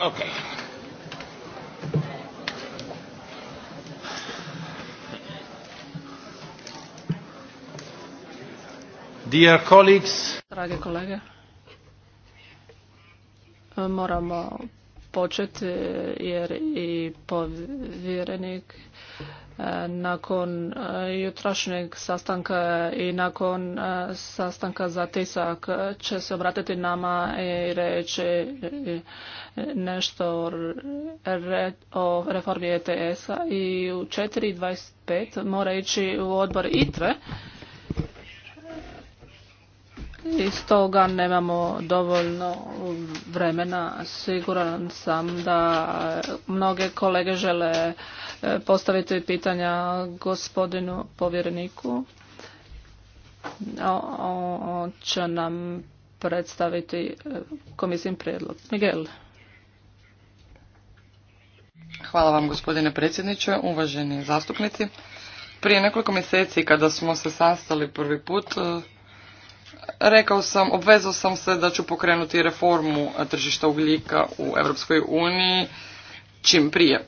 Okay. Dear colleagues. Drage kolege, moramo početi jer i povjerenik E, nakon e, jutrašnjeg sastanka i nakon e, sastanka za tisak će se obratiti nama i reći nešto o reformi ETS-a i u 4.25 mora ići u odbor ITRE i stoga nemamo dovoljno vremena. Siguran sam da mnoge kolege žele e, postaviti pitanja gospodinu povjereniku. On će nam predstaviti e, komisijin prijedlog. Miguel. Hvala vam gospodine predsjedniče, uvaženi zastupnici. Prije nekoliko mjeseci kada smo se sastali prvi put, e, Rekao sam, obvezao sam se da ću pokrenuti reformu tržišta ugljika u Europskoj uniji čim prije.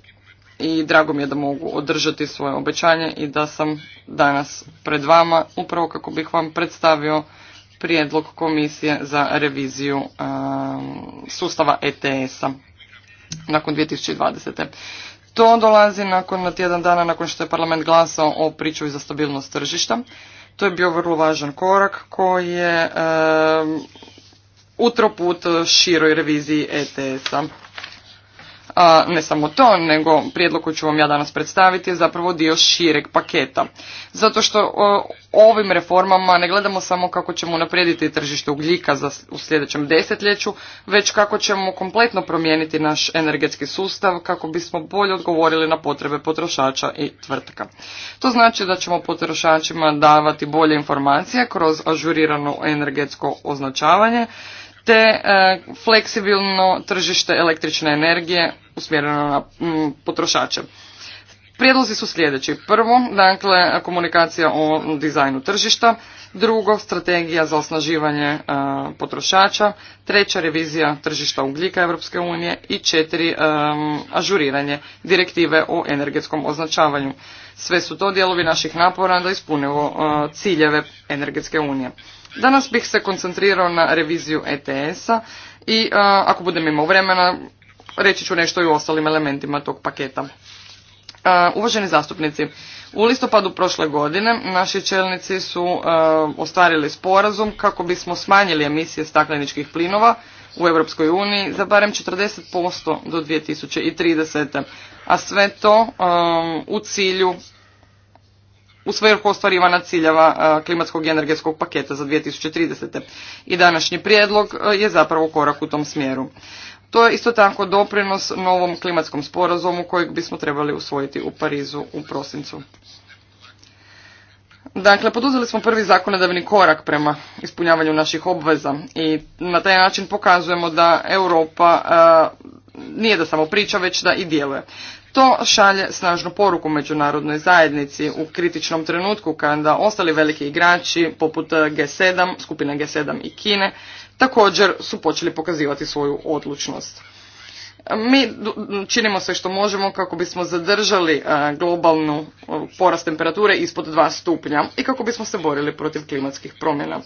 I drago mi je da mogu održati svoje obećanje i da sam danas pred vama upravo kako bih vam predstavio prijedlog komisije za reviziju um, sustava ETS-a nakon 2020. To dolazi nakon tjedan dana nakon što je parlament glasao o priču za stabilnost tržišta. To je bio vrlo važan korak koji je utroput široj reviziji ETS-a. A ne samo to, nego prijedlog koji ću vam ja danas predstaviti je zapravo dio šireg paketa. Zato što ovim reformama ne gledamo samo kako ćemo naprijediti tržište ugljika za, u sljedećem desetljeću, već kako ćemo kompletno promijeniti naš energetski sustav kako bismo bolje odgovorili na potrebe potrošača i tvrtka. To znači da ćemo potrošačima davati bolje informacije kroz ažurirano energetsko označavanje te e, fleksibilno tržište električne energije usmjereno na potrošače. Prijedlozi su sljedeći. Prvo, dakle, komunikacija o dizajnu tržišta. Drugo, strategija za osnaživanje e, potrošača. Treća, revizija tržišta ugljika Europske unije. I četiri, e, ažuriranje direktive o energetskom označavanju. Sve su to dijelovi naših napora da ispunimo ciljeve energetske unije. Danas bih se koncentrirao na reviziju ETS-a i e, ako budem imao vremena reći ću nešto i o ostalim elementima tog paketa. E, uvaženi zastupnici, u listopadu prošle godine naši čelnici su e, ostvarili sporazum kako bismo smanjili emisije stakleničkih plinova u Europskoj uniji za barem 40% do 2030. A sve to u cilju u svrhu ostvarivana ciljeva klimatskog i energetskog paketa za 2030. I današnji prijedlog je zapravo korak u tom smjeru. To je isto tako doprinos novom klimatskom sporazumu kojeg bismo trebali usvojiti u Parizu u prosincu. Dakle, poduzeli smo prvi zakonodavni korak prema ispunjavanju naših obveza i na taj način pokazujemo da Europa nije da samo priča, već da i djeluje. To šalje snažnu poruku međunarodnoj zajednici u kritičnom trenutku kada ostali veliki igrači poput G7, skupine G7 i Kine također su počeli pokazivati svoju odlučnost. Mi činimo sve što možemo kako bismo zadržali e, globalnu e, porast temperature ispod 2 stupnja i kako bismo se borili protiv klimatskih promjena.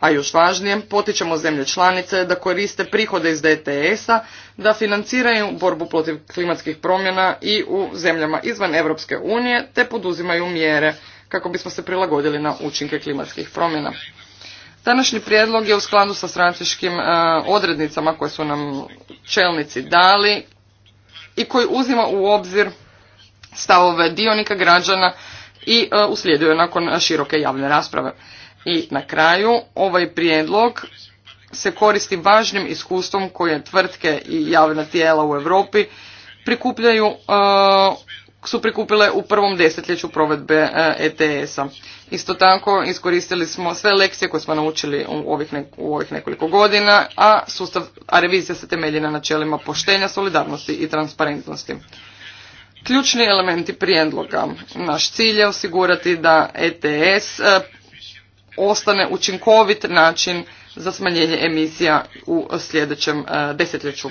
A još važnije, potičemo zemlje članice da koriste prihode iz DTS-a, da financiraju borbu protiv klimatskih promjena i u zemljama izvan Europske unije, te poduzimaju mjere kako bismo se prilagodili na učinke klimatskih promjena. Današnji prijedlog je u skladu sa strateškim e, odrednicama koje su nam čelnici dali i koji uzima u obzir stavove dionika građana i e, uslijedio nakon široke javne rasprave. I na kraju, ovaj prijedlog se koristi važnim iskustvom koje tvrtke i javna tijela u Europi prikupljaju, eh, su prikupile u prvom desetljeću provedbe ETS-a. Eh, e Isto tako iskoristili smo sve lekcije koje smo naučili u ovih, u ovih nekoliko godina, a, sustav, a revizija se temelji na načelima poštenja, solidarnosti i transparentnosti. Ključni elementi prijedloga. Naš cilj je osigurati da ETS eh, ostane učinkovit način za smanjenje emisija u sljedećem e, desetljeću.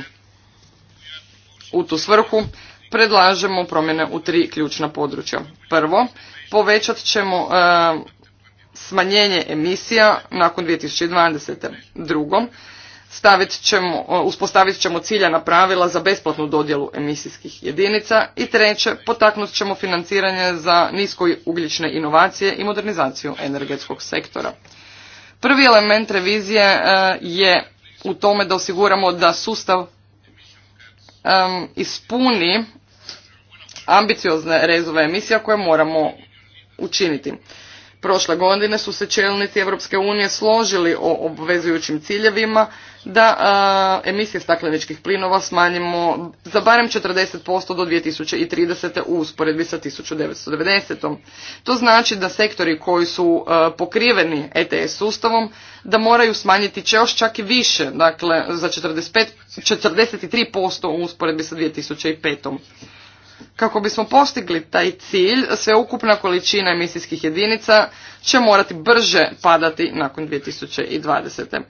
U tu svrhu predlažemo promjene u tri ključna područja. Prvo, povećat ćemo e, smanjenje emisija nakon 2020. Drugo, stavit ćemo, uspostavit ćemo ciljana pravila za besplatnu dodjelu emisijskih jedinica i treće, potaknut ćemo financiranje za nisko inovacije i modernizaciju energetskog sektora. Prvi element revizije e, je u tome da osiguramo da sustav ispuni ambiciozne rezove emisija koje moramo učiniti. Prošle godine su se čelnici Europske unije složili o obvezujućim ciljevima da a, emisije stakleničkih plinova smanjimo za barem 40% do 2030. u usporedbi sa 1990. To znači da sektori koji su pokriveni ETS sustavom da moraju smanjiti će još čak i više, dakle za 45, 43% u usporedbi sa 2005. Kako bismo postigli taj cilj, sveukupna količina emisijskih jedinica će morati brže padati nakon 2020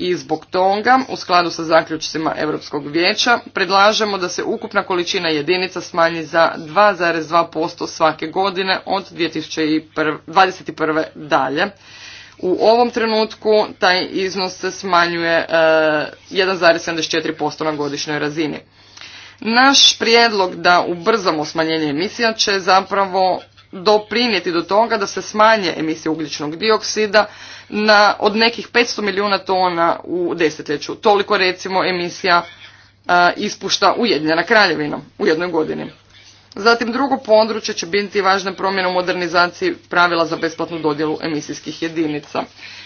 i zbog toga, u skladu sa zaključcima Europskog vijeća, predlažemo da se ukupna količina jedinica smanji za 2,2% svake godine od 2021. dalje. U ovom trenutku taj iznos se smanjuje 1,74% e, na godišnjoj razini. Naš prijedlog da ubrzamo smanjenje emisija će zapravo doprinijeti do toga da se smanje emisije ugljičnog dioksida na, od nekih 500 milijuna tona u desetljeću. Toliko recimo emisija ispušta Ujedinjena kraljevina u jednoj godini. Zatim drugo područje će biti važna promjena u modernizaciji pravila za besplatnu dodjelu emisijskih jedinica.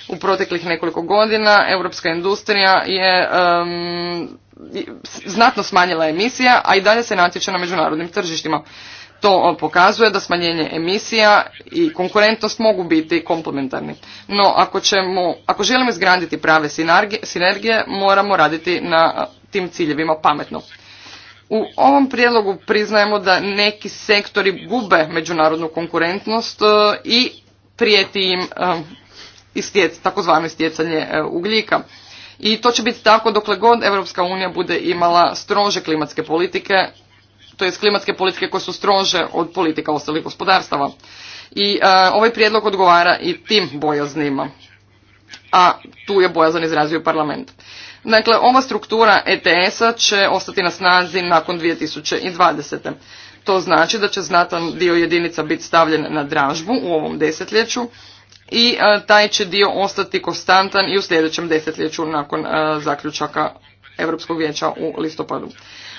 U proteklih nekoliko godina europska industrija je znatno smanjila emisija, a i dalje se natječe na međunarodnim tržištima. To pokazuje da smanjenje emisija i konkurentnost mogu biti komplementarni. No, ako, ćemo, ako želimo izgraditi prave sinergije, moramo raditi na tim ciljevima pametno. U ovom prijedlogu priznajemo da neki sektori gube međunarodnu konkurentnost e, i prijeti im e, istjec, takozvano istjecanje e, ugljika. I to će biti tako dokle god Europska unija bude imala strože klimatske politike to klimatske politike koje su strože od politika ostalih gospodarstava. I e, ovaj prijedlog odgovara i tim bojaznima. A tu je bojazan izrazio parlament. Dakle, ova struktura ETS-a će ostati na snazi nakon 2020. To znači da će znatan dio jedinica biti stavljen na dražbu u ovom desetljeću i e, taj će dio ostati konstantan i u sljedećem desetljeću nakon a, e, zaključaka Europskog vijeća u listopadu.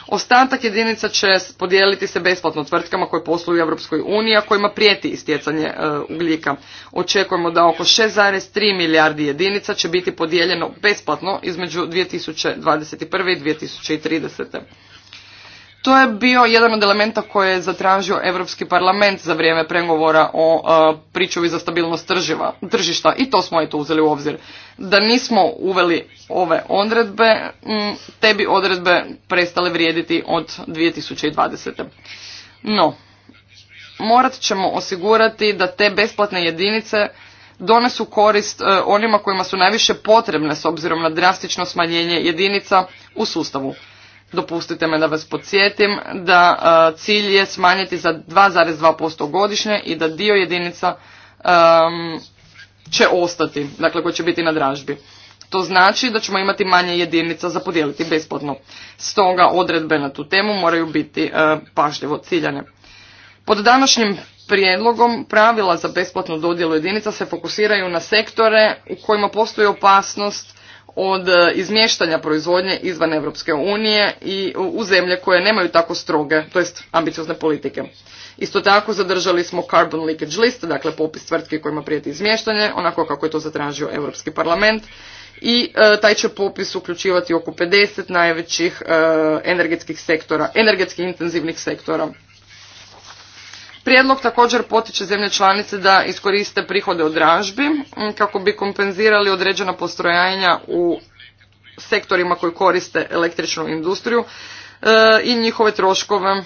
Ostatak jedinica će podijeliti se besplatno tvrtkama koje posluju u Europskoj uniji, a kojima prijeti istjecanje e, ugljika. Očekujemo da oko 6,3 milijardi jedinica će biti podijeljeno besplatno između 2021. i 2030. To je bio jedan od elementa koje je zatražio Europski parlament za vrijeme pregovora o pričovi e, pričuvi za stabilnost tržišta i to smo eto uzeli u obzir. Da nismo uveli ove odredbe, te bi odredbe prestale vrijediti od 2020. No, morat ćemo osigurati da te besplatne jedinice donesu korist e, onima kojima su najviše potrebne s obzirom na drastično smanjenje jedinica u sustavu. Dopustite me da vas podsjetim da cilj je smanjiti za 2,2% godišnje i da dio jedinica će ostati, dakle koji će biti na dražbi. To znači da ćemo imati manje jedinica za podijeliti besplatno. Stoga odredbe na tu temu moraju biti pažljivo ciljane. Pod današnjim prijedlogom pravila za besplatnu dodjelu jedinica se fokusiraju na sektore u kojima postoji opasnost od e, izmještanja proizvodnje izvan Europske unije i u zemlje koje nemaju tako stroge, to jest ambiciozne politike. Isto tako zadržali smo carbon leakage list, dakle popis tvrtki kojima prijeti izmještanje, onako kako je to zatražio Europski parlament i e, taj će popis uključivati oko 50 najvećih e, energetskih sektora, energetski intenzivnih sektora. Prijedlog također potiče zemlje članice da iskoriste prihode od dražbi kako bi kompenzirali određena postrojanja u sektorima koji koriste električnu industriju e, i njihove troškove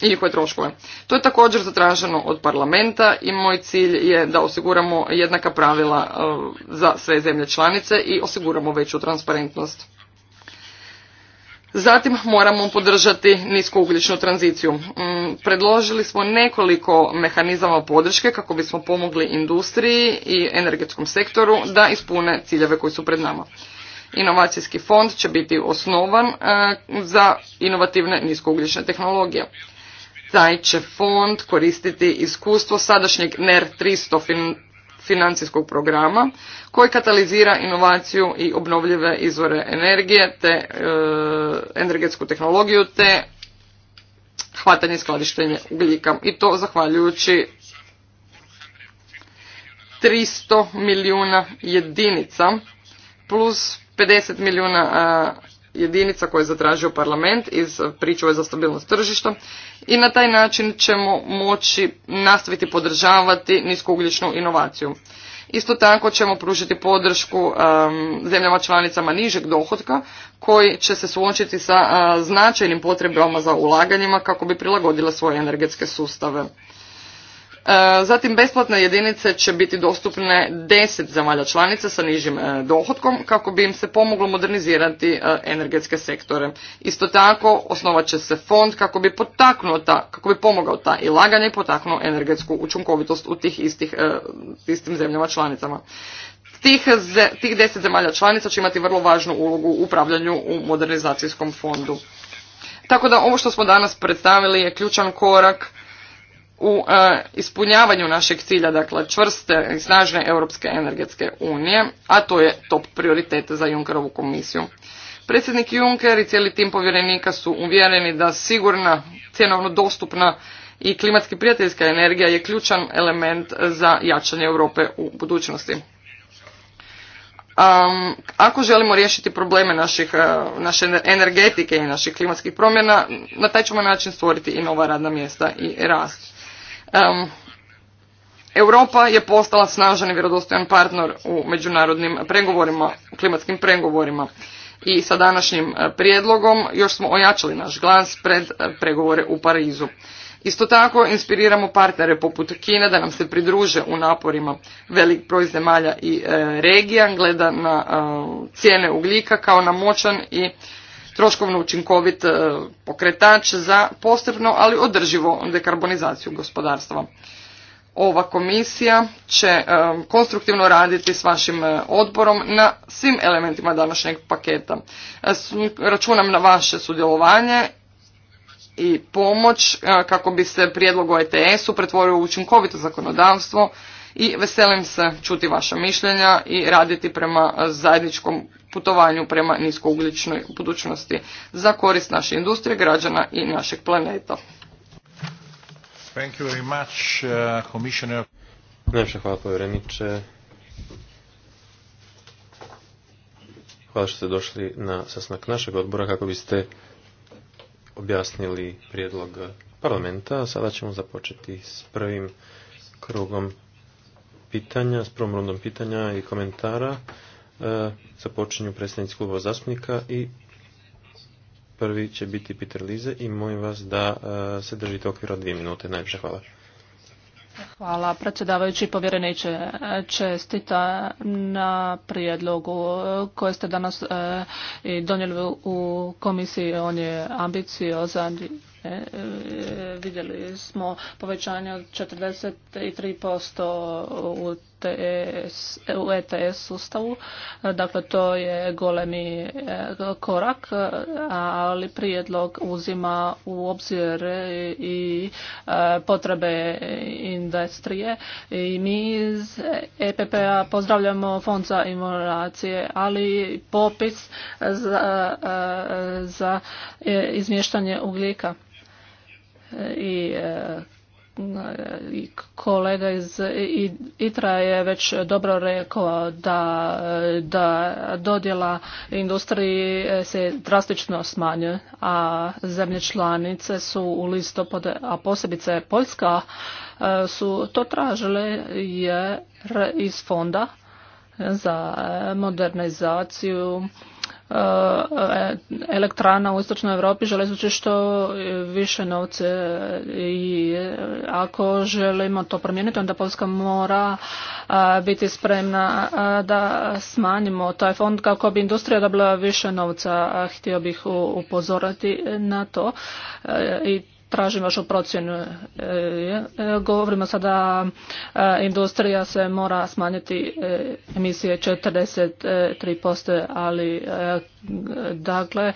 i njihove troškove. To je također zatraženo od parlamenta i moj cilj je da osiguramo jednaka pravila e, za sve zemlje članice i osiguramo veću transparentnost. Zatim moramo podržati niskougljičnu tranziciju. Mm, predložili smo nekoliko mehanizama podrške kako bismo pomogli industriji i energetskom sektoru da ispune ciljeve koji su pred nama. Inovacijski fond će biti osnovan e, za inovativne niskougljične tehnologije. Taj će fond koristiti iskustvo sadašnjeg NER 300 financijskog programa koji katalizira inovaciju i obnovljive izvore energije te e, energetsku tehnologiju te hvatanje i skladištenje ugljika i to zahvaljujući 300 milijuna jedinica plus 50 milijuna jedinica koje je zatražio parlament iz pričove za stabilnost tržišta i na taj način ćemo moći nastaviti podržavati niskougljičnu inovaciju. Isto tako ćemo pružiti podršku um, zemljama članicama nižeg dohotka koji će se suočiti sa uh, značajnim potrebama za ulaganjima kako bi prilagodila svoje energetske sustave. E, zatim besplatne jedinice će biti dostupne deset zemalja članica sa nižim e, dohodkom kako bi im se pomoglo modernizirati e, energetske sektore. Isto tako osnovat će se fond kako bi potaknuo ta, kako bi pomogao ta i laganje i potaknuo energetsku učinkovitost u tih istih, istim zemljama članicama. Tih, tih zemalja članica će imati vrlo važnu ulogu u upravljanju u modernizacijskom fondu. Tako da ovo što smo danas predstavili je ključan korak u e, ispunjavanju našeg cilja, dakle čvrste i snažne Europske energetske unije, a to je top prioritet za Junkerovu komisiju. Predsjednik Juncker i cijeli tim povjerenika su uvjereni da sigurna, cjenovno dostupna i klimatski prijateljska energija je ključan element za jačanje Europe u budućnosti. Um, ako želimo riješiti probleme naših, e, naše energetike i naših klimatskih promjena, na taj ćemo način stvoriti i nova radna mjesta i rast. Um, Europa je postala snažan i vjerodostojan partner u međunarodnim pregovorima, klimatskim pregovorima. I sa današnjim e, prijedlogom još smo ojačali naš glas pred e, pregovore u Parizu. Isto tako inspiriramo partnere poput Kine da nam se pridruže u naporima velik broj zemalja i e, regija gleda na cijene ugljika kao na moćan i troškovno učinkovit e, pokretač za posebno, ali održivo dekarbonizaciju gospodarstva. Ova komisija će e, konstruktivno raditi s vašim e, odborom na svim elementima današnjeg paketa. Računam na vaše sudjelovanje i pomoć kako bi se prijedlog o ETS-u pretvorio u učinkovito zakonodavstvo i veselim se čuti vaša mišljenja i raditi prema zajedničkom putovanju prema niskougljičnoj budućnosti za korist naše industrije, građana i našeg planeta. Thank you very uh, hvala povjereniče. Hvala što ste došli na sasnak našeg odbora kako biste objasnili prijedlog parlamenta. Sada ćemo započeti s prvim krugom pitanja, s prvom rundom pitanja i komentara. E, započinju predstavnici kluba zastupnika i prvi će biti Peter Lize i molim vas da e, se držite okvira dvije minute. Najljepše hvala. Hvala predsjedavajući povjereniče. E, čestita na prijedlogu koje ste danas donijeli u komisiji. On je ambiciozan E, vidjeli smo povećanje od 43% u ETS, u ETS sustavu. E, dakle, to je golemi e, korak, ali prijedlog uzima u obzir i potrebe industrije. I mi iz EPP-a pozdravljamo Fond za inovacije, ali popis za, za izmještanje ugljika i e, i kolega iz ITRA je već dobro rekao da, da dodjela industriji se drastično smanjuje, a zemlje članice su u listopadu, a posebice Poljska, e, su to tražile je iz fonda za modernizaciju E, elektrana u istočnoj Europi žele što više novce i e, ako želimo to promijeniti onda Polska mora e, biti spremna da smanjimo taj fond kako bi industrija dobila više novca. Htio bih upozoriti na to i tražim vašu procjenu. E, e, govorimo sada e, industrija se mora smanjiti emisije 43%, ali dakle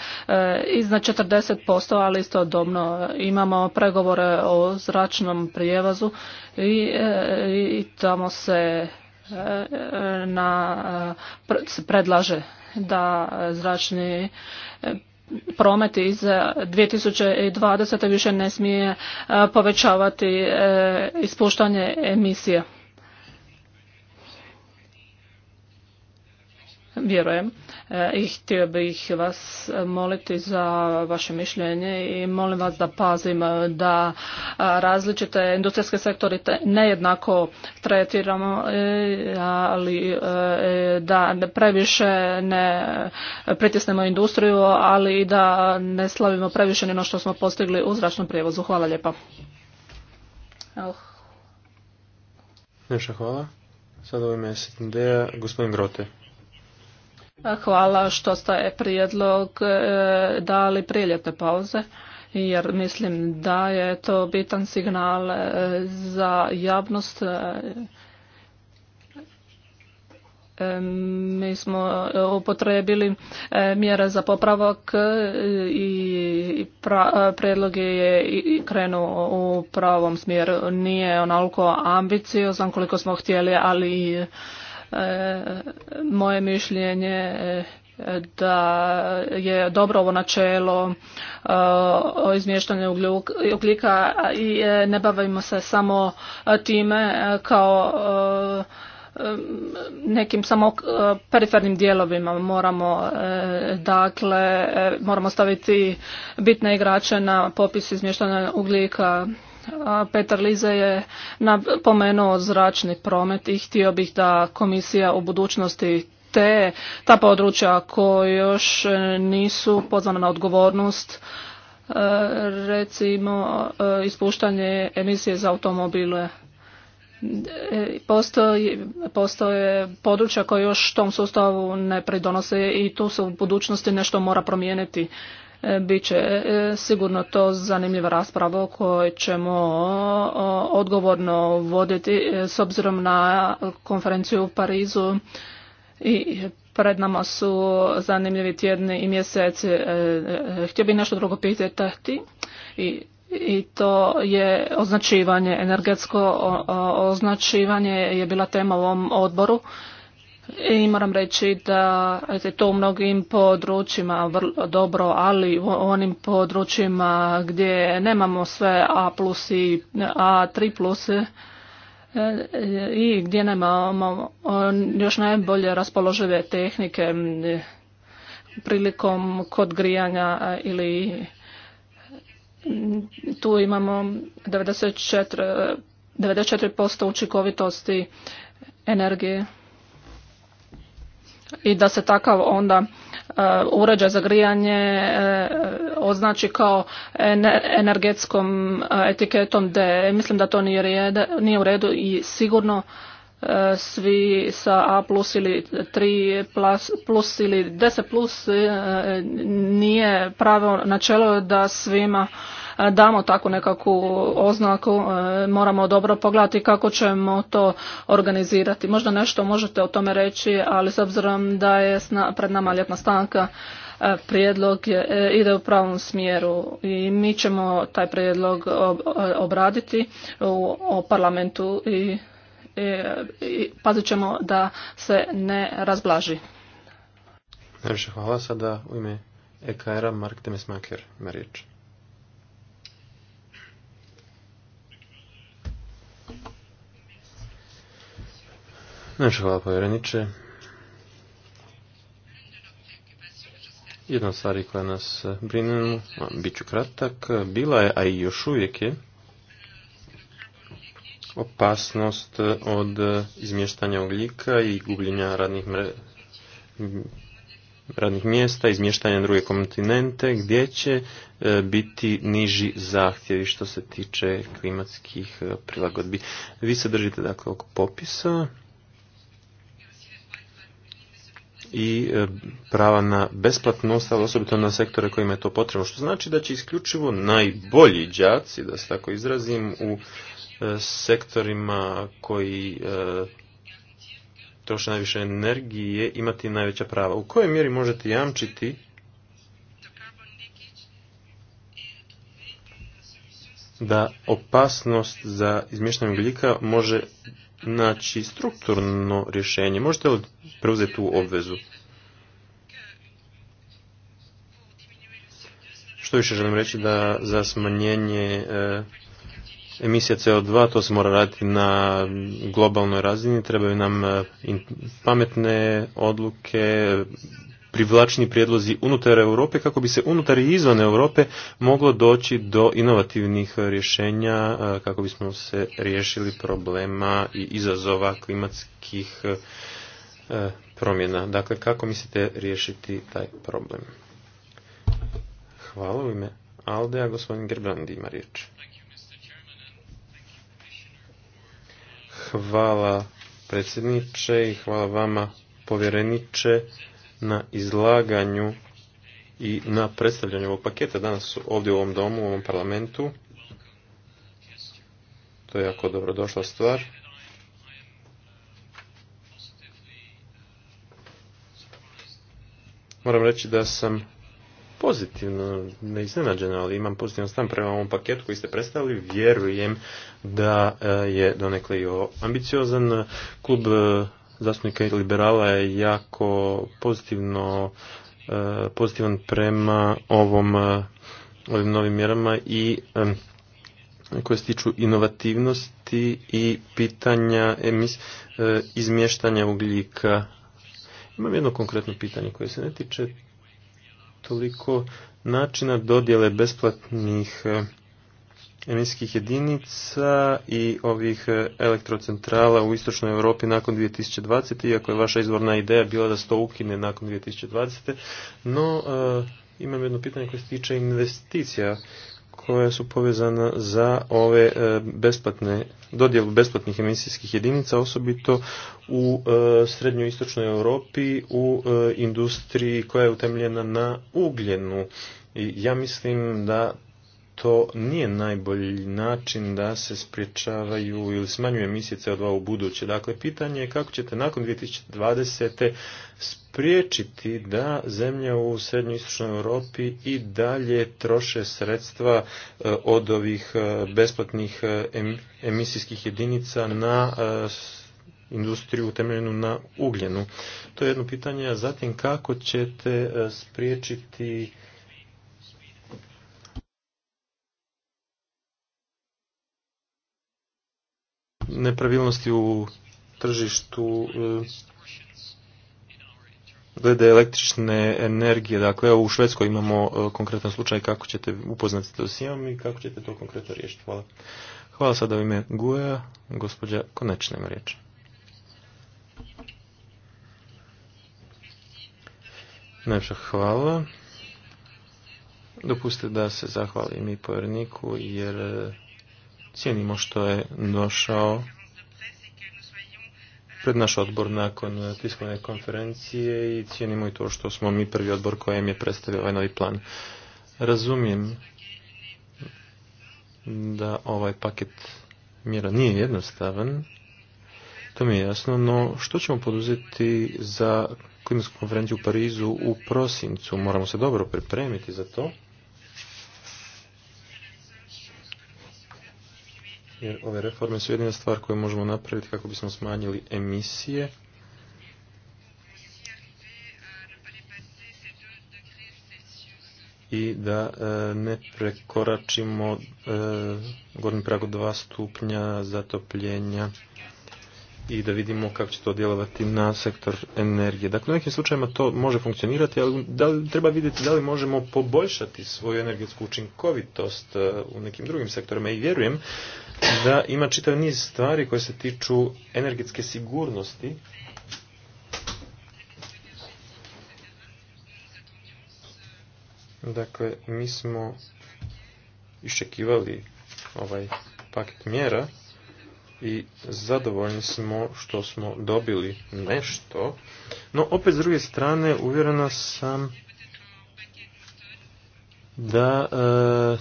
iznad 40%, ali istodobno imamo pregovore o zračnom prijevozu i, tamo se na, predlaže da zračni promet iz 2020. Eh, više ne smije eh, povećavati eh, ispuštanje emisije. Vjerujem E, i htio bih vas moliti za vaše mišljenje i molim vas da pazim e, da e, različite industrijske sektori nejednako tretiramo, ali da previše ne pritisnemo industriju, ali i da ne slavimo previše ni ono što smo postigli u zračnom prijevozu. Hvala lijepa. hvala. Sada ovaj u gospodin Grote. Hvala što ste prijedlog e, dali priljetne pauze jer mislim da je to bitan signal e, za javnost. E, mi smo upotrebili mjere za popravak i prijedlog je krenuo u pravom smjeru. Nije onoliko ambiciozan koliko smo htjeli, ali moje mišljenje e, da je dobro ovo načelo e, o izmještanju ugljika i e, ne bavimo se samo time kao nekim samo perifernim dijelovima moramo dakle moramo staviti bitne igrače na popis izmještanja ugljika Petar Lize je napomenuo zračni promet i htio bih da komisija u budućnosti te, ta područja koje još nisu pozvana na odgovornost, e, recimo e, ispuštanje emisije za automobile. E, postoje područja koje još tom sustavu ne pridonose i tu se u budućnosti nešto mora promijeniti će e, sigurno to zanimljiva rasprava o ćemo odgovorno voditi e, s obzirom na konferenciju u Parizu i pred nama su zanimljivi tjedni i mjeseci. E, htio bih nešto drugo pitati i i to je označivanje, energetsko označivanje je bila tema u ovom odboru i moram reći da je to u mnogim područjima vrlo dobro, ali u onim područjima gdje nemamo sve A plus i A3 plus e, i gdje nemamo e, još najbolje raspoložive tehnike prilikom kod grijanja e, ili tu imamo 94, 94% učinkovitosti energije i da se takav onda e, uređaj za grijanje e, označi kao energetskom e, etiketom D. Mislim da to nije u redu i sigurno svi sa A plus ili 3 plus, ili 10 plus nije pravo načelo da svima damo takvu nekakvu oznaku, e, moramo dobro pogledati kako ćemo to organizirati. Možda nešto možete o tome reći, ali s obzirom da je pred nama ljetna stanka, e, prijedlog e, ide u pravom smjeru i mi ćemo taj prijedlog obraditi u parlamentu i, pazit ćemo da se ne razblaži. Najviše hvala sada u ime EKR-a Mark Demesmaker Znači, hvala povjereniče. Jedna od stvari koja nas brine, bit ću kratak, bila je, a i još uvijek je, opasnost od izmještanja ugljika i gubljenja radnih, radnih mjesta, izmještanja druge kontinente, gdje će e, biti niži zahtjevi što se tiče klimatskih e, prilagodbi. Vi se držite dakle oko popisa i e, prava na besplatnost, ali osobito na sektore kojima je to potrebno, što znači da će isključivo najbolji đaci, da se tako izrazim, u e, sektorima koji e, troše najviše energije imati najveća prava. U kojoj mjeri možete jamčiti da opasnost za izmještanje ugljika može naći strukturno rješenje. Možete li preuzeti tu obvezu? Što više želim reći da za smanjenje e, emisija CO2, to se mora raditi na globalnoj razini, trebaju nam e, pametne odluke, privlačni prijedlozi unutar Europe kako bi se unutar i izvan Europe moglo doći do inovativnih rješenja e, kako bismo se riješili problema i izazova klimatskih e, promjena. Dakle, kako mislite riješiti taj problem? Hvala u ime a gospodin Gerbrandi ima riječ. Hvala predsjedniče i hvala vama povjereniče na izlaganju i na predstavljanju ovog paketa danas ovdje u ovom domu, u ovom parlamentu. To je jako dobrodošla stvar. Moram reći da sam pozitivno, ne iznenađen, ali imam pozitivan stan prema ovom paketu koji ste predstavili. Vjerujem da e, je donekle i ambiciozan. E, klub e, zastupnika liberala je jako pozitivno, e, pozitivan prema ovom, e, ovim novim mjerama i e, koje se tiču inovativnosti i pitanja emis, izmještanja ugljika. Imam jedno konkretno pitanje koje se ne tiče toliko načina dodjele besplatnih emisijskih jedinica i ovih e, elektrocentrala u istočnoj Europi nakon 2020. Iako je vaša izvorna ideja bila da se to ukine nakon 2020. No, e, imam jedno pitanje koje se tiče investicija koja su povezana za ove e, besplatne, dodjelu besplatnih emisijskih jedinica, osobito u srednjoj istočnoj Europi u industriji koja je utemljena na ugljenu. I ja mislim da to nije najbolji način da se spriječavaju ili smanjuje emisije CO2 u buduće. Dakle, pitanje je kako ćete nakon 2020. spriječiti da zemlje u srednjoj istočnoj Europi i dalje troše sredstva e, od ovih e, besplatnih e, emisijskih jedinica na industriju utemeljenu na ugljenu. To je jedno pitanje, a zatim kako ćete spriječiti nepravilnosti u tržištu e, glede električne energije. Dakle, u Švedskoj imamo e, konkretan slučaj kako ćete upoznati to s imam i kako ćete to konkretno riješiti. Hvala. Hvala sada u ime Guja, gospođa Konečna ima riječ. Najpša hvala. Dopustite da se zahvalim i povjerniku jer e, Cijenimo što je došao pred naš odbor nakon tiskovne konferencije i cijenimo i to što smo mi prvi odbor kojem je predstavio ovaj novi plan. Razumijem da ovaj paket mjera nije jednostavan, to mi je jasno, no što ćemo poduzeti za klimatsku konferenciju u Parizu u prosincu? Moramo se dobro pripremiti za to. jer ove reforme su jedina stvar koju možemo napraviti kako bismo smanjili emisije. i da e, ne prekoračimo e, gornji prag dva 2 stupnja zatopljenja i da vidimo kako će to djelovati na sektor energije. Dakle, u nekim slučajima to može funkcionirati, ali da li, treba vidjeti da li možemo poboljšati svoju energetsku učinkovitost e, u nekim drugim sektorima i vjerujem da ima čitav niz stvari koje se tiču energetske sigurnosti Dakle, mi smo iščekivali ovaj paket mjera i zadovoljni smo što smo dobili nešto. No, opet s druge strane, uvjerena sam da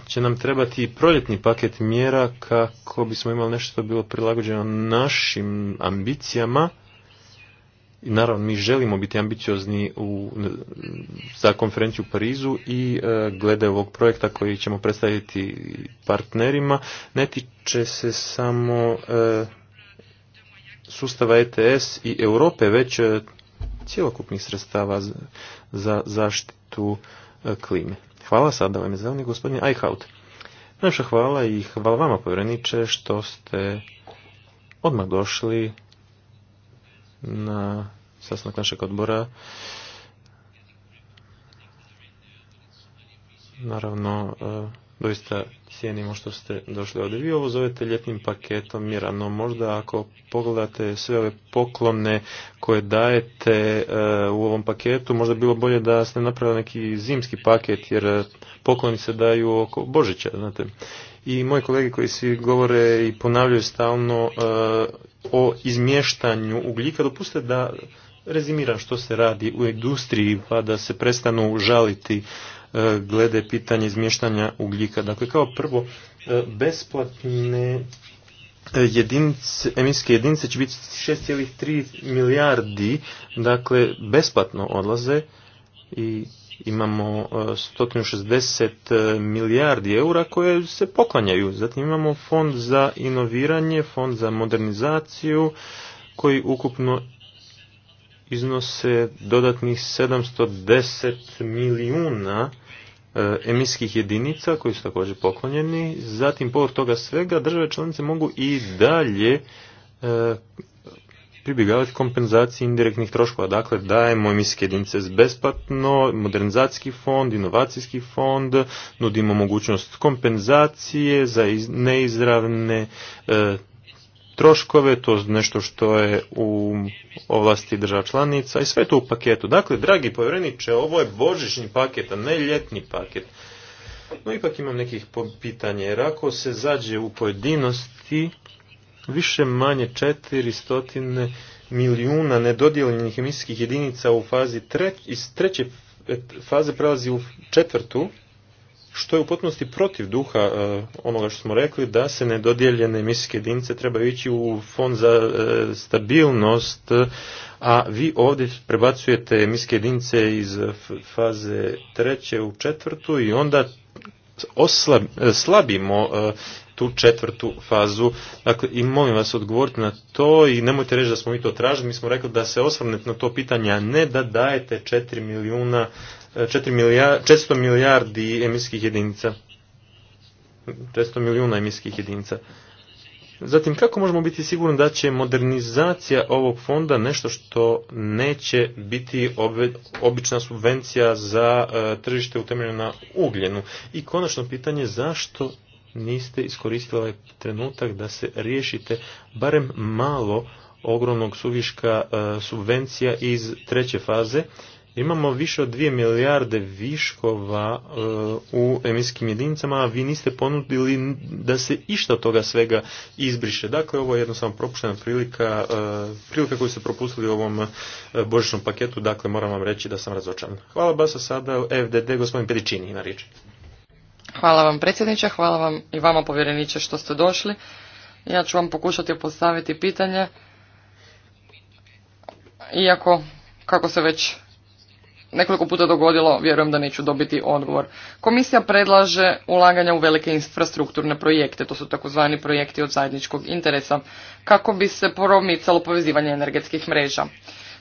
e, će nam trebati proljetni paket mjera kako bismo imali nešto što bilo prilagođeno našim ambicijama i naravno mi želimo biti ambiciozni u, za konferenciju u Parizu i e, glede ovog projekta koji ćemo predstaviti partnerima ne tiče se samo e, sustava ETS i Europe već e, cjelokupnih sredstava za zaštitu klime. Hvala sada vam je zavni gospodin Eichhout. Najviše hvala i hvala vama povjereniče što ste odmah došli na sastanak našeg odbora. Naravno, eh, doista cijenimo što ste došli ovdje. Vi ovo zovete ljetnim paketom mjera, no možda ako pogledate sve ove poklone koje dajete e, u ovom paketu, možda bilo bolje da ste napravili neki zimski paket, jer e, pokloni se daju oko Božića, znate. I moji kolege koji svi govore i ponavljaju stalno e, o izmještanju ugljika, dopustite da rezimiram što se radi u industriji, pa da se prestanu žaliti E, glede pitanja izmještanja ugljika. Dakle, kao prvo, e, besplatne e, jedinice, emisijske jedinice će biti 6,3 milijardi, dakle, besplatno odlaze i imamo 160 milijardi eura koje se poklanjaju. Zatim imamo fond za inoviranje, fond za modernizaciju koji ukupno iznose dodatnih 710 milijuna e, emisijskih jedinica koji su također poklonjeni. Zatim, povrh toga svega, države članice mogu i dalje e, pribjegavati kompenzaciji indirektnih troškova. Dakle, dajemo emisijske jedinice besplatno, modernizacijski fond, inovacijski fond, nudimo mogućnost kompenzacije za neizravne e, troškove, to je nešto što je u ovlasti država članica i sve to u paketu. Dakle, dragi povjereniče, ovo je božićni paket, a ne ljetni paket. No ipak imam nekih pitanja, jer ako se zađe u pojedinosti, više manje 400 milijuna nedodijeljenih emisijskih jedinica u fazi treć, iz treće e, faze prelazi u četvrtu, što je u potpunosti protiv duha e, onoga što smo rekli da se nedodjeljene emisijske jedinice trebaju ići u fond za e, stabilnost, a vi ovdje prebacujete emisijske jedinice iz faze treće u četvrtu i onda oslab, e, slabimo tu četvrtu fazu. Dakle, i molim vas odgovoriti na to i nemojte reći da smo mi to tražili. Mi smo rekli da se osvrnete na to pitanje, a ne da dajete 4 milijuna milijardi, 400 milijardi emisijskih jedinica. 400 milijuna emisijskih jedinica. Zatim, kako možemo biti sigurni da će modernizacija ovog fonda nešto što neće biti obična subvencija za e, tržište utemeljeno na ugljenu? I konačno pitanje, zašto niste iskoristili ovaj trenutak da se riješite barem malo ogromnog suviška e, subvencija iz treće faze, Imamo više od dvije milijarde viškova e, u emisijskim jedinicama, a vi niste ponudili da se išta od toga svega izbriše. Dakle, ovo je jednostavno propuštena prilika, e, prilika koju ste propustili u ovom e, božičnom paketu, dakle moram vam reći da sam razočan. Hvala Basa, sada FDD, gospodin Pedičini na riječi. Hvala vam predsjedniče, hvala vam i vama povjereniče što ste došli. Ja ću vam pokušati postaviti pitanje, iako, kako se već nekoliko puta dogodilo, vjerujem da neću dobiti odgovor. Komisija predlaže ulaganja u velike infrastrukturne projekte, to su takozvani projekti od zajedničkog interesa, kako bi se promicalo povezivanje energetskih mreža.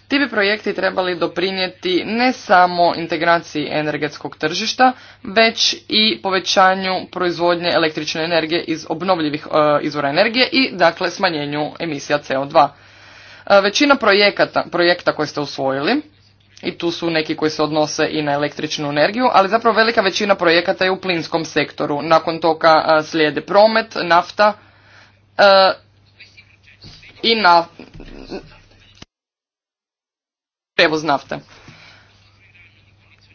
Ti bi projekti trebali doprinijeti ne samo integraciji energetskog tržišta, već i povećanju proizvodnje električne energije iz obnovljivih e, izvora energije i dakle smanjenju emisija CO2. E, većina projekata, projekta koje ste usvojili i tu su neki koji se odnose i na električnu energiju, ali zapravo velika većina projekata je u plinskom sektoru. Nakon toga slijede promet, nafta e, i na prevoz nafte.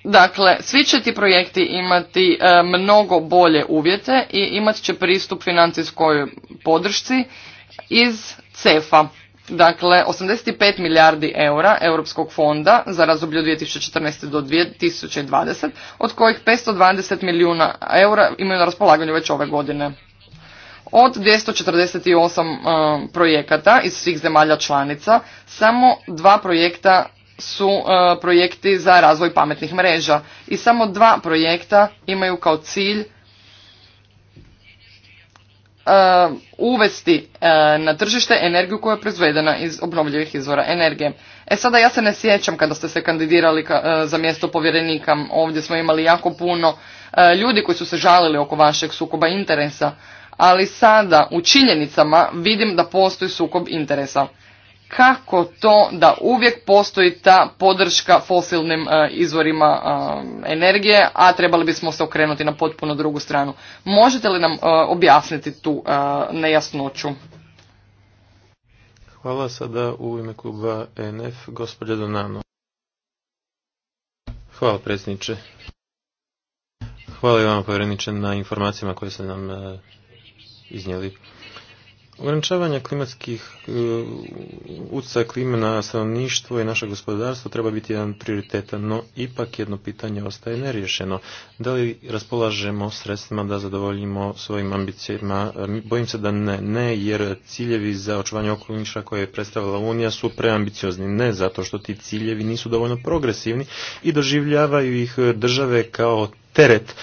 Dakle, svi će ti projekti imati e, mnogo bolje uvjete i imat će pristup financijskoj podršci iz CEFA. Dakle, 85 milijardi eura Europskog fonda za razdoblje 2014. do 2020, od kojih 520 milijuna eura imaju na raspolaganju već ove godine. Od 248 e, projekata iz svih zemalja članica, samo dva projekta su e, projekti za razvoj pametnih mreža i samo dva projekta imaju kao cilj Uh, uvesti uh, na tržište energiju koja je proizvedena iz obnovljivih izvora energije. E sada ja se ne sjećam kada ste se kandidirali uh, za mjesto povjerenika, ovdje smo imali jako puno ljudi koji su se žalili oko vašeg sukoba interesa, ali sada u činjenicama vidim da postoji sukob interesa kako to da uvijek postoji ta podrška fosilnim e, izvorima e, energije, a trebali bismo se okrenuti na potpuno drugu stranu. Možete li nam e, objasniti tu nejasnoću? Hvala sada u ime kluba NF, gospođa Donano. Hvala predsjedniče. Hvala i vama povjereniče na informacijama koje ste nam iznijeli. Ograničavanje klimatskih e, utjecaja klime na stanovništvo i naše gospodarstvo treba biti jedan prioritetan, no ipak jedno pitanje ostaje neriješeno. Da li raspolažemo sredstvima da zadovoljimo svojim ambicijama? E, bojim se da ne, ne jer ciljevi za očuvanje okoliša koje je predstavila Unija su preambiciozni. Ne zato što ti ciljevi nisu dovoljno progresivni i doživljavaju ih države kao teret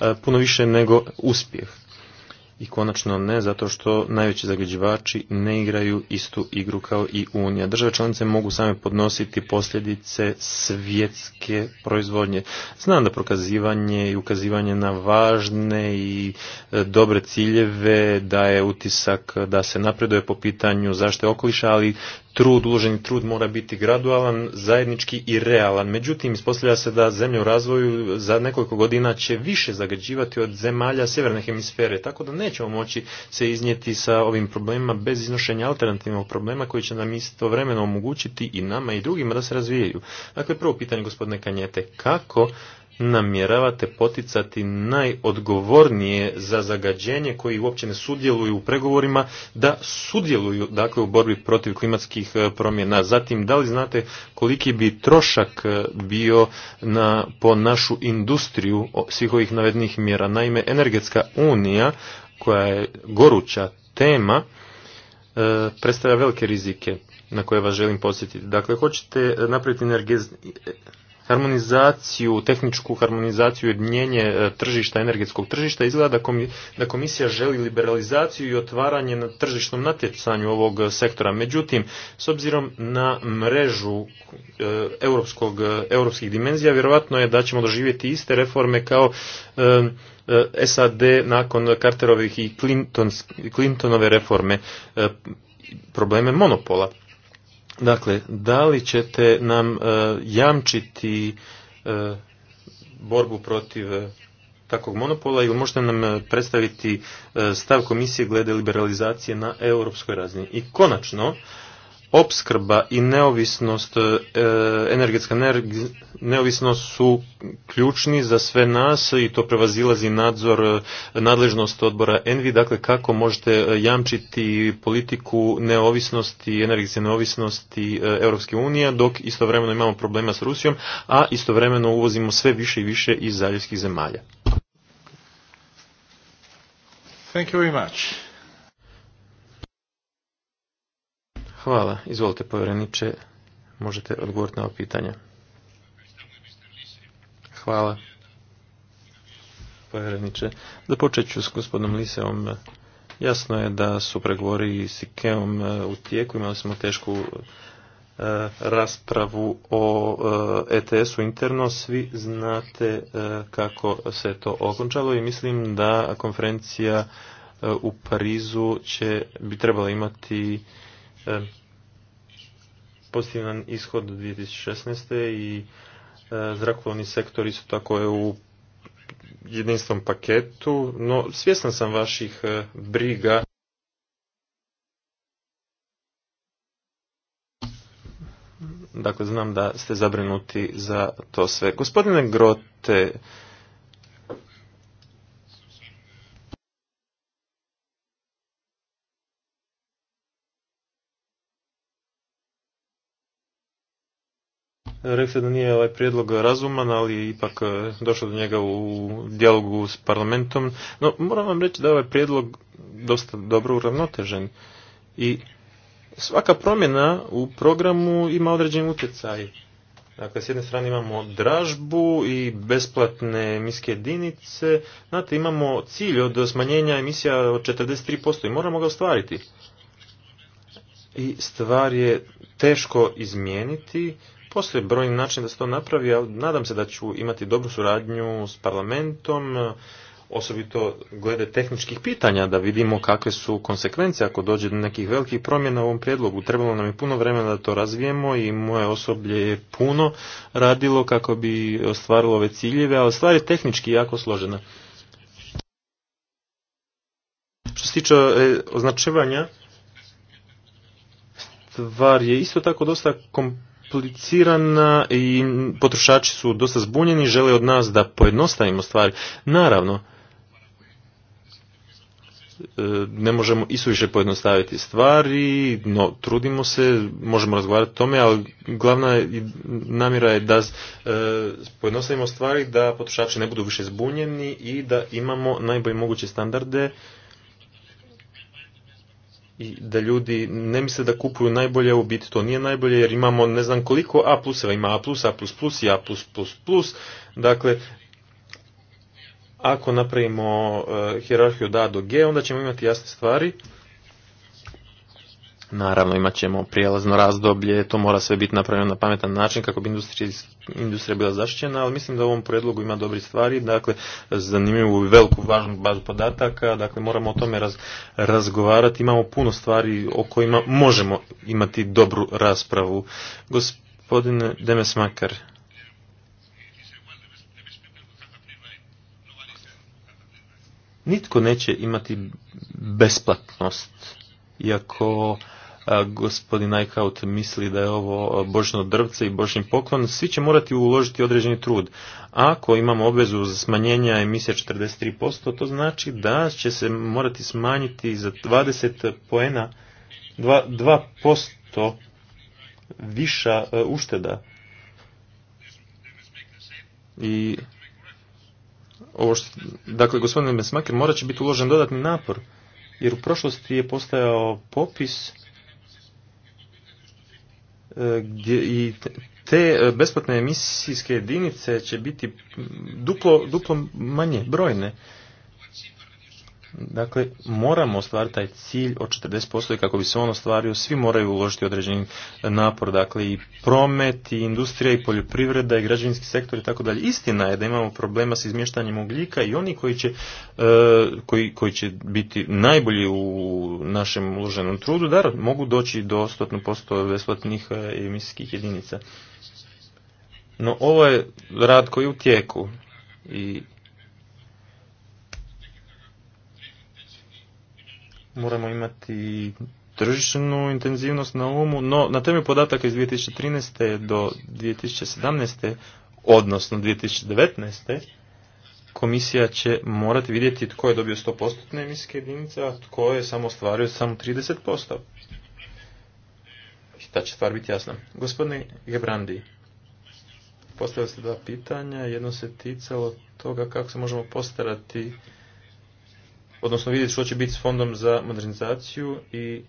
e, puno više nego uspjeh i konačno ne, zato što najveći zagađivači ne igraju istu igru kao i Unija. Države članice mogu same podnositi posljedice svjetske proizvodnje. Znam da prokazivanje i ukazivanje na važne i e, dobre ciljeve daje utisak da se napreduje po pitanju zaštite okoliša, ali trud, uloženi trud mora biti gradualan, zajednički i realan. Međutim, ispostavlja se da zemlje u razvoju za nekoliko godina će više zagađivati od zemalja sjeverne hemisfere, tako da ne nećemo moći se iznijeti sa ovim problemima bez iznošenja alternativnog problema koji će nam istovremeno omogućiti i nama i drugima da se razvijaju. Dakle, prvo pitanje gospodine Kanjete, kako namjeravate poticati najodgovornije za zagađenje koji uopće ne sudjeluju u pregovorima da sudjeluju dakle u borbi protiv klimatskih e, promjena. Zatim da li znate koliki bi trošak e, bio na po našu industriju svih ovih navedenih mjera. Naime energetska unija koja je goruća tema e, predstavlja velike rizike na koje vas želim podsjetiti. Dakle, hoćete napraviti harmonizaciju, tehničku harmonizaciju, jednjenje e, tržišta, energetskog tržišta. Izgleda da komisija želi liberalizaciju i otvaranje na tržišnom natjecanju ovog e, sektora. Međutim, s obzirom na mrežu europskog, europskih dimenzija, vjerojatno je da ćemo doživjeti iste reforme kao E, SAD nakon Carterovih i Clintonove reforme e, probleme monopola. Dakle, da li ćete nam e, jamčiti borbu protiv takvog monopola ili možete nam predstaviti stav komisije glede liberalizacije na europskoj razini. I konačno, opskrba i neovisnost, e, energetska neovisnost su ključni za sve nas i to prevazilazi nadzor e, nadležnost odbora Envi, dakle kako možete jamčiti politiku neovisnosti, energetske neovisnosti e, Europske unije, dok istovremeno imamo problema s Rusijom, a istovremeno uvozimo sve više i više iz zaljevskih zemalja. Thank you very much. Hvala. Izvolite, povjereniče, možete odgovoriti na ovo pitanje. Hvala. Povjereniče, započet ću s gospodinom Liseom. Jasno je da su pregovori s Ikeom e, u tijeku. Imali smo tešku e, raspravu o ETS-u e interno. Svi znate kako se to okončalo i mislim da konferencija u Parizu će bi trebala imati E, pozitivan ishod 2016. i e, zrakovni sektor isto tako je u jedinstvom paketu, no svjestan sam vaših e, briga. Dakle, znam da ste zabrinuti za to sve. Gospodine Grote, rekli ste da nije ovaj prijedlog razuman, ali je ipak e, došlo do njega u dijalogu s parlamentom. No, moram vam reći da je ovaj prijedlog dosta dobro uravnotežen i svaka promjena u programu ima određen utjecaj. Dakle, s jedne strane imamo dražbu i besplatne emisijske jedinice. Znate, imamo cilj od smanjenja emisija od 43% i moramo ga ostvariti. I stvar je teško izmijeniti Postoje brojni način da se to napravi, ali nadam se da ću imati dobru suradnju s parlamentom, osobito glede tehničkih pitanja, da vidimo kakve su konsekvencije ako dođe do nekih velikih promjena u ovom prijedlogu. Trebalo nam je puno vremena da to razvijemo i moje osoblje je puno radilo kako bi ostvarilo ove ciljeve, ali stvar je tehnički jako složena. Što se tiče e, označevanja, stvar je isto tako dosta komplicirana i potrošači su dosta zbunjeni, žele od nas da pojednostavimo stvari. Naravno, e, ne možemo i pojednostaviti stvari, no trudimo se, možemo razgovarati o tome, ali glavna namjera je da e, pojednostavimo stvari, da potrošači ne budu više zbunjeni i da imamo najbolje moguće standarde i da ljudi ne misle da kupuju najbolje, u biti to nije najbolje jer imamo ne znam koliko A pluseva, ima A plus, A plus plus i A plus plus plus, dakle ako napravimo eh, hijerarhiju hjerarhiju od A do G onda ćemo imati jasne stvari Naravno imat ćemo prijelazno razdoblje, to mora sve biti napravljeno na pametan način kako bi industrija bila zaštićena, ali mislim da u ovom predlogu ima dobri stvari, dakle zanimljivu i veliku važnu bazu podataka, dakle moramo o tome razgovarati, imamo puno stvari o kojima možemo imati dobru raspravu. Gospodine Demesmakar. Nitko neće imati besplatnost iako gospodin Eichhout misli da je ovo božno drvce i božni poklon, svi će morati uložiti određeni trud. Ako imamo obvezu za smanjenja emisija 43%, to znači da će se morati smanjiti za 20 poena 2%, 2 viša e, ušteda. I što, dakle, gospodin Mesmaker, morat će biti uložen dodatni napor, jer u prošlosti je postojao popis gdje i te e, besplatne emisijske jedinice će biti duplo, duplo manje brojne. Dakle, moramo ostvariti taj cilj od 40% i kako bi se on ostvario, svi moraju uložiti određeni napor, dakle i promet, i industrija, i poljoprivreda, i građevinski sektor i tako dalje. Istina je da imamo problema s izmještanjem ugljika i oni koji će, e, koji, koji će biti najbolji u našem uloženom trudu, da mogu doći do 100% besplatnih e, emisijskih jedinica. No, ovo je rad koji je u tijeku i moramo imati tržišnu intenzivnost na umu, no na temelju podataka iz 2013. do 2017. odnosno 2019. komisija će morati vidjeti tko je dobio 100% emisijske jedinice, a tko je samo ostvario samo 30%. I ta će stvar biti jasna. Gospodine Gebrandi, postavili ste dva pitanja. Jedno se ticalo toga kako se možemo postarati odnosno vidjeti što će biti s fondom za modernizaciju i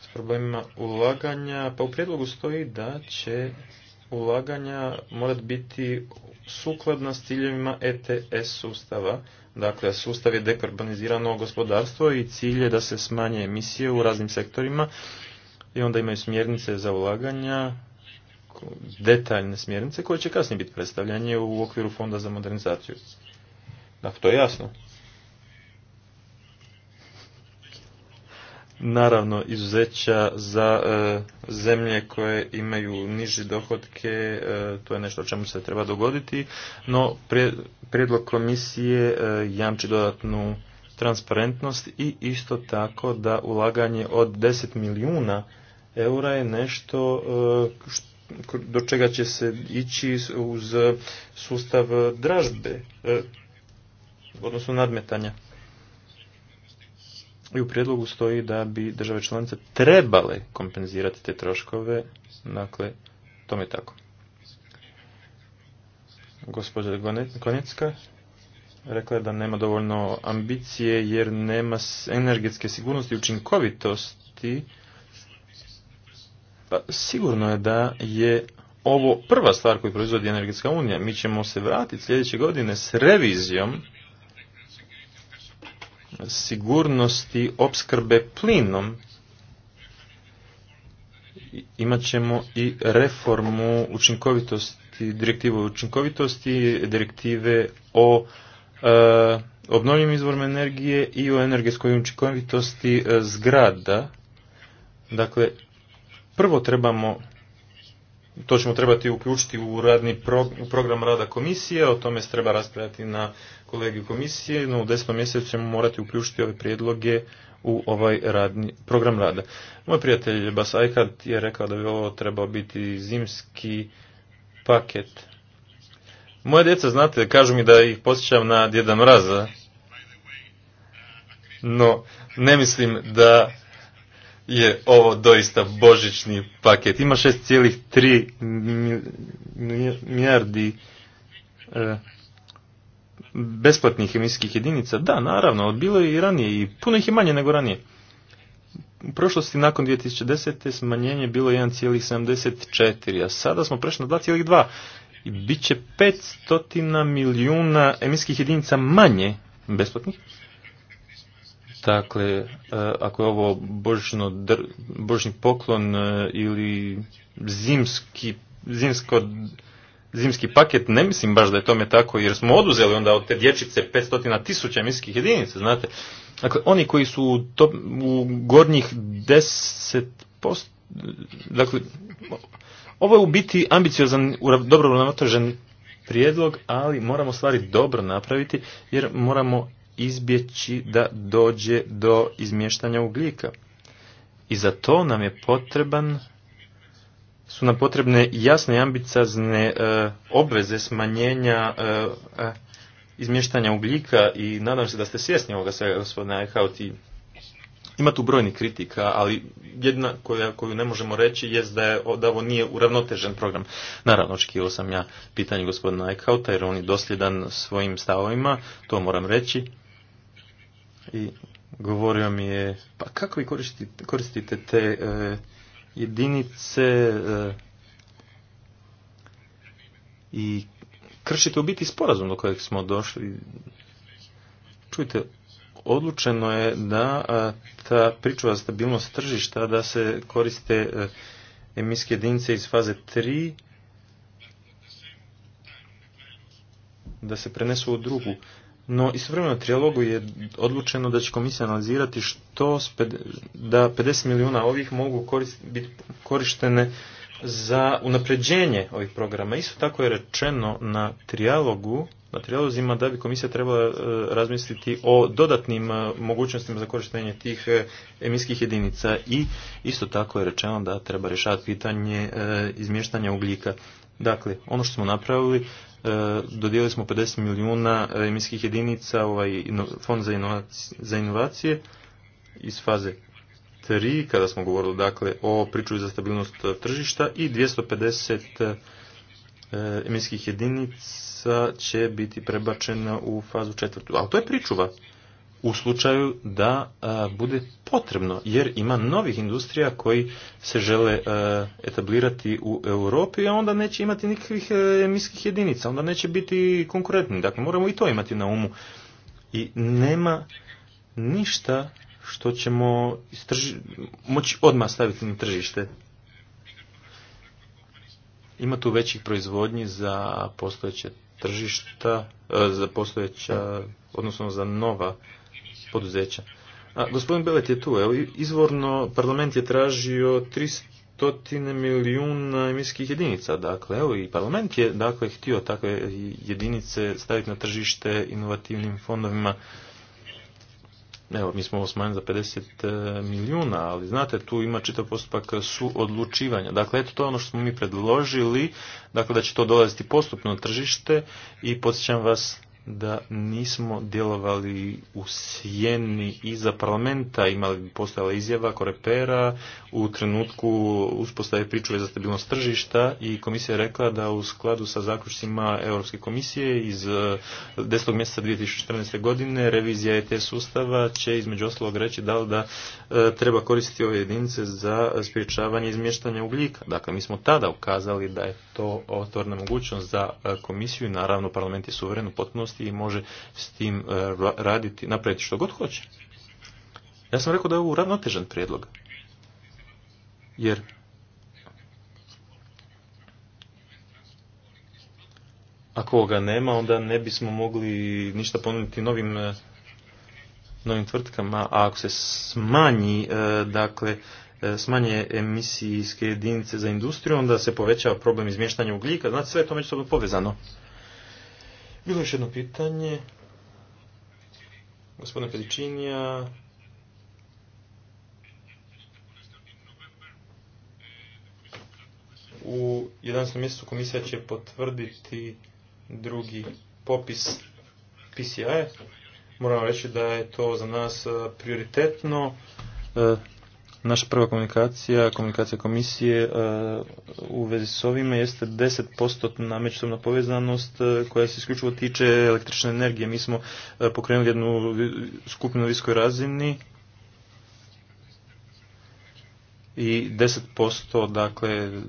s problemima ulaganja. Pa u prijedlogu stoji da će ulaganja morati biti sukladna s ciljevima ETS sustava. Dakle, sustav je dekarbonizirano gospodarstvo i cilj je da se smanje emisije u raznim sektorima i onda imaju smjernice za ulaganja, detaljne smjernice koje će kasnije biti predstavljanje u okviru Fonda za modernizaciju. Dakle, to je jasno. Naravno, izuzeća za e, zemlje koje imaju niži dohodke, e, to je nešto o čemu se treba dogoditi, no prijedlog komisije e, jamči dodatnu transparentnost i isto tako da ulaganje od 10 milijuna eura je nešto do čega će se ići uz sustav dražbe, odnosno nadmetanja. I u prijedlogu stoji da bi države članice trebale kompenzirati te troškove, dakle, tome je tako. Gospođa Konecka rekla je da nema dovoljno ambicije jer nema energetske sigurnosti i učinkovitosti. Pa sigurno je da je ovo prva stvar koju proizvodi energetska unija. Mi ćemo se vratiti sljedeće godine s revizijom sigurnosti opskrbe plinom imat ćemo i reformu učinkovitosti, direktivu učinkovitosti, direktive o e, obnovljivim izvorima energije i o energetskoj učinkovitosti e, zgrada. Dakle, prvo trebamo to ćemo trebati uključiti u radni program rada komisije, o tome se treba raspravljati na kolegiju komisije, no u desetom mjesecu ćemo morati uključiti ove prijedloge u ovaj radni, program rada. Moj prijatelj Bas Aikad je rekao da bi ovo trebao biti zimski paket. Moje djeca, znate, kažu mi da ih posjećam na Djeda Mraza, no ne mislim da je ovo doista božićni paket. Ima 6,3 milijardi e, besplatnih emisijskih jedinica. Da, naravno, bilo je i ranije i puno ih je manje nego ranije. U prošlosti nakon 2010. smanjenje bilo 1,74, a sada smo prešli na 2,2 i bit će 500 milijuna emisijskih jedinica manje besplatnih Dakle, e, ako je ovo božno, božni poklon e, ili zimski, zimsko, zimski paket, ne mislim baš da je tome tako, jer smo oduzeli onda od te dječice 500 tisuća emisijskih jedinica, znate. Dakle, oni koji su u, u gornjih 10%, dakle, ovo je u biti ambiciozan, dobro uravnotežen prijedlog, ali moramo stvari dobro napraviti jer moramo izbjeći da dođe do izmještanja ugljika. I za to nam je potreban su nam potrebne jasne i ambicazne e, obveze smanjenja e, e, izmještanja ugljika i nadam se da ste svjesni ovoga svega gospodine Eichhaut. Ima tu brojni kritika, ali jedna koja, koju ne možemo reći jest da, je, da ovo nije uravnotežen program. Naravno, očekivao sam ja pitanje gospodina Eichhauta jer on je dosljedan svojim stavovima, to moram reći i govorio mi je, pa kako vi koristite, koristite te e, jedinice e, i kršite u biti sporazum do kojeg smo došli. Čujte, odlučeno je da a, e, ta pričuva stabilnost tržišta, da se koriste e, jedinice iz faze 3, da se prenesu u drugu no, istovremeno trijalogu je odlučeno da će komisija analizirati što da 50 milijuna ovih mogu biti korištene za unapređenje ovih programa. Isto tako je rečeno na trijalogu, na trijalozima da bi komisija trebala e, razmisliti o dodatnim e, mogućnostima za korištenje tih e, emisijskih jedinica i isto tako je rečeno da treba rješavati pitanje izmještanja ugljika. Dakle, ono što smo napravili E, Dodijeli smo 50 milijuna e, emisijskih jedinica ovaj fond za inovacije, za inovacije iz faze 3 kada smo govorili dakle o pričuvi za stabilnost e, tržišta i 250 emisijskih jedinica će biti prebačena u fazu četvrtu. Ali to je pričuva u slučaju da bude potrebno jer ima novih industrija koji se žele etablirati u Europi a onda neće imati nikakvih e, emisijskih jedinica onda neće biti konkurentni dakle moramo i to imati na umu i nema ništa što ćemo istrži, moći odmah staviti na tržište ima tu većih proizvodnji za postojeće tržišta, e, za postojeća, odnosno za nova poduzeća. A, gospodin Belet je tu. Evo, izvorno parlament je tražio 300 milijuna emisijskih jedinica. Dakle, evo i parlament je dakle, htio takve jedinice staviti na tržište inovativnim fondovima. Evo, mi smo ovo smanjili za 50 e, milijuna, ali znate, tu ima čitav postupak suodlučivanja. Dakle, eto, to je ono što smo mi predložili, dakle, da će to dolaziti postupno na tržište i podsjećam vas da nismo djelovali u sjeni iza parlamenta, imali bi postojala izjava korepera u trenutku uspostave pričuve za stabilnost tržišta i komisija je rekla da u skladu sa zaključcima Europske komisije iz 10. Eh, mjeseca 2014. godine revizija ET sustava će između ostalog reći da li da eh, treba koristiti ove jedinice za spriječavanje izmještanja ugljika. Dakle, mi smo tada ukazali da je to otvorna mogućnost za eh, komisiju i naravno parlament je suveren u potpunosti i može s tim e, raditi, napraviti što god hoće. Ja sam rekao da je ovo ravnotežan prijedlog. Jer ako ga nema, onda ne bismo mogli ništa ponuditi novim e, novim tvrtkama, a ako se smanji, e, dakle, smanje emisijske jedinice za industriju, onda se povećava problem izmještanja ugljika, znači sve je to međusobno povezano. Bilo još jedno pitanje. gospodine Pedicinija. U 11. mjesecu komisija će potvrditi drugi popis PCI. Moram reći da je to za nas prioritetno. E, Naša prva komunikacija, komunikacija komisije e, u vezi s ovime jeste 10% međusobna povezanost e, koja se isključivo tiče električne energije. Mi smo e, pokrenuli jednu skupinu na viskoj razini i 10% dakle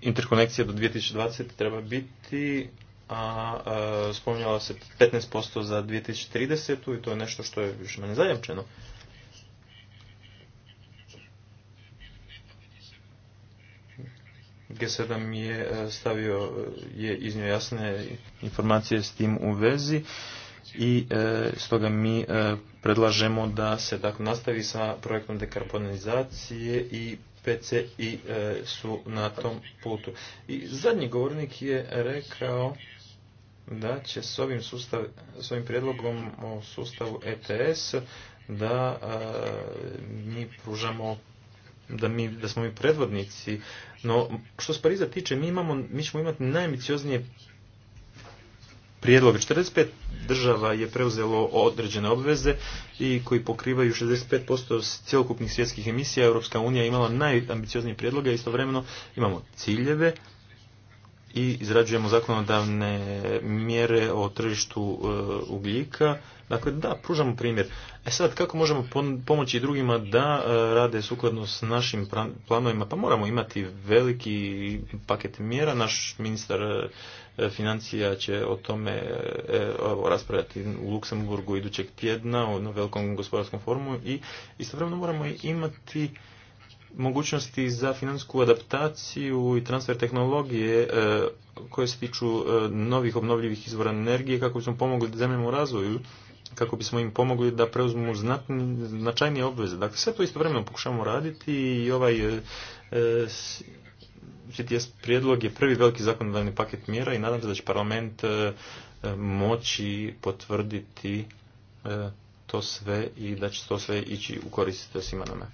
interkonekcija do 2020 treba biti a spominjala se 15% za 2030 i to je nešto što je više manje zajamčeno. G7 je e, stavio, je iznio jasne informacije s tim u vezi i e, stoga mi e, predlažemo da se dakle, nastavi sa projektom dekarbonizacije i PC i su na tom putu. I zadnji govornik je rekao da će s ovim, sustav, s ovim prijedlogom o sustavu ETS da mi pružamo da, mi, da smo mi predvodnici, no što se Pariza tiče, mi, imamo, mi ćemo imati najambicioznije prijedloge. 45 država je preuzelo određene obveze i koji pokrivaju 65% cjelokupnih svjetskih emisija. Europska unija imala najambicioznije prijedloge, a istovremeno imamo ciljeve i izrađujemo zakonodavne mjere o tržištu e, ugljika. Dakle, da, pružamo primjer. E sad, kako možemo pomoći drugima da e, rade sukladno s našim planovima? Pa moramo imati veliki paket mjera. Naš ministar e, financija će o tome raspravljati u Luksemburgu idućeg tjedna na velikom gospodarskom forumu i istovremeno moramo imati mogućnosti za financijsku adaptaciju i transfer tehnologije e, koje se tiču e, novih obnovljivih izvora energije kako bismo pomogli zemljama u razvoju kako bismo im pomogli da preuzmu značajnije obveze. Dakle, sve to istovremeno pokušavamo raditi i ovaj CTS e, prijedlog je prvi veliki zakonodavni paket mjera i nadam se da će parlament moći potvrditi to sve i da će to sve ići u korist svima nama.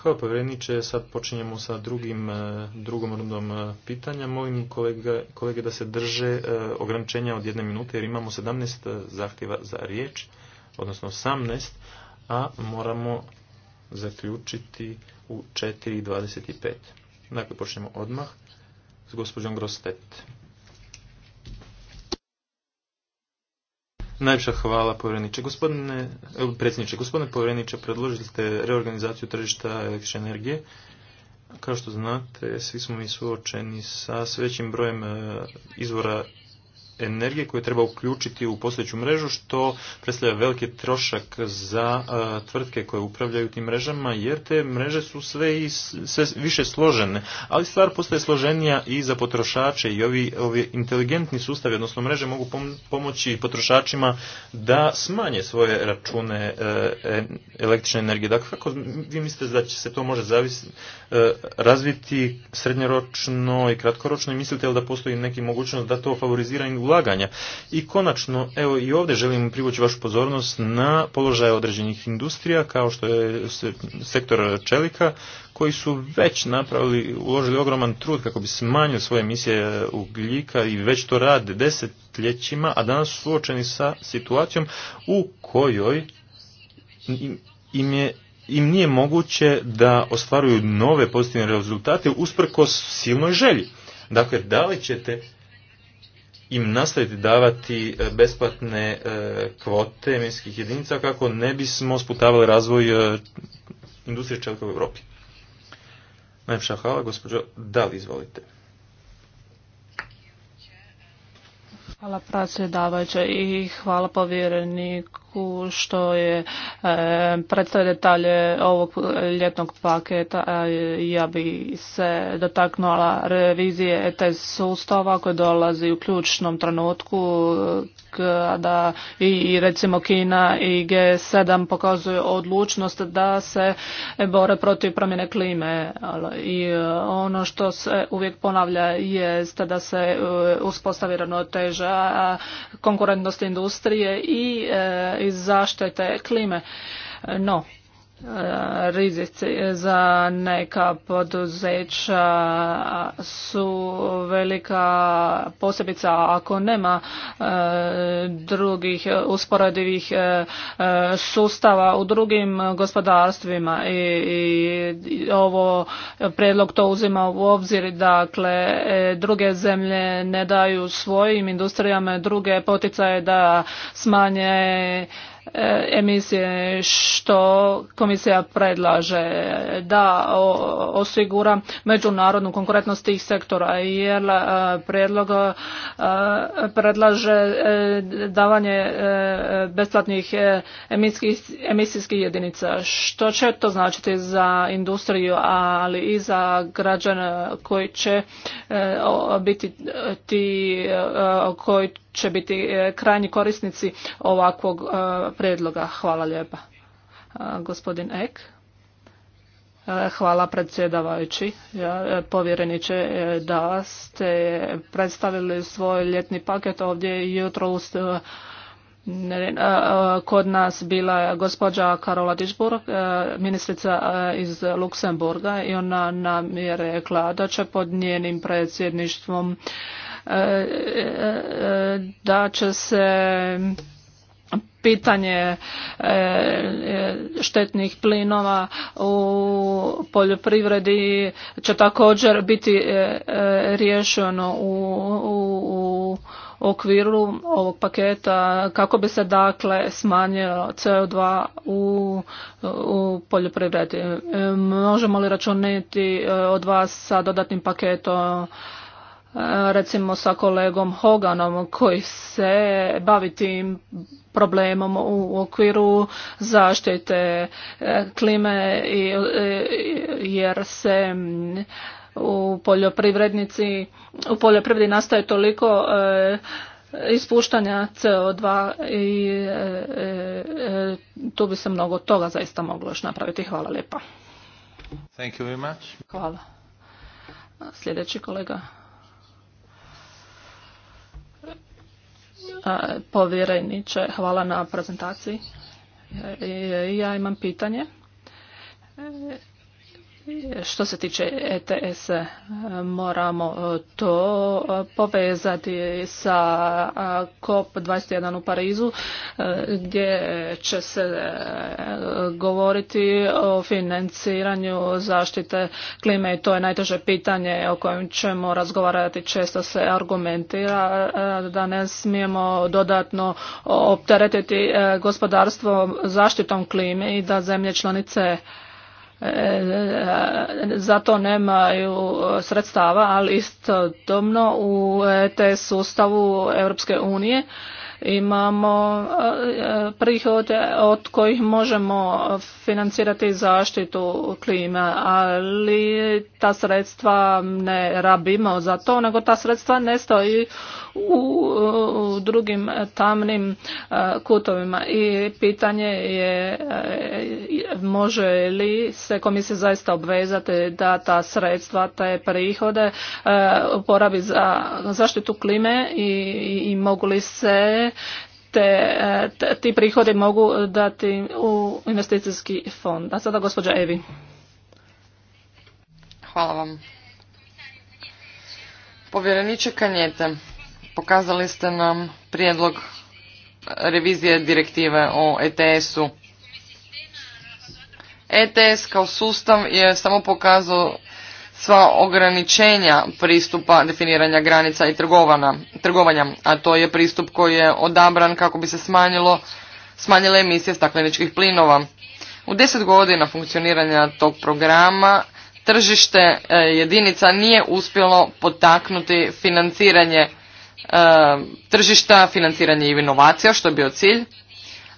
Hvala povjereniče, sad počinjemo sa drugim, e, drugom rundom e, pitanja. Molim kolege da se drže e, ograničenja od jedne minute jer imamo 17 zahtjeva za riječ, odnosno 18, a moramo zaključiti u 4.25. Dakle, počnemo odmah s gospođom Grostet. Najviše hvala povjereniče. Gospodine, eh, predsjedniče, gospodine povjereniče, predložili ste reorganizaciju tržišta električne energije. Kao što znate, svi smo mi suočeni sa svećim brojem eh, izvora energije koje treba uključiti u postojeću mrežu, što predstavlja veliki trošak za e, tvrtke koje upravljaju tim mrežama, jer te mreže su sve, i, sve više složene. Ali stvar postaje složenija i za potrošače i ovi, ovi inteligentni sustavi, odnosno mreže, mogu pomoći potrošačima da smanje svoje račune e, električne energije. Dakle, kako vi mislite da će se to može e, razviti srednjoročno i kratkoročno i mislite li da postoji neki mogućnost da to favorizira ulaganja. I konačno, evo i ovdje želim privući vašu pozornost na položaj određenih industrija kao što je sektor čelika koji su već napravili, uložili ogroman trud kako bi smanjili svoje emisije ugljika i već to rade desetljećima, a danas su suočeni sa situacijom u kojoj im im nije moguće da ostvaruju nove pozitivne rezultate usprkos silnoj želji. Dakle, da li ćete im nastaviti davati e, besplatne e, kvote emisijskih jedinica kako ne bismo sputavali razvoj e, industrije čelika u Europi. Najpša hvala, gospođo li izvolite. Hvala predsjedavajuća i hvala povjereniku što je e, predstavlja detalje ovog ljetnog paketa. Ja bi se dotaknula revizije te e sustava koji dolazi u ključnom trenutku kada i recimo Kina i G7 pokazuju odlučnost da se bore protiv promjene klime. I e, ono što se uvijek ponavlja jeste da se uspostavi ravnoteža konkurentnost industrije i iz zaštite klime. No, rizici za neka poduzeća su velika posebica ako nema e, drugih usporedivih e, sustava u drugim gospodarstvima i ovo predlog to uzima u obzir dakle e, druge zemlje ne daju svojim industrijama druge poticaje da smanje E, emisije što komisija predlaže da osigura međunarodnu konkurentnost tih sektora jer e, predlog e, predlaže davanje besplatnih emisijskih jedinica što će to značiti za industriju ali i za građane koji će biti ti koji će biti krajnji korisnici ovakvog predloga. Hvala lijepa. E, gospodin Ek. E, hvala predsjedavajući, e, povjereniče, da ste predstavili svoj ljetni paket ovdje jutro kod nas bila gospođa Karola Dišburg, ministrica iz Luksemburga i ona nam je rekla da će pod njenim predsjedništvom da će se pitanje e, e, štetnih plinova u poljoprivredi će također biti e, riješeno u okviru ovog paketa kako bi se dakle smanjilo CO2 u, poljoprivredi. Možemo li računiti od vas sa dodatnim paketom recimo sa kolegom Hoganom koji se bavi tim problemom u okviru zaštite e, klime e, jer se mm, u poljoprivrednici u poljoprivredi nastaje toliko e, ispuštanja CO2 i tu bi se mnogo toga zaista moglo još napraviti. Hvala lijepa. Hvala. Sljedeći kolega Povjereniče, hvala na prezentaciji. E, ja imam pitanje e, što se tiče ETS, e, moramo e, to e, povezati sa COP21 u Parizu, gdje će se govoriti o financiranju zaštite klime i to je najteže pitanje o kojem ćemo razgovarati. Često se argumentira da ne smijemo dodatno opteretiti gospodarstvo zaštitom klime i da zemlje članice E, zato nemaju sredstava, ali istodobno u te sustavu Europske unije imamo e, prihode od kojih možemo financirati zaštitu klima, ali ta sredstva ne rabimo za to, nego ta sredstva nestoji u drugim e, tamnim e, kutovima i pitanje je e, može li se komisija zaista obvezati da ta sredstva, te prihode uporabi za zaštitu klime i, i mogu li se te, ti prihodi mogu dati u investicijski fond. A sada gospođa Evi. Hvala vam. Povjereniče Kanjete, Pokazali ste nam prijedlog revizije direktive o ETS-u. ETS kao sustav je samo pokazao sva ograničenja pristupa definiranja granica i trgovanja, a to je pristup koji je odabran kako bi se smanjilo, smanjile emisije stakleničkih plinova. U deset godina funkcioniranja tog programa tržište e, jedinica nije uspjelo potaknuti financiranje tržišta, financiranje i inovacija, što je bio cilj,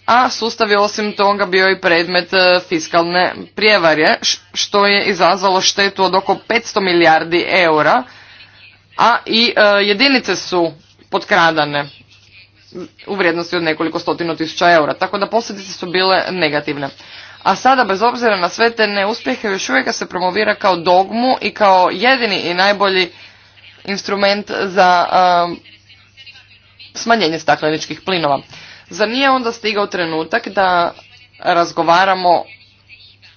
a sustav je osim toga bio i predmet e, fiskalne prijevarje, što je izazvalo štetu od oko 500 milijardi eura, a i e, jedinice su potkradane u vrijednosti od nekoliko stotinu tisuća eura, tako da posljedice su bile negativne. A sada, bez obzira na sve te neuspjehe, još uvijek se promovira kao dogmu i kao jedini i najbolji instrument za smanjenje stakleničkih plinova. Zar nije onda stigao trenutak da razgovaramo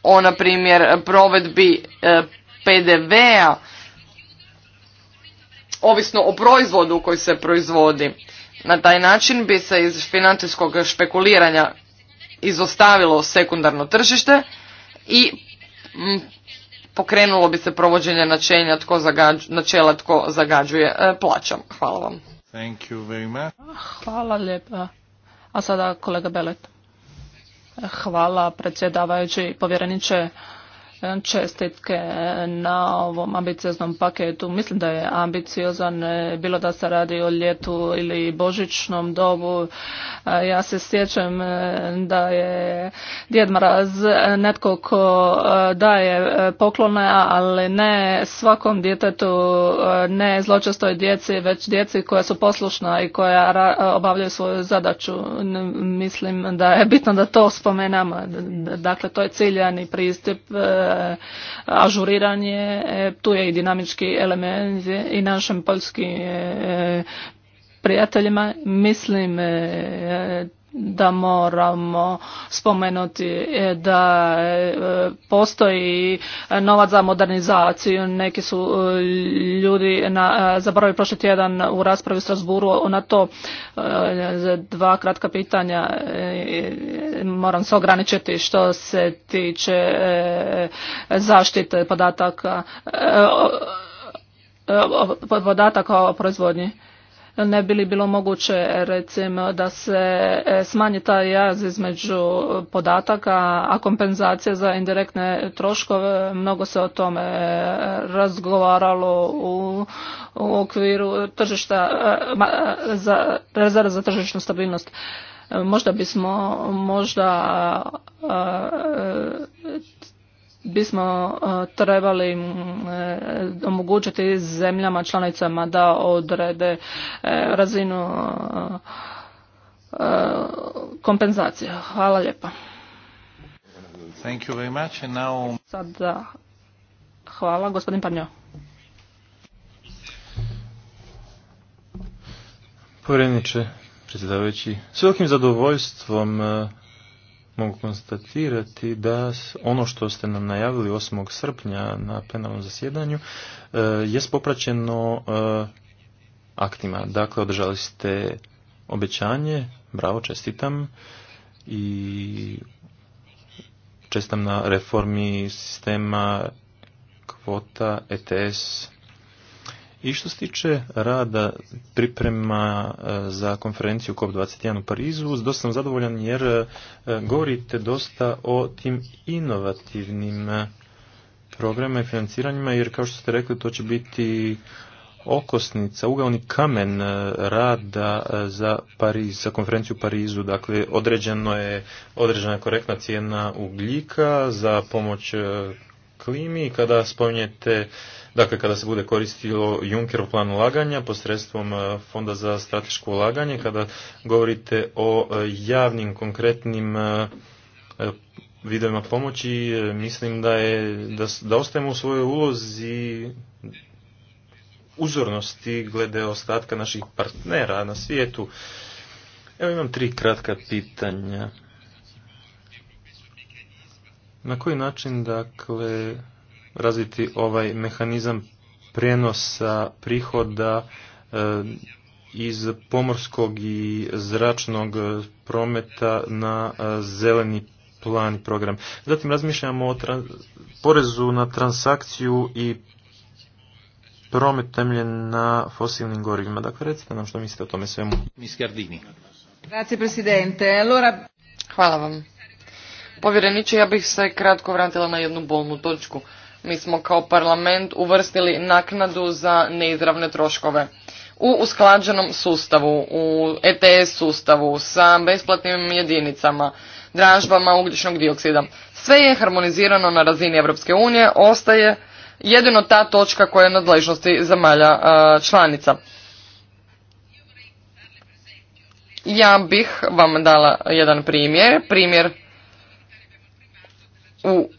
o, na primjer, provedbi e, PDV-a, ovisno o proizvodu koji se proizvodi. Na taj način bi se iz financijskog špekuliranja izostavilo sekundarno tržište i pokrenulo bi se provođenje načela tko zagađuje e, plaćam. Hvala vam. Thank you very much. Hvala lijepa. A sada kolega Belet. Hvala predsjedavajući povjereniče čestitke na ovom ambicioznom paketu. Mislim da je ambiciozan, e, bilo da se radi o ljetu ili božičnom dobu. E, ja se sjećam e, da je Djed Mraz netko ko daje poklone, ali ne svakom djetetu, ne zločestoj djeci, već djeci koja su poslušna i koja obavljaju svoju zadaću. Mislim da je bitno da to spomenemo. Dakle, to je ciljani pristup Eh, ažuriranje, eh, tu je i dinamički element i našim polskim eh, prijateljima. Mislim da moramo spomenuti e, da e, postoji novac za modernizaciju. Neki su e, ljudi na, zaboravili prošli tjedan u raspravi u Strasburu na to dva kratka pitanja. Moram se ograničiti što se tiče zaštite podataka podataka o proizvodnji ne bi li bilo moguće recimo da se e, smanji taj jaz između podataka, a kompenzacija za indirektne troškove, mnogo se o tome e, razgovaralo u, okviru tržišta, e, za, rezerva za tržišnu stabilnost možda bismo možda bismo e, trebali e, omogućiti zemljama članicama da odrede e, razinu kompenzacije. Hvala lijepa. Thank you very much. Sada hvala, gospodin Parnjo. Povredniče, predsjedavajući, s velikim zadovoljstvom mogu konstatirati da ono što ste nam najavili 8. srpnja na plenarnom zasjedanju e, je popraćeno e, aktima. Dakle, održali ste obećanje, bravo, čestitam i čestitam na reformi sistema kvota ETS i što se tiče rada priprema e, za konferenciju COP21 u Parizu, dosta sam zadovoljan jer e, govorite dosta o tim inovativnim e, programima i financiranjima, jer kao što ste rekli, to će biti okosnica, ugalni kamen rada za Pariz, za konferenciju u Parizu. Dakle, određeno je, određena je korektna cijena ugljika za pomoć klimi. Kada spominjete Dakle, kada se bude koristilo Junckerov plan ulaganja posredstvom e, Fonda za strateško ulaganje, kada govorite o e, javnim, konkretnim e, vidovima pomoći, mislim da, je, da, da ostajemo u svojoj ulozi uzornosti glede ostatka naših partnera na svijetu. Evo imam tri kratka pitanja. Na koji način, dakle, razviti ovaj mehanizam prijenosa prihoda e, iz pomorskog i zračnog prometa na e, zeleni plan i program. Zatim razmišljamo o porezu na transakciju i promet temeljen na fosilnim gorivima. Dakle, recite nam što mislite o tome svemu. Grazie, Presidente. Hvala vam. Povjereniče, ja bih se kratko vratila na jednu bolnu točku. Mi smo kao parlament uvrstili naknadu za neizravne troškove u usklađenom sustavu, u ETS sustavu, sa besplatnim jedinicama, dražbama ugljičnog dioksida. Sve je harmonizirano na razini Europske unije, ostaje jedino ta točka koja je nadležnosti zemalja članica. Ja bih vam dala jedan primjer, primjer u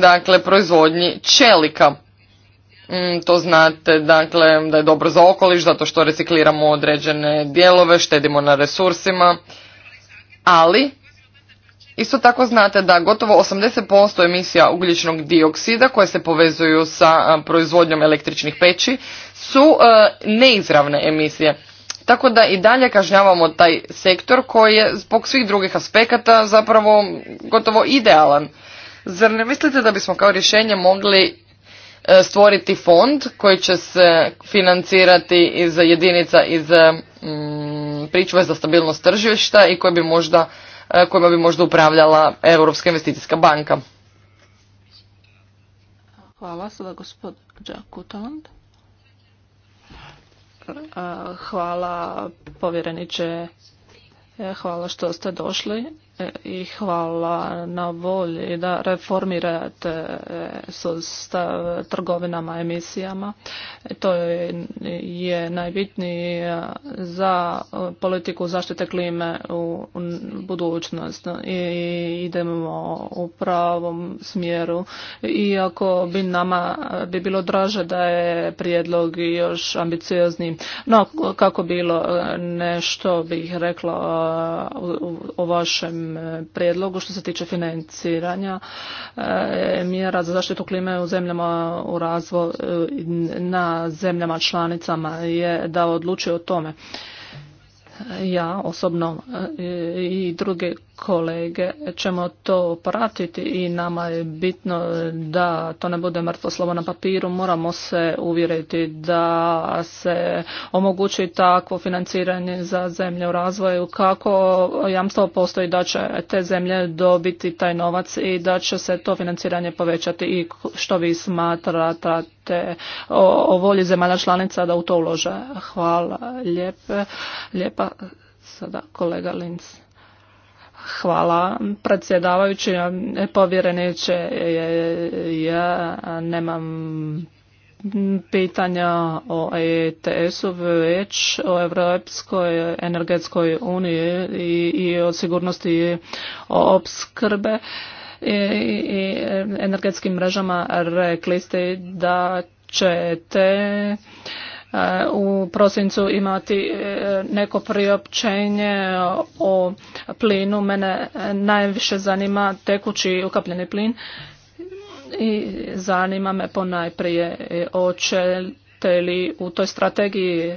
dakle, proizvodnji čelika. Mm, to znate, dakle, da je dobro za okoliš, zato što recikliramo određene dijelove, štedimo na resursima, ali isto tako znate da gotovo 80% emisija ugljičnog dioksida koje se povezuju sa proizvodnjom električnih peći su e, neizravne emisije. Tako da i dalje kažnjavamo taj sektor koji je zbog svih drugih aspekata zapravo gotovo idealan. Zar ne mislite da bismo kao rješenje mogli e, stvoriti fond koji će se financirati iz jedinica iz mm, pričuve za stabilnost tržišta i koji bi možda, e, kojima bi možda upravljala Europska investicijska banka? Hvala. Sada gospod Hvala povjereniče. Hvala što ste došli. E, i hvala na volji da reformirate e, sustav trgovinama emisijama. To je najbitnije za politiku zaštite klime u budućnost i idemo u pravom smjeru. Iako bi nama bi bilo draže da je prijedlog još ambiciozniji. No, kako bilo e, nešto bih rekla o vašem E, prijedlogu što se tiče financiranja e, mjera za zaštitu klime u zemljama u razvoju e, na zemljama članicama je da odlučuje o tome ja osobno i druge kolege ćemo to pratiti i nama je bitno da to ne bude mrtvo slovo na papiru. Moramo se uvjeriti da se omogući takvo financiranje za zemlje u razvoju kako jamstvo postoji da će te zemlje dobiti taj novac i da će se to financiranje povećati i što vi smatrate o, volji zemalja članica da u to ulože. Hvala lijepe. Lijepa sada kolega Linz. Hvala predsjedavajući, e, povjereniče, ja nemam pitanja o ETS-u već o Europskoj energetskoj uniji i, o sigurnosti opskrbe i energetskim mrežama rekli ste da ćete E, u prosincu imati e, neko priopćenje o plinu. Mene najviše zanima tekući ukapljeni plin i zanima me ponajprije oče li u toj strategiji e,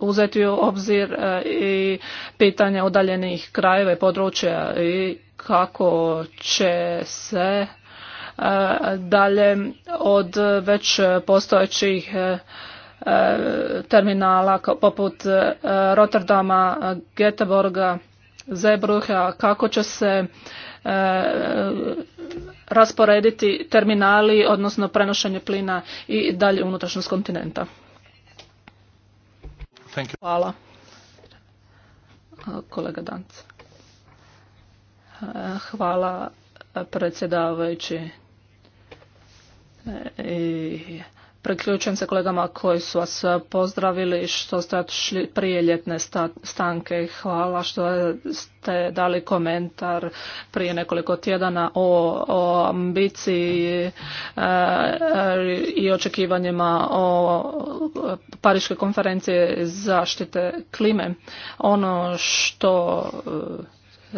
uzeti u obzir i pitanje udaljenih krajeva i područja i kako će se dalje od već postojećih Eh, terminala poput eh, Rotterdama, eh, Göteborga, Zebruha, kako će se rasporediti terminali, odnosno prenošenje plina i dalje unutrašnjost kontinenta. Hvala. Kolega Danc. Hvala predsjedavajući. I Priključujem se kolegama koji su vas pozdravili što ste otišli prije ljetne stanke. Hvala što ste dali komentar prije nekoliko tjedana o, ambiciji e, i očekivanjima o Pariške konferencije zaštite klime. Ono što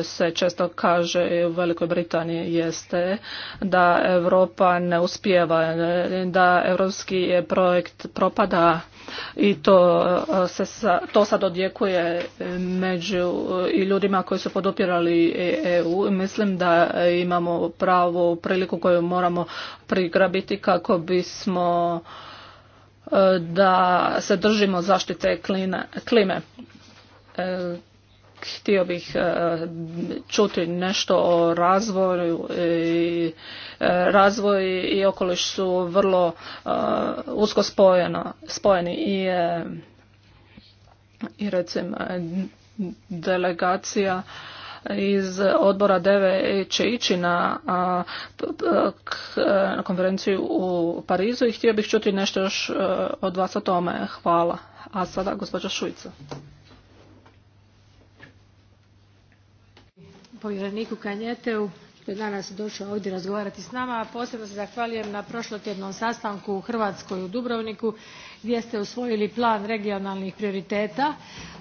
se često kaže u Velikoj Britaniji jeste da Europa ne uspijeva, da europski projekt propada i to se sa, to sad odjekuje među i ljudima koji su podopirali EU. Mislim da imamo pravu priliku koju moramo prigrabiti kako bismo da se držimo zaštite klime. E, htio bih e, čuti nešto o razvoju i e, razvoj i okoliš su vrlo e, usko spojeno, spojeni i, i recimo delegacija iz odbora DEVE će ići na, na konferenciju u Parizu i htio bih čuti nešto još od vas o tome. Hvala. A sada gospođa Šujica. povjereniku Kanjeteu što je danas došao ovdje razgovarati s nama, a posebno se zahvaljujem na prošlotjednom sastanku u Hrvatskoj u Dubrovniku gdje ste usvojili plan regionalnih prioriteta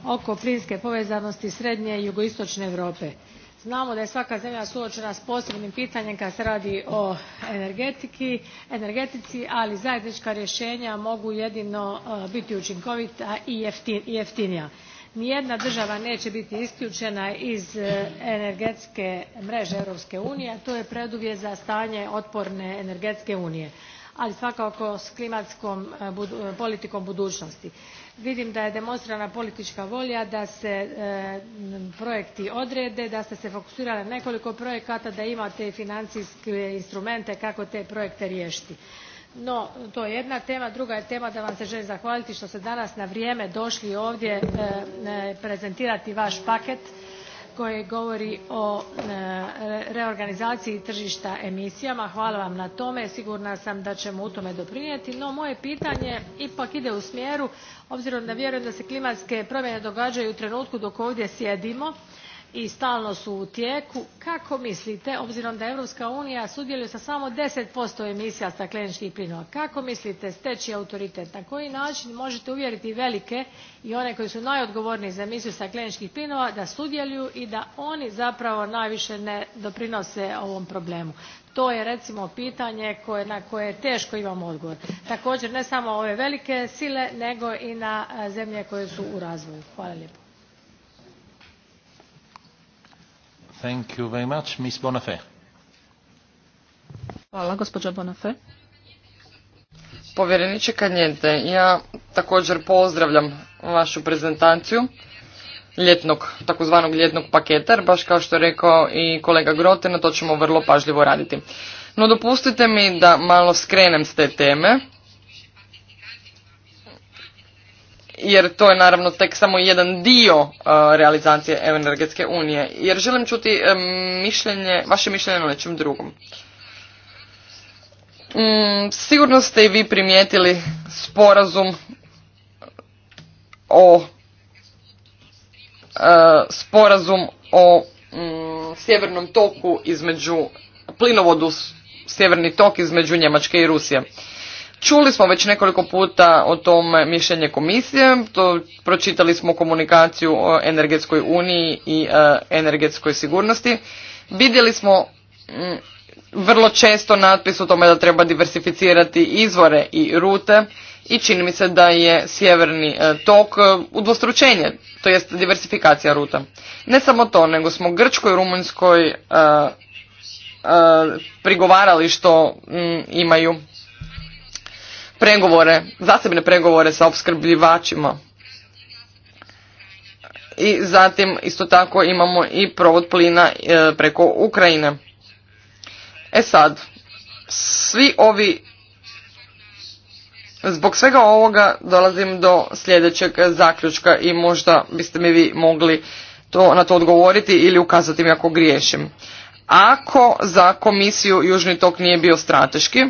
oko plinske povezanosti srednje i jugoistočne Europe. Znamo da je svaka zemlja suočena s posebnim pitanjem kad se radi o energetici, ali zajednička rješenja mogu jedino biti učinkovita i jeftinija nijedna država neće biti isključena iz e, energetske mreže europske unije a to je preduvjet za stanje otporne energetske unije ali svakako s klimatskom e, e, politikom budućnosti. vidim da je demonstrirana politička volja da se projekti odrede da ste se fokusirali na nekoliko projekata da imate i financijske instrumente kako te projekte riješiti no to je jedna tema. druga je tema da vam se želim zahvaliti što ste danas na vrijeme došli ovdje e, e, prezentirati vaš paket koji govori o e, reorganizaciji tržišta emisijama. hvala vam na tome. sigurna sam da ćemo u tome doprinijeti. no moje pitanje ipak ide u smjeru obzirom da vjerujem da se klimatske promjene događaju u trenutku dok ovdje sjedimo i stalno su u tijeku kako mislite obzirom da europska unija sudjeluje sa samo ten emisija stakleničkih plinova kako mislite steći autoritet na koji način možete uvjeriti velike i one koji su najodgovorniji za emisiju stakleničkih plinova da sudjeluju i da oni zapravo najviše ne doprinose ovom problemu? to je recimo pitanje na koje teško imamo odgovor također ne samo ove velike sile nego i na zemlje koje su u razvoju. hvala lijepo. Povjereniče Kanjente, ja također pozdravljam vašu prezentaciju ljetnog, takozvanog ljetnog paketa, baš kao što je rekao i kolega Grote, na to ćemo vrlo pažljivo raditi. No dopustite mi da malo skrenem s te teme jer to je naravno tek samo jedan dio uh, realizacije energetske unije. Jer želim čuti mišljenje, vaše mišljenje na nečem drugom. Mm, sigurno ste i vi primijetili sporazum o uh, sporazum o mm, sjevernom toku između plinovodu sjeverni tok između Njemačke i Rusije. Čuli smo već nekoliko puta o tom mišljenje komisije, to pročitali smo komunikaciju o energetskoj uniji i e, energetskoj sigurnosti. Vidjeli smo mm, vrlo često natpis o tome da treba diversificirati izvore i rute i čini mi se da je sjeverni e, tok e, udvostručenje, to jest diversifikacija ruta. Ne samo to, nego smo Grčkoj, i Rumunjskoj prigovarali što mm, imaju pregovore, zasebne pregovore sa opskrbljivačima. I zatim isto tako imamo i provod plina e, preko Ukrajine. E sad, svi ovi, zbog svega ovoga dolazim do sljedećeg zaključka i možda biste mi vi mogli to, na to odgovoriti ili ukazati mi ako griješim. Ako za komisiju Južni tok nije bio strateški,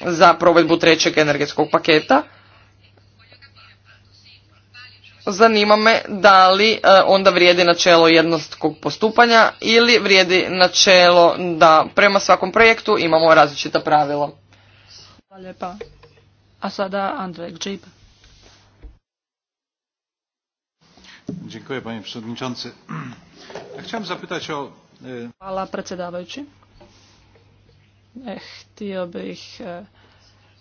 za provedbu trećeg energetskog paketa. Zanima me da li e, onda vrijedi načelo jednostkog postupanja ili vrijedi načelo da prema svakom projektu imamo različita pravila. Hvala lijepa. A sada Andrej Dziękuję przewodniczący. chciałem zapytać o... E, Hvala predsjedavajući. Eh, htio bih eh,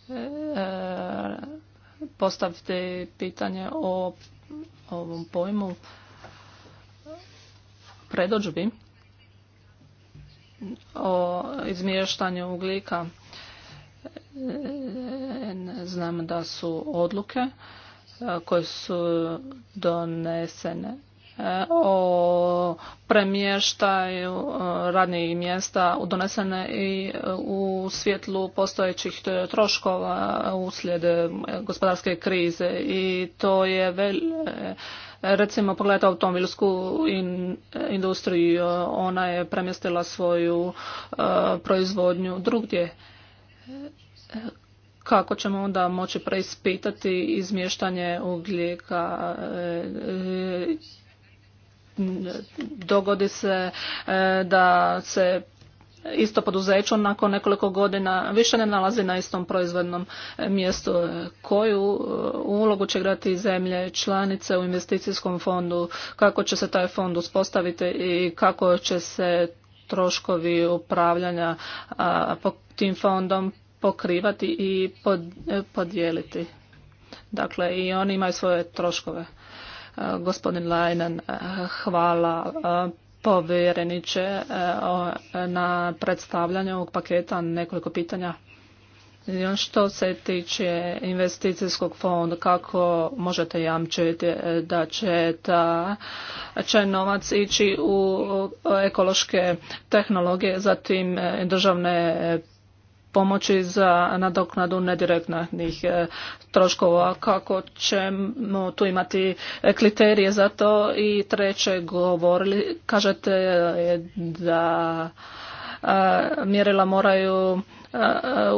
eh, postaviti pitanje o ovom pojmu predođbi o izmještanju ugljika. Znam da su odluke koje su donesene o premještaju e, radnih mjesta donesene i e, u svjetlu postojećih troškova uslijed e, gospodarske krize i to je vel, recimo pogledajte automobilsku in, industriju ona je premjestila svoju proizvodnju drugdje kako ćemo onda moći preispitati izmještanje ugljika dogodi se e, da se isto poduzeću nakon nekoliko godina više ne nalazi na istom proizvodnom e, mjestu. Koju e, ulogu će igrati zemlje članice u investicijskom fondu, kako će se taj fond uspostaviti i kako će se troškovi upravljanja tim fondom pokrivati i podijeliti. Dakle, i oni imaju svoje troškove. Gospodin Leinen, eh, hvala eh, povjereniče eh, na predstavljanju ovog paketa nekoliko pitanja. Što se tiče investicijskog fonda, kako možete jamčiti da će, ta, će novac ići u ekološke tehnologije, zatim državne pomoći za nadoknadu nedirektnih e, troškova. Kako ćemo tu imati e, kriterije za to? I treće, govorili, kažete e, da mjerila moraju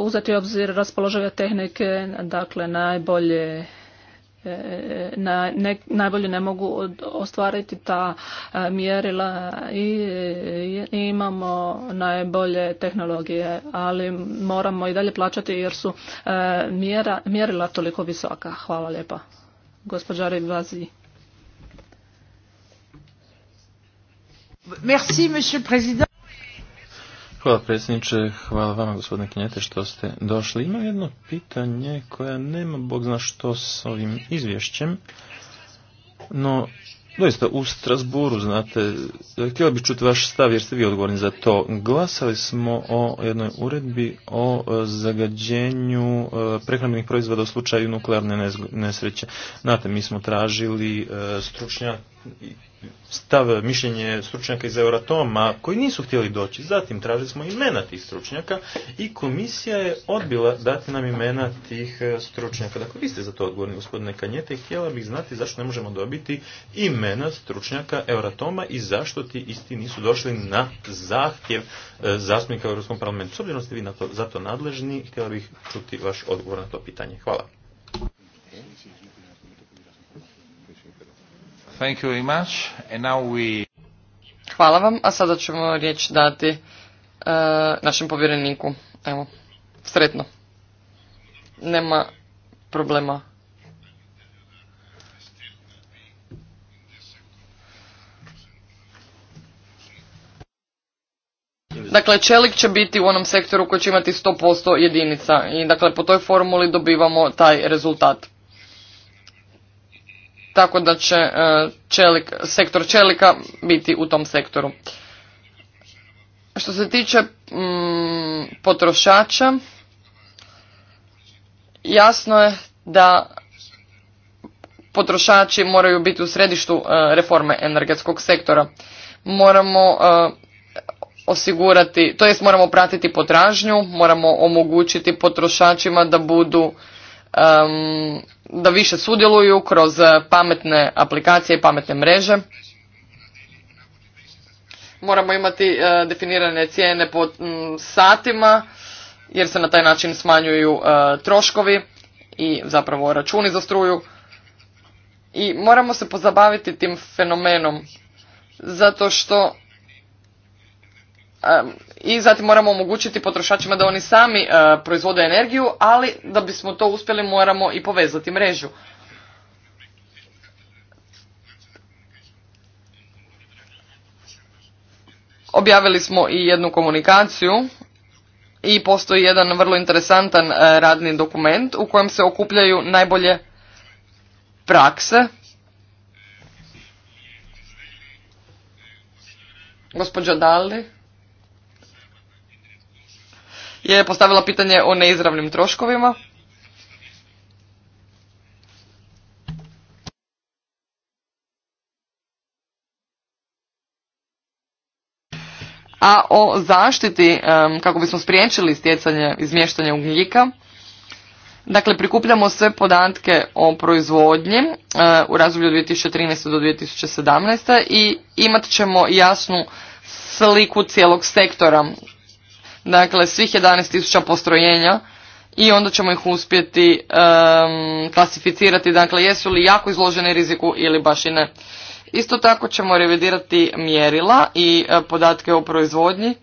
uzeti obzir raspoložive tehnike, dakle najbolje na, najbolje ne mogu ostvariti ta e, mjerila i imamo najbolje tehnologije, ali moramo i dalje plaćati jer su e, mjera, mjerila toliko visoka. Hvala lijepa. Gospođa Rivazi. Merci, monsieur le président. Hvala predsjedniče, hvala vama gospodine Kinjete što ste došli. Ima jedno pitanje koja nema bog zna što s ovim izvješćem, no doista u Strasburu, znate, htio bih čuti vaš stav jer ste vi odgovorni za to. Glasali smo o jednoj uredbi o e, zagađenju e, prehrambenih proizvoda u slučaju nuklearne nesreće. Znate, mi smo tražili e, stručnja stav, mišljenje stručnjaka iz Euratoma koji nisu htjeli doći. Zatim tražili smo imena tih stručnjaka i komisija je odbila dati nam imena tih e, stručnjaka. Dakle, vi ste za to odgovorni, gospodine Kanjete, i htjela bih znati zašto ne možemo dobiti imena stručnjaka Euratoma i zašto ti isti nisu došli na zahtjev e, zastupnika u Europskom parlamentu. S obzirom ste vi na za to nadležni, htjela bih čuti vaš odgovor na to pitanje. Hvala. Thank you very much. Hvala vam, a sada ćemo riječ dati e, našem povjereniku. Evo, sretno. Nema problema. Dakle, čelik će biti u onom sektoru koji će imati 100% jedinica i dakle po toj formuli dobivamo taj rezultat tako da će e, čelik, sektor čelika biti u tom sektoru. Što se tiče mm, potrošača, jasno je da potrošači moraju biti u središtu e, reforme energetskog sektora. Moramo e, osigurati, to jest moramo pratiti potražnju, moramo omogućiti potrošačima da budu da više sudjeluju kroz pametne aplikacije i pametne mreže. Moramo imati e, definirane cijene po satima jer se na taj način smanjuju e, troškovi i zapravo računi za struju. I moramo se pozabaviti tim fenomenom zato što i zatim moramo omogućiti potrošačima da oni sami e, proizvode energiju, ali da bismo to uspjeli moramo i povezati mrežu. Objavili smo i jednu komunikaciju i postoji jedan vrlo interesantan e, radni dokument u kojem se okupljaju najbolje prakse. Gospođa Dalli je postavila pitanje o neizravnim troškovima. A o zaštiti, kako bismo spriječili stjecanje izmještanja ugljika, Dakle, prikupljamo sve podatke o proizvodnji u razdoblju 2013. do 2017. i imat ćemo jasnu sliku cijelog sektora dakle svih 11.000 postrojenja i onda ćemo ih uspjeti klasificirati, dakle jesu li jako izloženi riziku ili baš i ne. Isto tako ćemo revidirati mjerila i e, podatke o proizvodnji.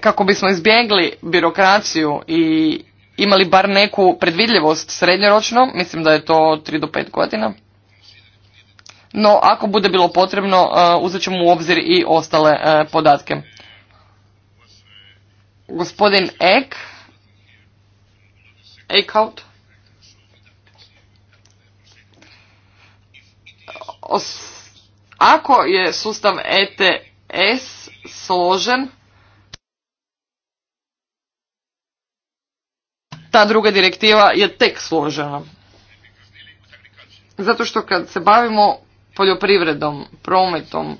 Kako bismo izbjegli birokraciju i imali bar neku predvidljivost srednjoročno, mislim da je to 3 do 5 godina. No, ako bude bilo potrebno, e, uzet ćemo u obzir i ostale e, podatke. Gospodin Ek, Eckhout, ako je sustav ETS složen, ta druga direktiva je tek složena. Zato što kad se bavimo poljoprivredom, prometom,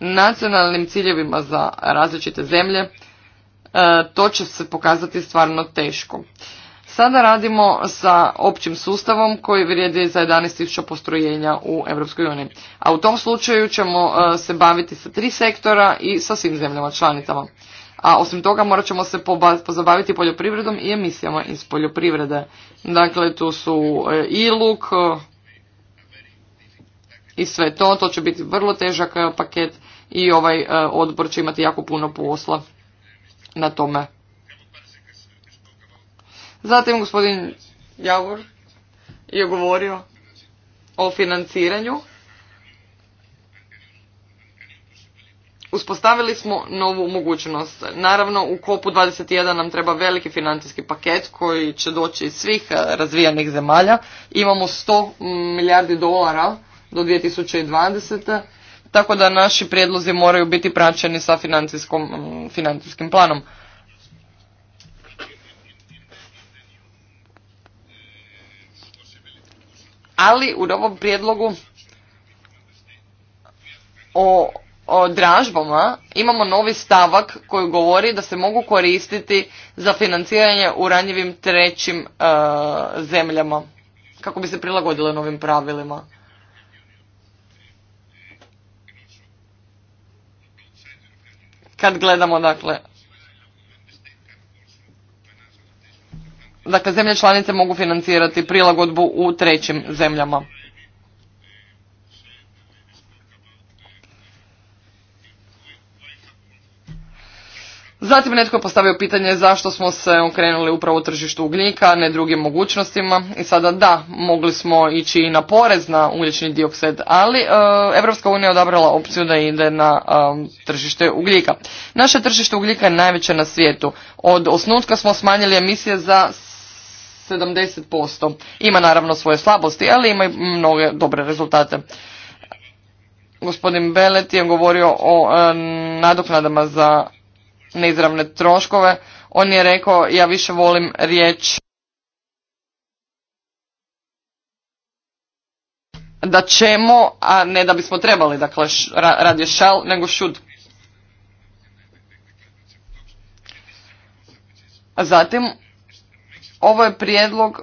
nacionalnim ciljevima za različite zemlje, e, to će se pokazati stvarno teško. Sada radimo sa općim sustavom koji vrijedi za 11.000 postrojenja u EU. A u tom slučaju ćemo e, se baviti sa tri sektora i sa svim zemljama članicama a osim toga morat ćemo se pozabaviti poljoprivredom i emisijama iz poljoprivrede. Dakle, tu su e, i luk e, i sve to, to će biti vrlo težak e, paket i ovaj odbor će imati jako puno posla na tome. Zatim gospodin Javor je govorio o financiranju Uspostavili smo novu mogućnost. Naravno, u kopu 21 nam treba veliki financijski paket koji će doći iz svih eh, razvijenih zemalja. Imamo 100 milijardi dolara do 2020. Tako da naši prijedlozi moraju biti praćeni sa mm, financijskim planom. Ali u ovom prijedlogu o o dražbama imamo novi stavak koji govori da se mogu koristiti za financiranje u ranjivim trećim e, zemljama kako bi se prilagodile novim pravilima. Kad gledamo dakle Dakle, zemlje članice mogu financirati prilagodbu u trećim zemljama. Zatim netko je postavio pitanje zašto smo se okrenuli upravo u tržištu ugljika, a ne drugim mogućnostima. I sada da, mogli smo ići i na porez na ugljični dioksid, ali e, unija je odabrala opciju da ide na e, tržište ugljika. Naše tržište ugljika je najveće na svijetu. Od osnutka smo smanjili emisije za 70%. Ima naravno svoje slabosti, ali ima i mnoge dobre rezultate. Gospodin Belet je govorio o e, nadoknadama za neizravne troškove, on je rekao ja više volim riječ da ćemo, a ne da bismo trebali, dakle radije šal, nego šud. A zatim, ovo je prijedlog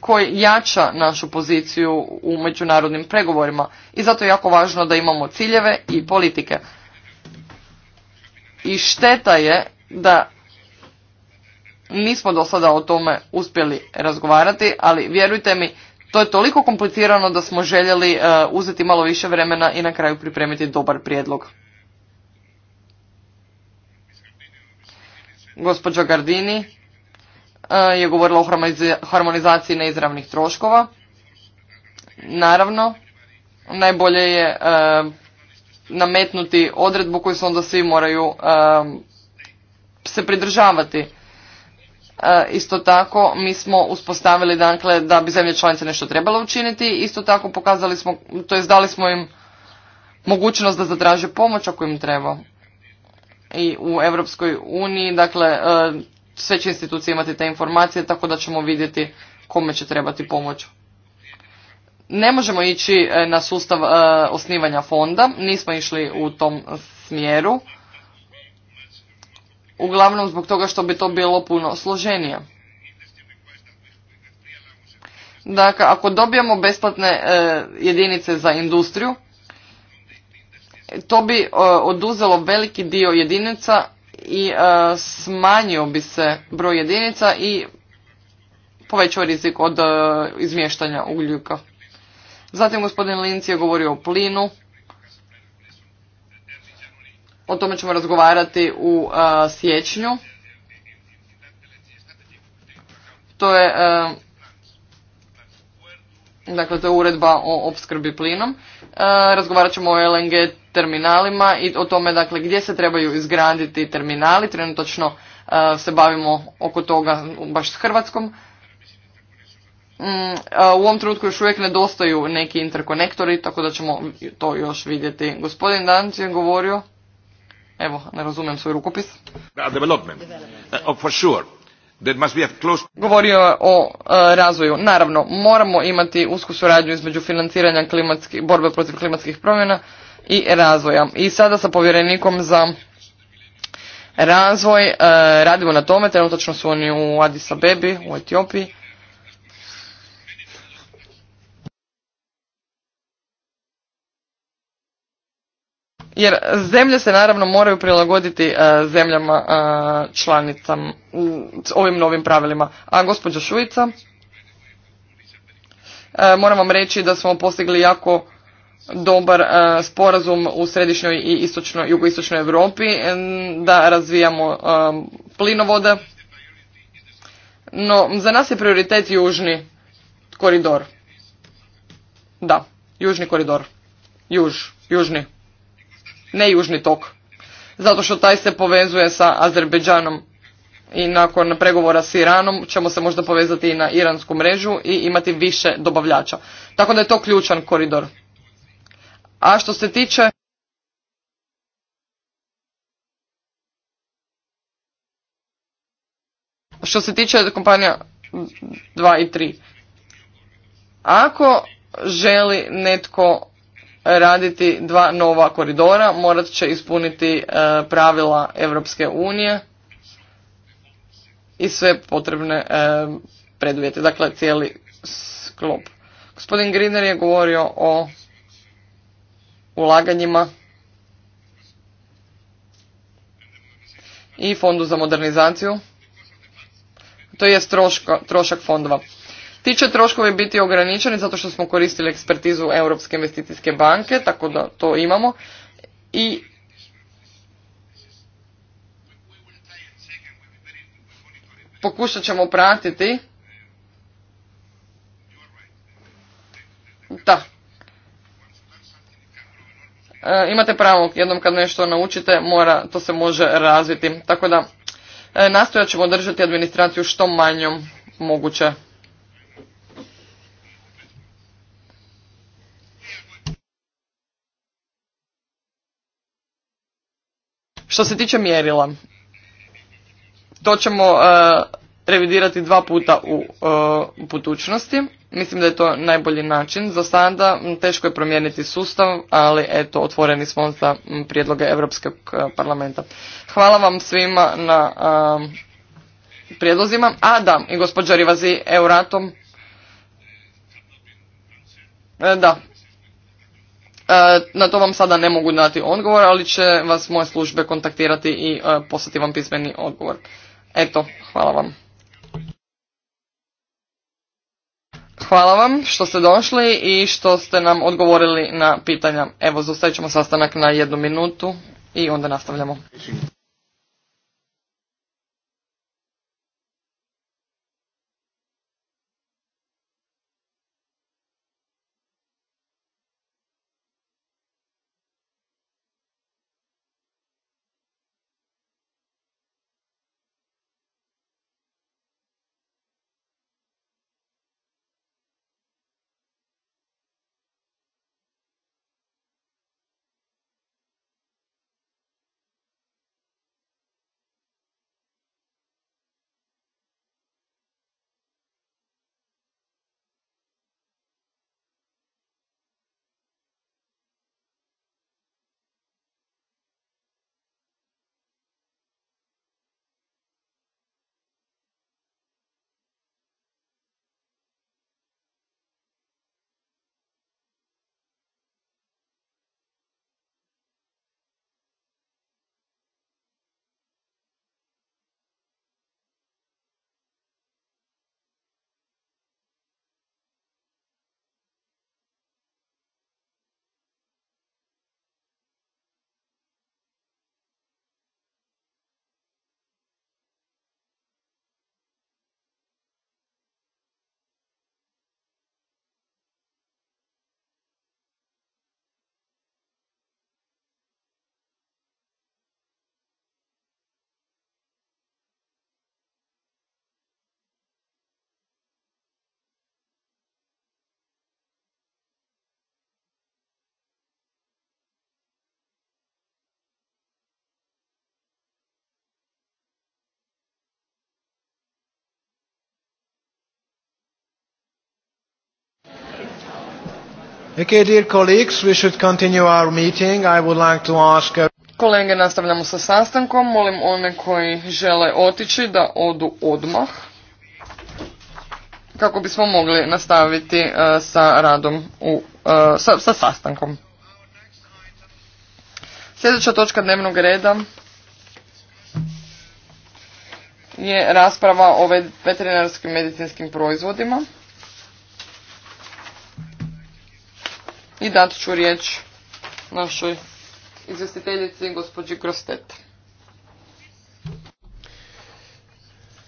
koji jača našu poziciju u međunarodnim pregovorima i zato je jako važno da imamo ciljeve i politike. I šteta je da nismo do sada o tome uspjeli razgovarati, ali vjerujte mi, to je toliko komplicirano da smo željeli e, uzeti malo više vremena i na kraju pripremiti dobar prijedlog. Gospođa Gardini e, je govorila o harmonizaciji neizravnih troškova. Naravno, najbolje je e, nametnuti odredbu koju se onda svi moraju se pridržavati. E, isto tako mi smo uspostavili dakle da bi zemlje članice nešto trebalo učiniti, isto tako pokazali smo, to jest dali smo im mogućnost da zatraže pomoć ako im treba. I u Europskoj uniji, dakle, e, sve će institucije imati te informacije, tako da ćemo vidjeti kome će trebati pomoć ne možemo ići e, na sustav e, osnivanja fonda, nismo išli u tom smjeru, uglavnom zbog toga što bi to bilo puno složenije. Dakle, ako dobijemo besplatne e, jedinice za industriju, to bi oduzelo veliki dio jedinica i smanjio bi se broj jedinica i povećao rizik od izmještanja ugljuka. Zatim gospodin Linci je govorio o plinu. O tome ćemo razgovarati u e, siječnju. To je e, dakle to je uredba o opskrbi plinom. E, razgovarat ćemo o LNG terminalima i o tome dakle gdje se trebaju izgraditi terminali. Trenutačno se bavimo oko toga baš s Hrvatskom Mm, u ovom trenutku još uvijek nedostaju neki interkonektori, tako da ćemo to još vidjeti. Gospodin Danc je govorio, evo, ne razumijem svoj rukopis. Govorio o razvoju. Naravno, moramo imati usku suradnju između financiranja borbe protiv klimatskih promjena i razvoja. I sada sa povjerenikom za razvoj uh, radimo na tome, trenutačno su oni u Addis Abebi, u Etiopiji jer zemlje se naravno moraju prilagoditi e, zemljama e, članicam ovim novim pravilima. A gospođa Šuica, e, moram vam reći da smo postigli jako dobar sporazum u središnjoj i istočnoj, jugoistočnoj Europi da razvijamo plinovode. No, za nas je prioritet južni koridor. Da, južni koridor. Juž, južni ne južni tok, zato što taj se povezuje sa Azerbeđanom i nakon pregovora s Iranom ćemo se možda povezati i na iransku mrežu i imati više dobavljača. Tako da je to ključan koridor. A što se tiče Što se tiče kompanija 2 i 3. Ako želi netko raditi dva nova koridora, morat će ispuniti e, pravila Europske unije i sve potrebne e, preduvjete, dakle cijeli sklop. Gospodin Griner je govorio o ulaganjima i fondu za modernizaciju, to je trošak fondova. Ti će troškovi biti ograničeni zato što smo koristili ekspertizu Europske investicijske banke, tako da to imamo. I pokušat ćemo pratiti Da. E, imate pravo, jednom kad nešto naučite, mora, to se može razviti. Tako da, e, nastojat ćemo držati administraciju što manjom moguće. Što se tiče mjerila, to ćemo e, revidirati dva puta u uh, budućnosti. Mislim da je to najbolji način. Za sada teško je promijeniti sustav, ali eto, otvoreni smo za prijedloge Europskog e, parlamenta. Hvala vam svima na prijedlozima. A da, i gospođa Rivazi Euratom. Da, E, na to vam sada ne mogu dati odgovor, ali će vas moje službe kontaktirati i e, poslati vam pismeni odgovor. Eto, hvala vam. Hvala vam što ste došli i što ste nam odgovorili na pitanja. Evo, zaustavit ćemo sastanak na jednu minutu i onda nastavljamo. Okay, dear colleagues, we should continue our meeting. I would like to ask... Kolege, nastavljamo sa sastankom. Molim one koji žele otići da odu odmah kako bismo mogli nastaviti e, sa radom, u, e, sa sastankom. Sljedeća točka dnevnog reda je rasprava o veterinarskim medicinskim proizvodima. I dat ću riječ našoj izvjestiteljici gospođi Grostet.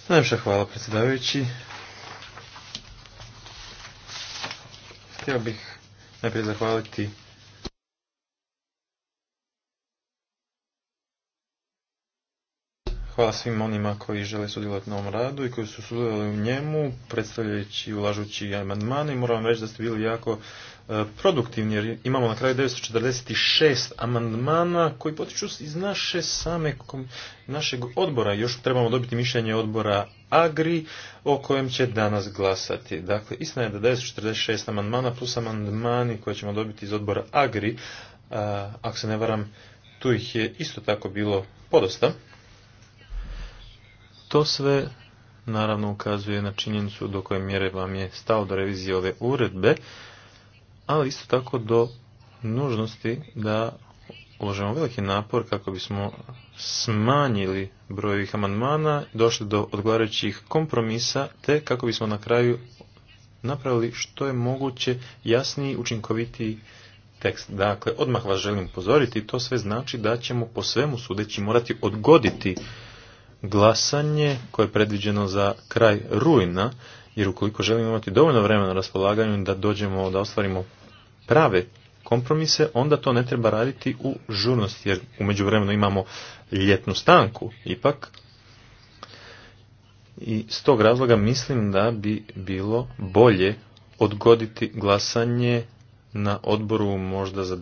Najljepša hvala predsjedavajući. Htio bih najprije zahvaliti Hvala svim onima koji žele sudjelovati na ovom radu i koji su sudjelovali u njemu, predstavljajući i ulažući amandmane i moram vam reći da ste bili jako E, produktivni jer imamo na kraju 946 amandmana koji potiču iz naše same našeg odbora. Još trebamo dobiti mišljenje odbora Agri o kojem će danas glasati. Dakle, istina je da 946 amandmana plus amandmani koje ćemo dobiti iz odbora Agri, e, ako se ne varam, tu ih je isto tako bilo podosta. To sve naravno ukazuje na činjenicu do koje mjere vam je stao do revizije ove uredbe ali isto tako do nužnosti da uložemo veliki napor kako bismo smanjili broj ovih amandmana, došli do odgovarajućih kompromisa, te kako bismo na kraju napravili što je moguće jasniji, učinkovitiji tekst. Dakle, odmah vas želim upozoriti, to sve znači da ćemo po svemu sudeći morati odgoditi glasanje koje je predviđeno za kraj rujna, jer ukoliko želimo imati dovoljno vremena na raspolaganju da dođemo, da ostvarimo prave kompromise, onda to ne treba raditi u žurnosti, jer u međuvremenu imamo ljetnu stanku ipak. I s tog razloga mislim da bi bilo bolje odgoditi glasanje na odboru možda za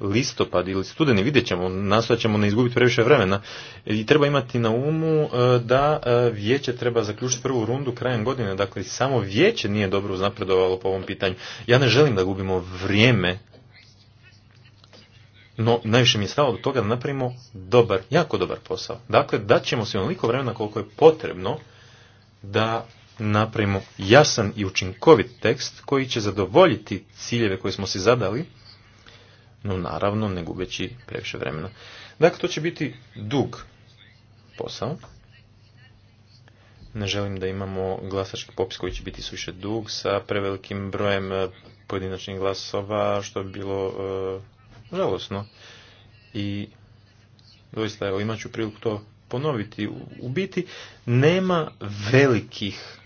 listopad ili studeni, vidjet ćemo, nastojat ćemo ne izgubiti previše vremena. I treba imati na umu e, da e, vijeće treba zaključiti prvu rundu krajem godine, dakle samo vijeće nije dobro uznapredovalo po ovom pitanju. Ja ne želim da gubimo vrijeme, no najviše mi je stalo do toga da napravimo dobar, jako dobar posao. Dakle, dat ćemo se onoliko vremena koliko je potrebno da napravimo jasan i učinkovit tekst koji će zadovoljiti ciljeve koje smo si zadali, no naravno ne gubeći previše vremena. Dakle, to će biti dug posao. Ne želim da imamo glasački popis koji će biti suviše dug sa prevelikim brojem e, pojedinačnih glasova, što bi bilo e, žalosno. I doista, evo, imat ću priliku to ponoviti. U biti, nema velikih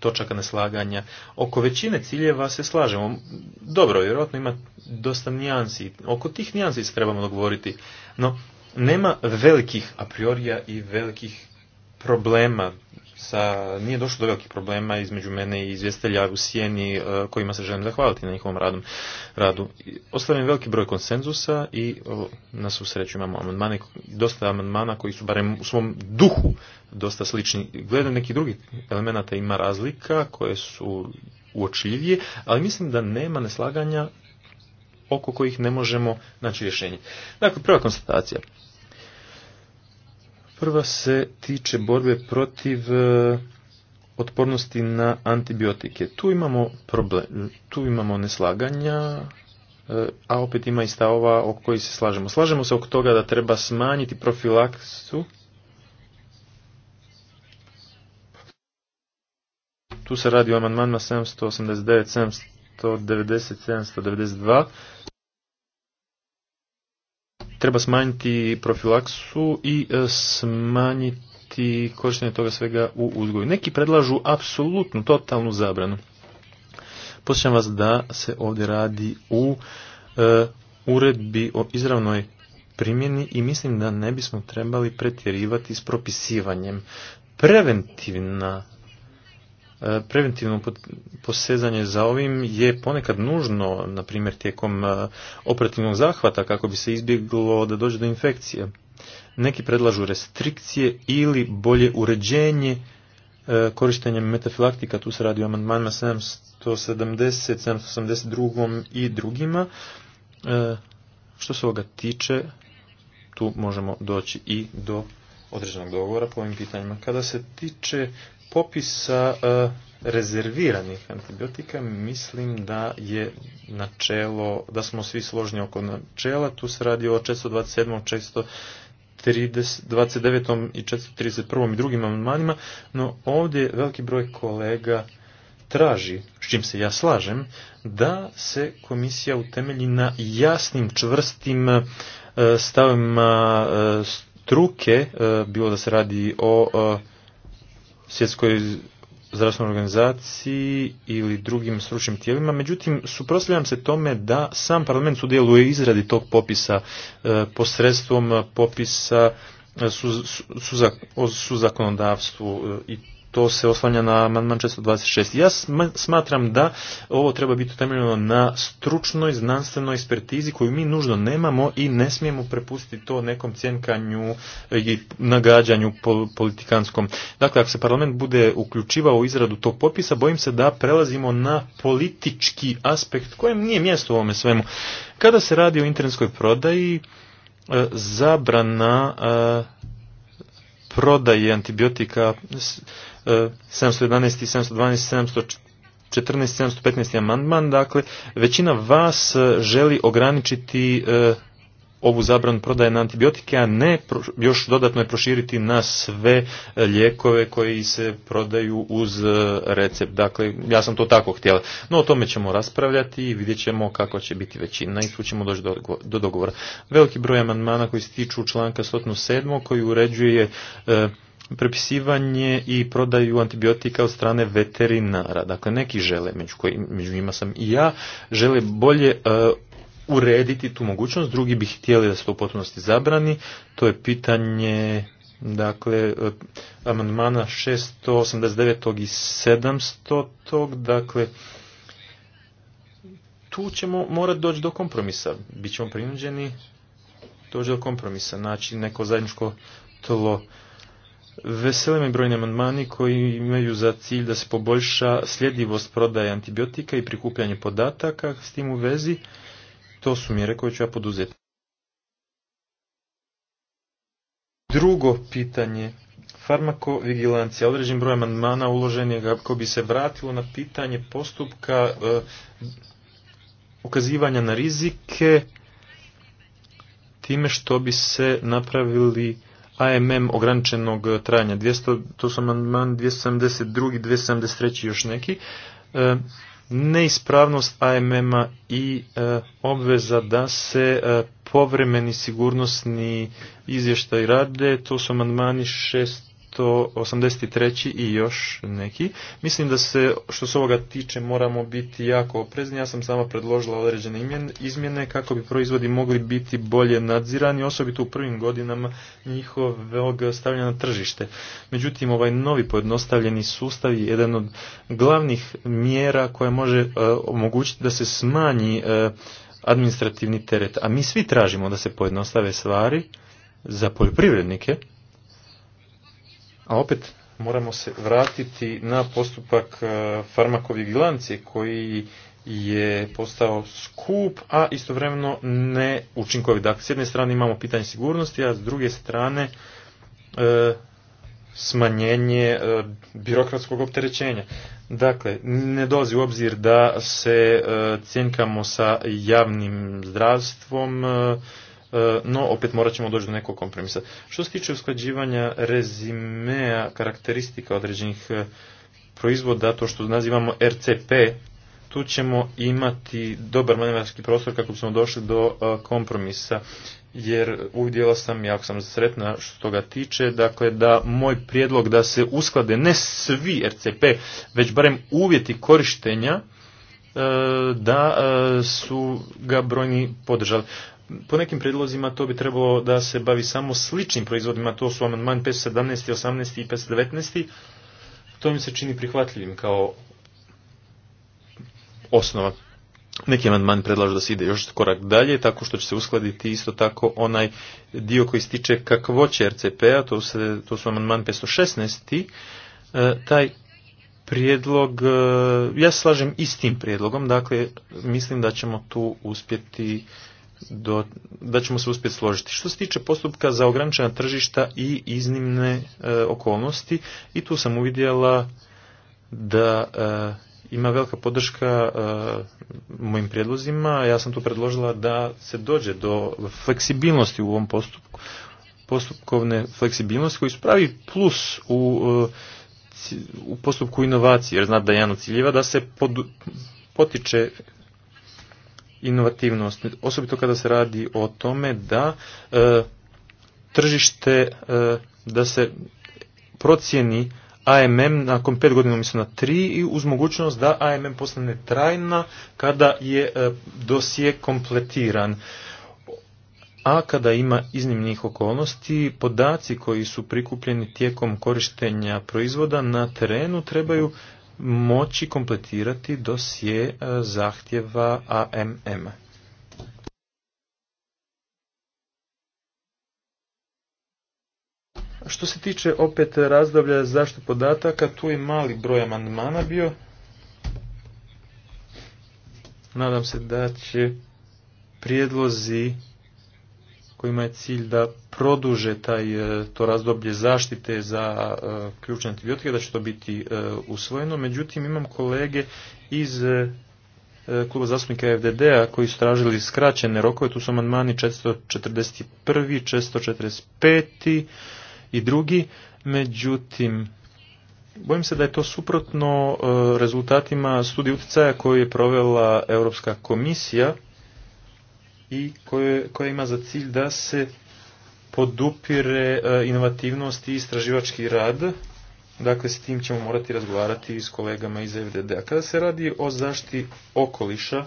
točaka neslaganja. Oko većine ciljeva se slažemo. Dobro, vjerojatno ima dosta nijansi. Oko tih nijansi se trebamo dogovoriti. No, nema velikih a priorija i velikih problema sa, nije došlo do velikih problema između mene i izvjestelja u Sijeni e, kojima se želim zahvaliti na njihovom radu. radu. Ostavljen veliki broj konsenzusa i na na sreću imamo amandmane, dosta amandmana koji su barem u svom duhu dosta slični. Gledam nekih drugih elemenata ima razlika koje su uočljivije, ali mislim da nema neslaganja oko kojih ne možemo naći rješenje. Dakle, prva konstatacija. Prva se tiče borbe protiv e, otpornosti na antibiotike. Tu imamo problem, tu imamo neslaganja, e, a opet ima i stavova o koji se slažemo. Slažemo se oko toga da treba smanjiti profilaksu. Tu se radi o amandmanima 789, 790, 792 treba smanjiti profilaksu i e, smanjiti korištenje toga svega u uzgoju. Neki predlažu apsolutnu, totalnu zabranu. Posjećam vas da se ovdje radi u e, uredbi o izravnoj primjeni i mislim da ne bismo trebali pretjerivati s propisivanjem. Preventivna preventivno posezanje za ovim je ponekad nužno, na primjer tijekom e, operativnog zahvata kako bi se izbjeglo da dođe do infekcije. Neki predlažu restrikcije ili bolje uređenje e, korištenjem metafilaktika, tu se radi o amandmanima 770, 782 i drugima. E, što se ovoga tiče, tu možemo doći i do određenog dogovora po ovim pitanjima. Kada se tiče popisa e, rezerviranih antibiotika mislim da je načelo, da smo svi složni oko načela, tu se radi o 427. 430, 29. i 431. i drugim amandmanima, no ovdje veliki broj kolega traži, s čim se ja slažem, da se komisija utemelji na jasnim, čvrstim e, stavima e, struke, bilo da se radi o svjetskoj zdravstvenoj organizaciji ili drugim stručnim tijelima. Međutim, suprotstavljam se tome da sam parlament sudjeluje izradi tog popisa e, posredstvom popisa e, su, su, su zakonodavstvu e, i to se oslanja na amandman 426. Ja smatram da ovo treba biti utemeljeno na stručnoj, znanstvenoj ekspertizi koju mi nužno nemamo i ne smijemo prepustiti to nekom cjenkanju e, i nagađanju politikanskom. Dakle, ako se parlament bude uključivao u izradu tog popisa, bojim se da prelazimo na politički aspekt kojem nije mjesto u ovome svemu. Kada se radi o internetskoj prodaji, e, zabrana e, prodaje antibiotika 711, 712, 714, 715 amandman. Dakle, većina vas e, želi ograničiti e, ovu zabranu prodaje na antibiotike, a ne još dodatno je proširiti na sve e, lijekove koji se prodaju uz recept. Dakle, ja sam to tako htjela. No, o tome ćemo raspravljati i vidjet ćemo kako će biti većina i tu ćemo doći do dogovora. Veliki broj amandmana koji se tiču članka 107. koji uređuje prepisivanje i prodaju antibiotika od strane veterinara. Dakle, neki žele, među, koji, među njima sam i ja, žele bolje e, urediti tu mogućnost, drugi bi htjeli da se to u potpunosti zabrani. To je pitanje dakle e, amandmana 689. i 700. Dakle, tu ćemo morati doći do kompromisa. Bićemo prinuđeni doći do kompromisa, Znači, neko zajedničko tlo Vesele me brojni amandmani koji imaju za cilj da se poboljša sljedivost prodaje antibiotika i prikupljanje podataka s tim u vezi. To su mjere koje ću ja poduzeti. Drugo pitanje. Farmakovigilancija. Određen broj amandmana uložen je kako bi se vratilo na pitanje postupka e, ukazivanja na rizike time što bi se napravili AMM ograničenog e, trajanja. 200, to su amandman 272, 273 još neki. E, neispravnost AMM-a i e, obveza da se povremeni sigurnosni izvještaj rade. To su amandmani 183. i još neki. Mislim da se, što se ovoga tiče, moramo biti jako oprezni. Ja sam sama predložila određene izmjene kako bi proizvodi mogli biti bolje nadzirani, osobito u prvim godinama njihovog stavljanja na tržište. Međutim, ovaj novi pojednostavljeni sustav je jedan od glavnih mjera koja može e, omogućiti da se smanji e, administrativni teret. A mi svi tražimo da se pojednostave stvari za poljoprivrednike, a opet moramo se vratiti na postupak e, farmakovigilancije koji je postao skup, a istovremeno ne učinkovit. Dakle, s jedne strane imamo pitanje sigurnosti, a s druge strane e, smanjenje e, birokratskog opterećenja. Dakle, ne dolazi u obzir da se e, cjenkamo sa javnim zdravstvom, E, no opet morat ćemo doći do nekog kompromisa. Što se tiče usklađivanja rezimea karakteristika određenih e, proizvoda, to što nazivamo RCP, tu ćemo imati dobar manevarski prostor kako smo došli do e, kompromisa jer uvidjela sam, jako sam sretna što toga tiče, dakle da moj prijedlog da se usklade ne svi RCP, već barem uvjeti korištenja da su ga brojni podržali po nekim predlozima to bi trebalo da se bavi samo sličnim proizvodima, to su amandman 517, 18 i 519. To mi se čini prihvatljivim kao osnova. Neki amandman predlažu da se ide još korak dalje, tako što će se uskladiti isto tako onaj dio koji se tiče kakvoće RCP-a, to, to su amandman 516. E, taj prijedlog, e, ja slažem i s tim prijedlogom, dakle mislim da ćemo tu uspjeti do, da ćemo se uspjeti složiti. Što se tiče postupka za ograničena tržišta i iznimne e, okolnosti, i tu sam uvidjela da e, ima velika podrška e, mojim prijedlozima. Ja sam tu predložila da se dođe do fleksibilnosti u ovom postupku, postupkovne fleksibilnosti koji su pravi plus u, u postupku inovacije, jer zna da je jedan od ciljeva da se potiče inovativnost, osobito kada se radi o tome da e, tržište, e, da se procjeni AMM nakon pet godina, mislim na tri, i uz mogućnost da AMM postane trajna kada je e, dosije kompletiran. A kada ima iznimnih okolnosti, podaci koji su prikupljeni tijekom korištenja proizvoda na terenu trebaju moći kompletirati dosje e, zahtjeva AMM. Što se tiče opet razdoblja zaštite podataka, tu je mali broj amandmana bio. Nadam se da će prijedlozi kojima je cilj da produže taj, e, to razdoblje zaštite za e, ključne antibiotike, da će to biti e, usvojeno. Međutim, imam kolege iz kluba zastupnika FDD-a koji su tražili skraćene rokove, tu su amandmani 441. 445. i drugi. Međutim, Bojim se da je to suprotno rezultatima studije utjecaja koju je provela Europska komisija i koja ima za cilj da se podupire e, inovativnost i istraživački rad. Dakle, s tim ćemo morati razgovarati s kolegama iz FDD-a. Kada se radi o zaštiti okoliša,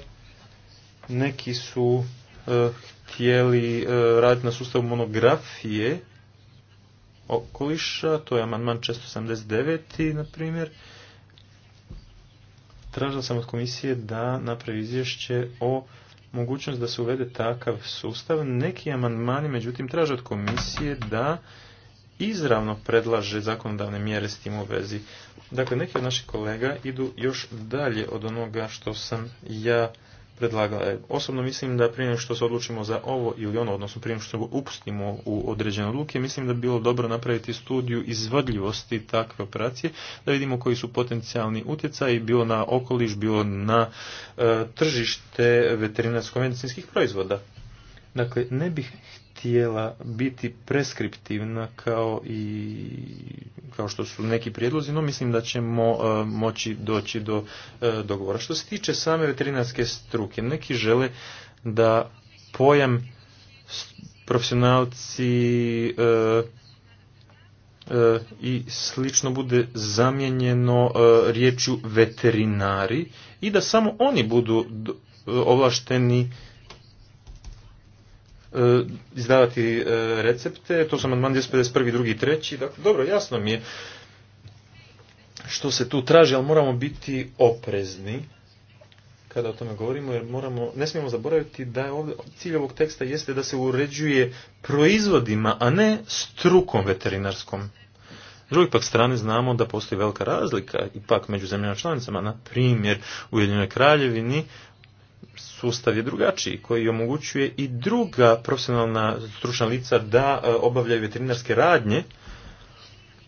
neki su e, htjeli e, raditi na sustavu monografije okoliša, to je amandman 679. na primjer. Tražila sam od komisije da napravi izvješće o mogućnost da se uvede takav sustav. Neki amandmani, međutim, traže od komisije da izravno predlaže zakonodavne mjere s tim u vezi. Dakle, neki od naših kolega idu još dalje od onoga što sam ja predlagala je. Osobno mislim da prije što se odlučimo za ovo ili ono, odnosno prije što upustimo u određene odluke, mislim da bi bilo dobro napraviti studiju izvodljivosti takve operacije, da vidimo koji su potencijalni utjecaji, bilo na okoliš, bilo na e, tržište veterinarsko-medicinskih proizvoda. Dakle, ne bih tijela biti preskriptivna kao i kao što su neki prijedlozi, no mislim da ćemo e, moći doći do e, dogovora. Što se tiče same veterinarske struke, neki žele da pojam profesionalci e, i slično bude zamijenjeno riječju veterinari i da samo oni budu ovlašteni E, izdavati e, recepte, to su amandman 251. drugi i treći, dakle dobro, jasno mi je što se tu traži, ali moramo biti oprezni kada o tome govorimo, jer moramo, ne smijemo zaboraviti da je ovdje, cilj ovog teksta jeste da se uređuje proizvodima, a ne strukom veterinarskom. S druge pak strane znamo da postoji velika razlika ipak među zemljama članicama. Na primjer, u Ujedinjenoj kraljevini sustav je drugačiji, koji omogućuje i druga profesionalna stručna lica da e, obavljaju veterinarske radnje.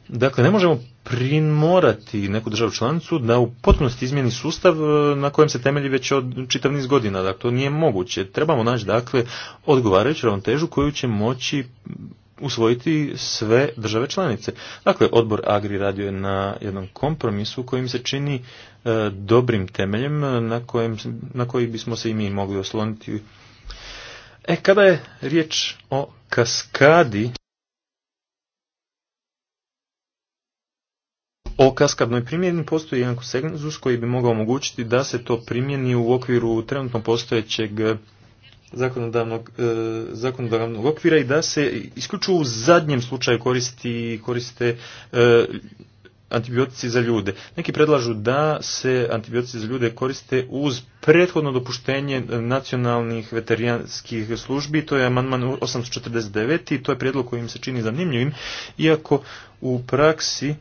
Dakle, ne možemo primorati neku državu članicu da u potpunosti izmijeni sustav e, na kojem se temelji već od čitav niz godina. Dakle, to nije moguće. Trebamo naći, dakle, odgovarajuću ravnotežu koju će moći usvojiti sve države članice. Dakle, odbor Agri radio je na jednom kompromisu kojim se čini e, dobrim temeljem e, na, kojem, na koji bismo se i mi mogli osloniti. E, kada je riječ o kaskadi, O kaskadnoj primjeni postoji jedan konsenzus koji bi mogao omogućiti da se to primjeni u okviru trenutno postojećeg zakonodavnog, e, zakonodavnog okvira i da se isključivo u zadnjem slučaju koristi, koriste e, antibiotici za ljude. Neki predlažu da se antibiotici za ljude koriste uz prethodno dopuštenje nacionalnih veterijanskih službi, to je amandman 849 i to je prijedlog koji im se čini zanimljivim, iako u praksi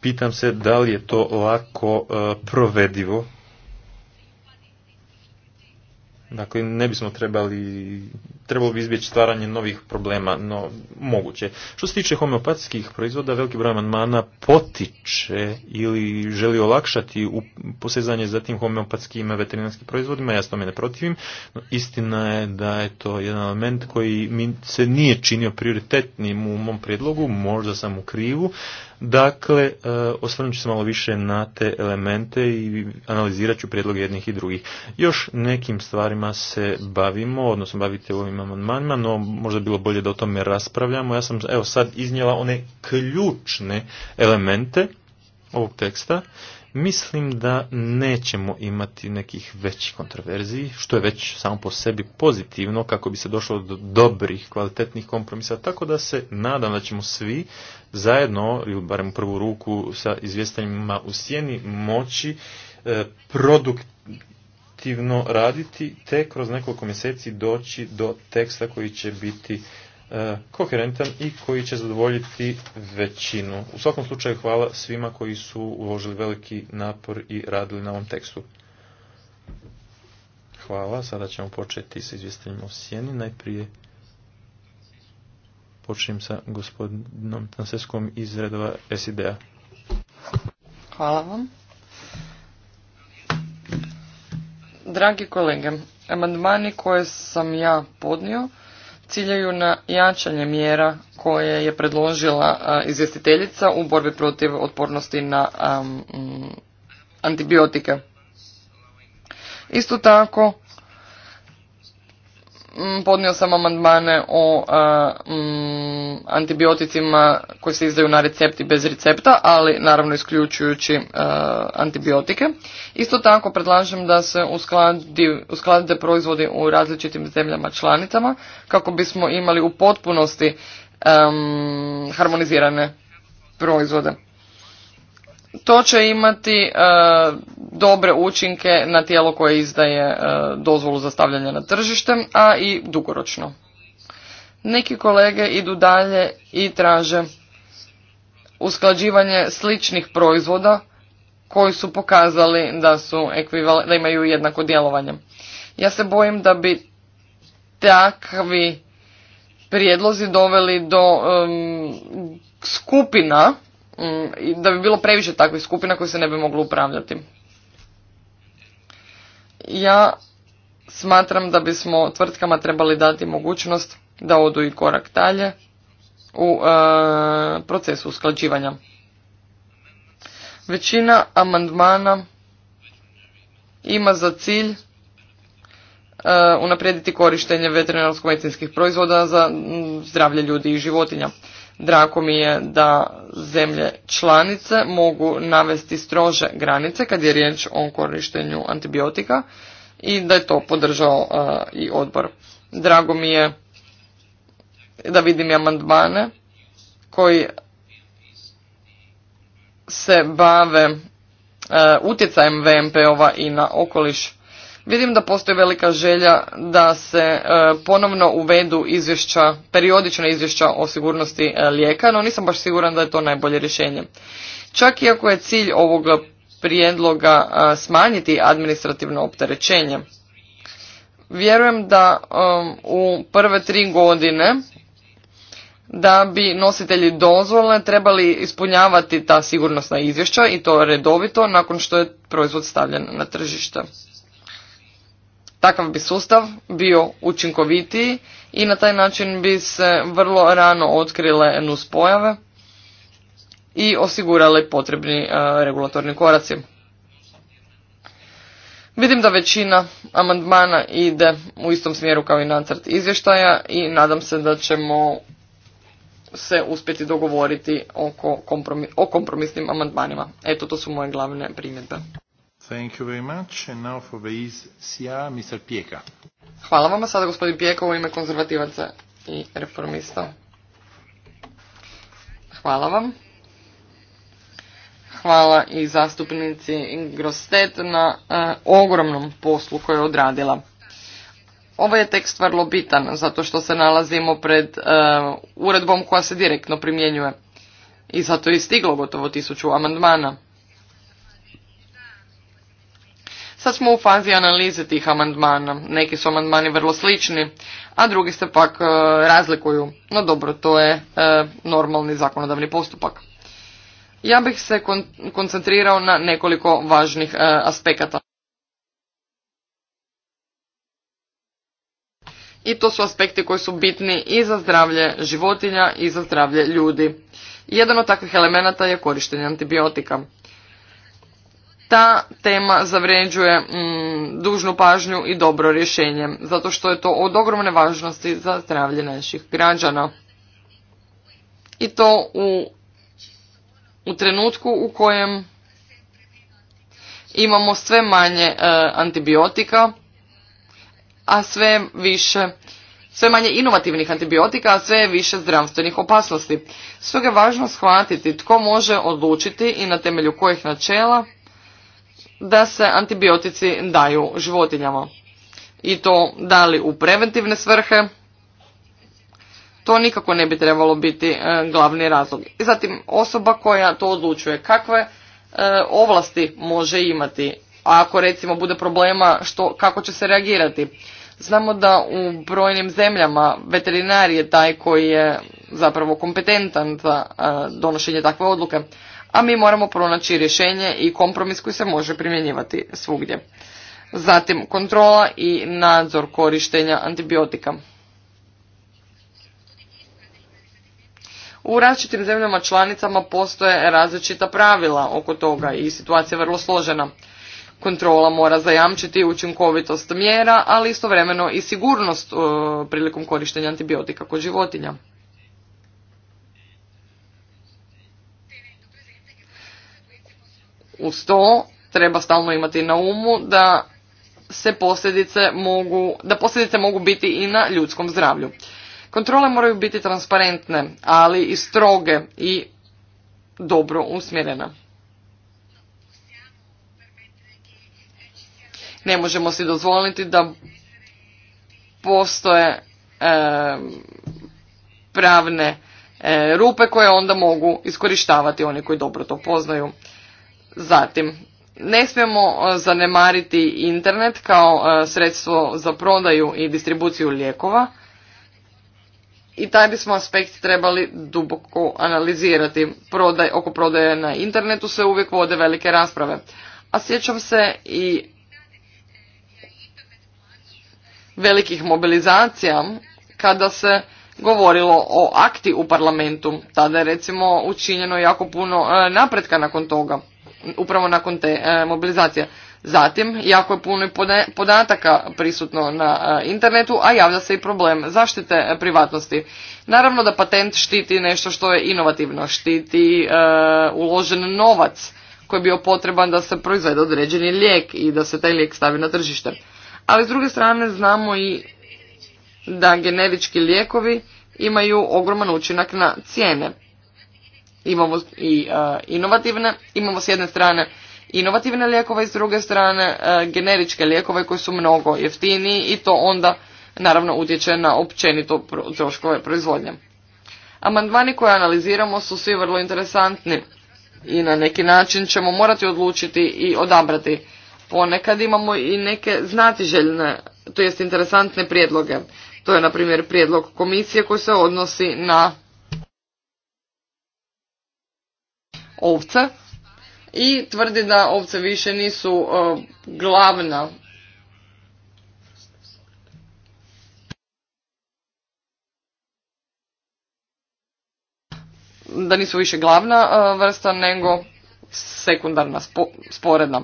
pitam se da li je to lako e, provedivo Dakle, ne bismo trebali, trebalo bi izbjeći stvaranje novih problema, no moguće. Što se tiče homeopatskih proizvoda, veliki broj amandmana potiče ili želi olakšati u posezanje za tim homeopatskim veterinarskim proizvodima, ja s tome ne protivim. No, istina je da je to jedan element koji mi se nije činio prioritetnim u mom prijedlogu, možda sam u krivu, Dakle, e, osvrnut ću se malo više na te elemente i analizirat ću prijedloge jednih i drugih. Još nekim stvarima se bavimo, odnosno bavite ovim amandmanima, no možda bilo bolje da o tome raspravljamo. Ja sam evo sad iznijela one ključne elemente ovog teksta Mislim da nećemo imati nekih većih kontroverziji, što je već samo po sebi pozitivno kako bi se došlo do dobrih, kvalitetnih kompromisa, tako da se nadam da ćemo svi zajedno, ili barem u prvu ruku sa izvjestanjima u sjeni, moći e, produktivno raditi, te kroz nekoliko mjeseci doći do teksta koji će biti E, koherentan i koji će zadovoljiti većinu. U svakom slučaju hvala svima koji su uložili veliki napor i radili na ovom tekstu. Hvala, sada ćemo početi sa izvjestanjem o sjeni. Najprije počnem sa gospodinom Tanseskom iz redova SID-a. Hvala vam. Dragi kolege, amandmani koje sam ja podnio ciljaju na jačanje mjera koje je predložila izvjestiteljica u borbi protiv otpornosti na antibiotike. Isto tako Mm, podnio sam amandmane o e, mm, antibioticima koji se izdaju na recepti bez recepta, ali naravno isključujući e, antibiotike. Isto tako predlažem da se uskladi, uskladite proizvodi u različitim zemljama članicama kako bismo imali u potpunosti harmonizirane proizvode to će imati e, dobre učinke na tijelo koje izdaje e, dozvolu za stavljanje na tržište, a i dugoročno. Neki kolege idu dalje i traže usklađivanje sličnih proizvoda koji su pokazali da, su da imaju jednako djelovanje. Ja se bojim da bi takvi prijedlozi doveli do skupina Mm, da bi bilo previše takvih skupina koje se ne bi moglo upravljati. Ja smatram da bismo tvrtkama trebali dati mogućnost da odu i korak dalje u e, procesu usklađivanja. Većina amandmana ima za cilj e, unaprijediti korištenje veterinarsko-medicinskih proizvoda za zdravlje ljudi i životinja. Drago mi je da zemlje članice mogu navesti strože granice kad je riječ o korištenju antibiotika i da je to podržao e, i odbor. Drago mi je da vidim i amandmane koji se bave e, utjecajem VMP-ova i na okoliš. Vidim da postoji velika želja da se e, ponovno uvedu izvješća, periodična izvješća o sigurnosti e, lijeka, no nisam baš siguran da je to najbolje rješenje. Čak i ako je cilj ovog prijedloga e, smanjiti administrativno opterećenje, vjerujem da u prve tri godine da bi nositelji dozvole trebali ispunjavati ta sigurnosna izvješća i to redovito nakon što je proizvod stavljen na tržište. Takav bi sustav bio učinkovitiji i na taj način bi se vrlo rano otkrile nuspojave i osigurali potrebni e, regulatorni koraci. Vidim da većina amandmana ide u istom smjeru kao i nacrt izvještaja i nadam se da ćemo se uspjeti dogovoriti oko o kompromisnim amandmanima. Eto, to su moje glavne primjedbe. Hvala vam, sada gospodin Pijeko u ime konzervativaca i reformista. Hvala vam. Hvala i zastupnici Grostet na eh, ogromnom poslu koju je odradila. Ovo je tekst vrlo bitan zato što se nalazimo pred eh, uredbom koja se direktno primjenjuje i zato je stiglo gotovo tisuću amandmana. Sad smo u fazi analize tih amandmana. Neki su amandmani vrlo slični, a drugi se pak e, razlikuju. No dobro, to je e, normalni zakonodavni postupak. Ja bih se koncentrirao na nekoliko važnih e, aspekata. I to su aspekti koji su bitni i za zdravlje životinja i za zdravlje ljudi. Jedan od takvih elemenata je korištenje antibiotika ta tema zavređuje mm, dužnu pažnju i dobro rješenje, zato što je to od ogromne važnosti za zdravlje naših građana. I to u, u trenutku u kojem imamo sve manje e, antibiotika, a sve više sve manje inovativnih antibiotika, a sve više zdravstvenih opasnosti. Stoga je važno shvatiti tko može odlučiti i na temelju kojih načela da se antibiotici daju životinjama. I to da li u preventivne svrhe, to nikako ne bi trebalo biti e, glavni razlog. I zatim osoba koja to odlučuje, kakve e, ovlasti može imati, a ako recimo bude problema što, kako će se reagirati. Znamo da u brojnim zemljama veterinar je taj koji je zapravo kompetentan za e, donošenje takve odluke, a mi moramo pronaći rješenje i kompromis koji se može primjenjivati svugdje. Zatim kontrola i nadzor korištenja antibiotika. U različitim zemljama članicama postoje različita pravila oko toga i situacija je vrlo složena. Kontrola mora zajamčiti učinkovitost mjera, ali istovremeno i sigurnost e, prilikom korištenja antibiotika kod životinja. Uz to treba stalno imati na umu da se posljedice mogu, da posljedice mogu biti i na ljudskom zdravlju. Kontrole moraju biti transparentne, ali i stroge i dobro usmjerene. Ne možemo si dozvoliti da postoje pravne e, rupe koje onda mogu iskorištavati oni koji dobro to poznaju. Zatim, ne smijemo e, zanemariti internet kao e, sredstvo za prodaju i distribuciju lijekova i taj bismo aspekt trebali duboko analizirati. Prodaj, oko prodaje na internetu se uvijek vode velike rasprave. A sjećam se i velikih mobilizacija kada se govorilo o akti u parlamentu. Tada je recimo učinjeno jako puno e, napretka nakon toga upravo nakon te e, mobilizacije. Zatim, jako je puno podataka prisutno na e, internetu, a javlja se i problem zaštite e, privatnosti. Naravno da patent štiti nešto što je inovativno, štiti uložen novac koji je bio potreban da se proizvede određeni lijek i da se taj lijek stavi na tržište. Ali s druge strane znamo i da generički lijekovi imaju ogroman učinak na cijene imamo i e, inovativne, imamo s jedne strane inovativne lijekove i s druge strane e, generičke lijekove koji su mnogo jeftiniji i to onda naravno utječe na općenito troškove proizvodnje. Amandmani koje analiziramo su svi vrlo interesantni i na neki način ćemo morati odlučiti i odabrati. Ponekad imamo i neke znatiželjne, to jest interesantne prijedloge. To je na primjer prijedlog komisije koji se odnosi na ovca i tvrdi da ovce više nisu e, glavna da nisu više glavna e, vrsta nego sekundarna, sporedna.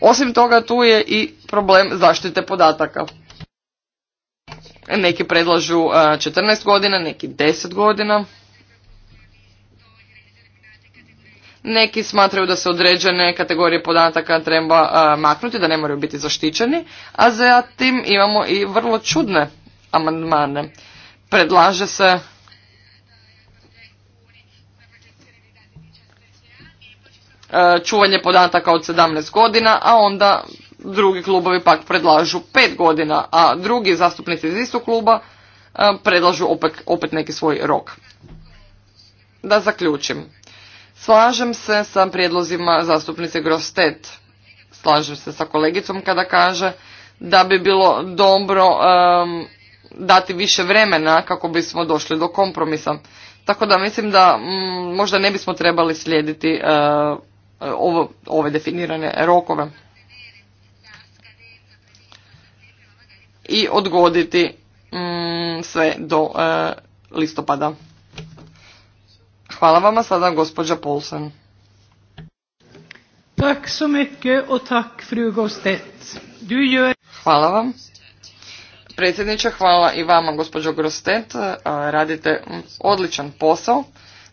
Osim toga tu je i problem zaštite podataka. Neki predlažu 14 e, godina, neki 10 godina. Neki smatraju da se određene kategorije podataka treba e, maknuti, da ne moraju biti zaštićeni, a zatim imamo i vrlo čudne amandmane. Predlaže se e, čuvanje podataka od 17 godina, a onda drugi klubovi pak predlažu pet godina, a drugi zastupnici iz istog kluba e, predlažu opet, opet neki svoj rok. Da zaključim. Slažem se sa prijedlozima zastupnice Grostet. Slažem se sa kolegicom kada kaže da bi bilo dobro dati više vremena kako bismo došli do kompromisa. Tako da mislim da možda ne bismo trebali slijediti e, e, ovo, ove definirane rokove. i odgoditi mm, sve do e, listopada. Hvala vama sada gospođa Polsen. Tak mycket och fru Hvala vam. Predsjedniče, hvala i vama gospođo Grostet. E, radite mm, odličan posao.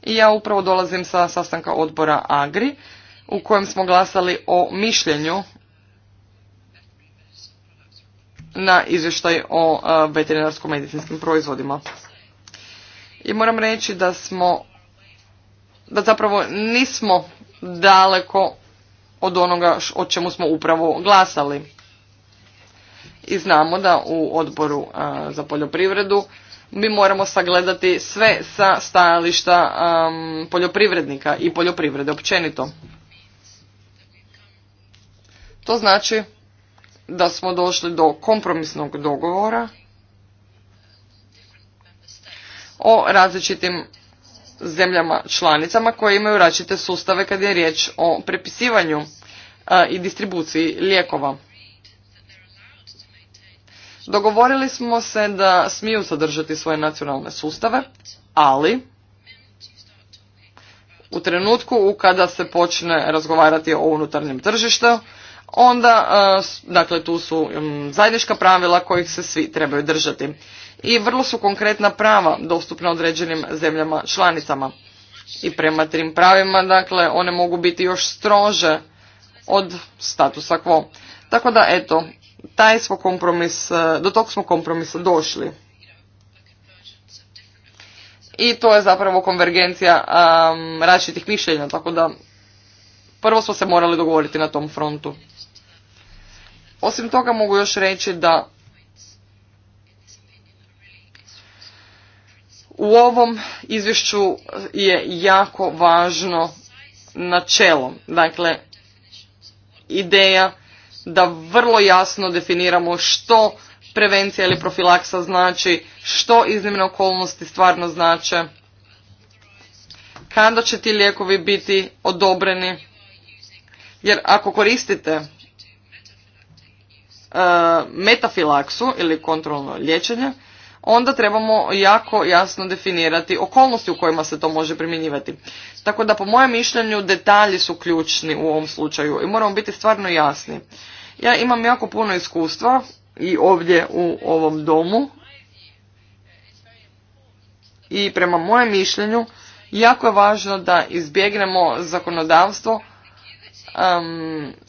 I ja upravo dolazim sa sastanka odbora Agri u kojem smo glasali o mišljenju na izvještaj o e, veterinarsko-medicinskim proizvodima. I moram reći da smo, da zapravo nismo daleko od onoga o čemu smo upravo glasali. I znamo da u odboru e, za poljoprivredu mi moramo sagledati sve sa stajališta poljoprivrednika i poljoprivrede općenito. To znači da smo došli do kompromisnog dogovora o različitim zemljama članicama koje imaju različite sustave kad je riječ o prepisivanju i distribuciji lijekova. Dogovorili smo se da smiju sadržati svoje nacionalne sustave, ali u trenutku u kada se počne razgovarati o unutarnjem tržištu, onda e, dakle tu su zajednička pravila kojih se svi trebaju držati. I vrlo su konkretna prava dostupna određenim zemljama članicama. I prema tim pravima, dakle, one mogu biti još strože od statusa quo. Tako da, eto, taj smo kompromis, e, do tog smo kompromisa došli. I to je zapravo konvergencija um, različitih mišljenja, tako da prvo smo se morali dogovoriti na tom frontu. Osim toga mogu još reći da u ovom izvješću je jako važno načelo, dakle ideja da vrlo jasno definiramo što prevencija ili profilaksa znači, što iznimne okolnosti stvarno znače, kada će ti lijekovi biti odobreni, jer ako koristite E, metafilaksu ili kontrolno liječenje, onda trebamo jako jasno definirati okolnosti u kojima se to može primjenjivati. Tako da po mojem mišljenju detalji su ključni u ovom slučaju i moramo biti stvarno jasni. Ja imam jako puno iskustva i ovdje u ovom domu i prema mojem mišljenju jako je važno da izbjegnemo zakonodavstvo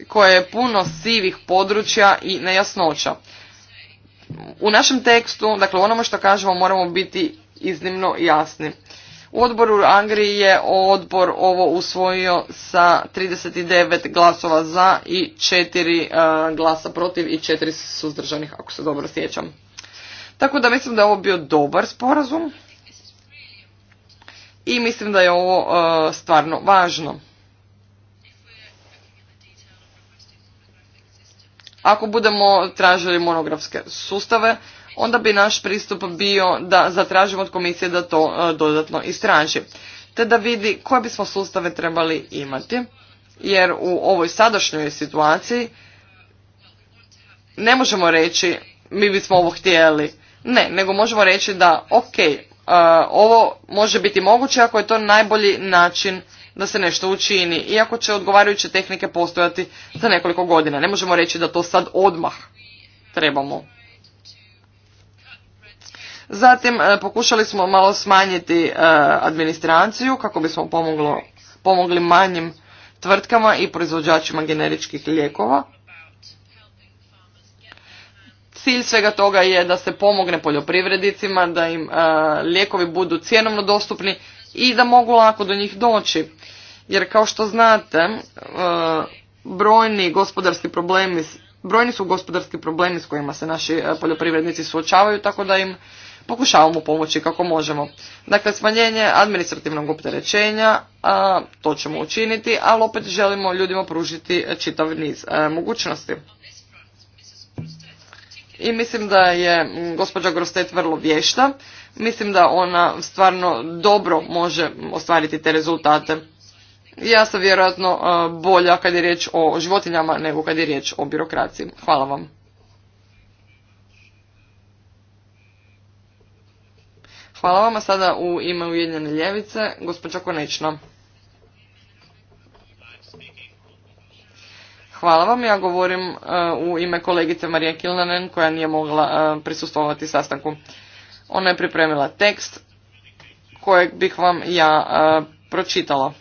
koje je puno sivih područja i nejasnoća. U našem tekstu, dakle onome što kažemo, moramo biti iznimno jasni. U odboru Angri je odbor ovo usvojio sa 39 glasova za i 4 e, glasa protiv i 4 suzdržanih, ako se dobro sjećam. Tako da mislim da je ovo bio dobar sporazum i mislim da je ovo e, stvarno važno. Ako budemo tražili monografske sustave, onda bi naš pristup bio da zatražimo od komisije da to e, dodatno istraži, te da vidi koje bismo sustave trebali imati, jer u ovoj sadašnjoj situaciji ne možemo reći mi bismo ovo htjeli. Ne, nego možemo reći da ok, e, ovo može biti moguće ako je to najbolji način da se nešto učini, iako će odgovarajuće tehnike postojati za nekoliko godina. Ne možemo reći da to sad odmah trebamo. Zatim e, pokušali smo malo smanjiti e, administraciju kako bismo pomogli manjim tvrtkama i proizvođačima generičkih lijekova. Cilj svega toga je da se pomogne poljoprivrednicima, da im e, lijekovi budu cjenovno dostupni i da mogu lako do njih doći. Jer kao što znate, e, brojni gospodarski problemi, brojni su gospodarski problemi s kojima se naši e, poljoprivrednici suočavaju, tako da im pokušavamo pomoći kako možemo. Dakle, smanjenje administrativnog opterećenja, to ćemo učiniti, ali opet želimo ljudima pružiti čitav niz e, mogućnosti. I mislim da je gospođa Grostet vrlo vješta. Mislim da ona stvarno dobro može ostvariti te rezultate ja sam vjerojatno e, bolja kad je riječ o životinjama nego kad je riječ o birokraciji. Hvala vam. Hvala vam, a sada u ime Ujedinjene ljevice, gospođa Konečna. Hvala vam, ja govorim e, u ime kolegice Marije Kilnanen koja nije mogla e, prisustovati sastanku. Ona je pripremila tekst kojeg bih vam ja pročitala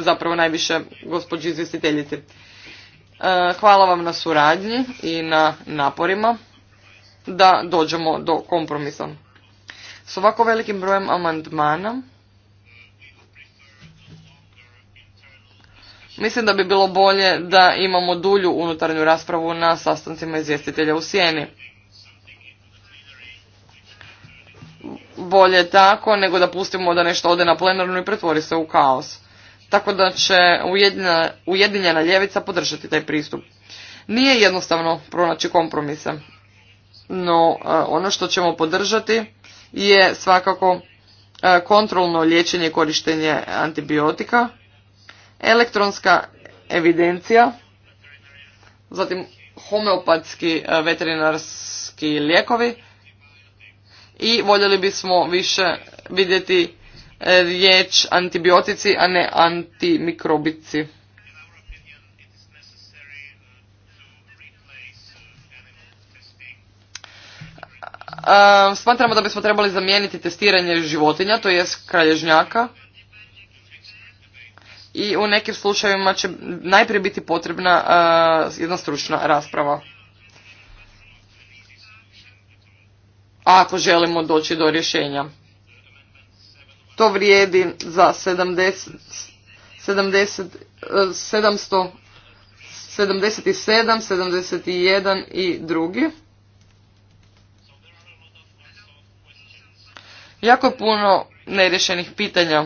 zapravo najviše gospođi izvjestiteljici. E, hvala vam na suradnji i na naporima da dođemo do kompromisa. S ovako velikim brojem amandmana mislim da bi bilo bolje da imamo dulju unutarnju raspravu na sastancima izvjestitelja u sjeni. Bolje tako nego da pustimo da nešto ode na plenarnu i pretvori se u kaos tako da će ujedinjena, ujedinjena ljevica podržati taj pristup. Nije jednostavno pronaći kompromise, no e, ono što ćemo podržati je svakako e, kontrolno liječenje i korištenje antibiotika, elektronska evidencija, zatim homeopatski e, veterinarski lijekovi i voljeli bismo više vidjeti E, riječ antibiotici, a ne antimikrobici. E, smatramo da bismo trebali zamijeniti testiranje životinja, to jest kralježnjaka. I u nekim slučajevima će najprije biti potrebna e, jedna stručna rasprava. Ako želimo doći do rješenja. To vrijedi za 77, 71 i drugi. Jako puno nerješenih pitanja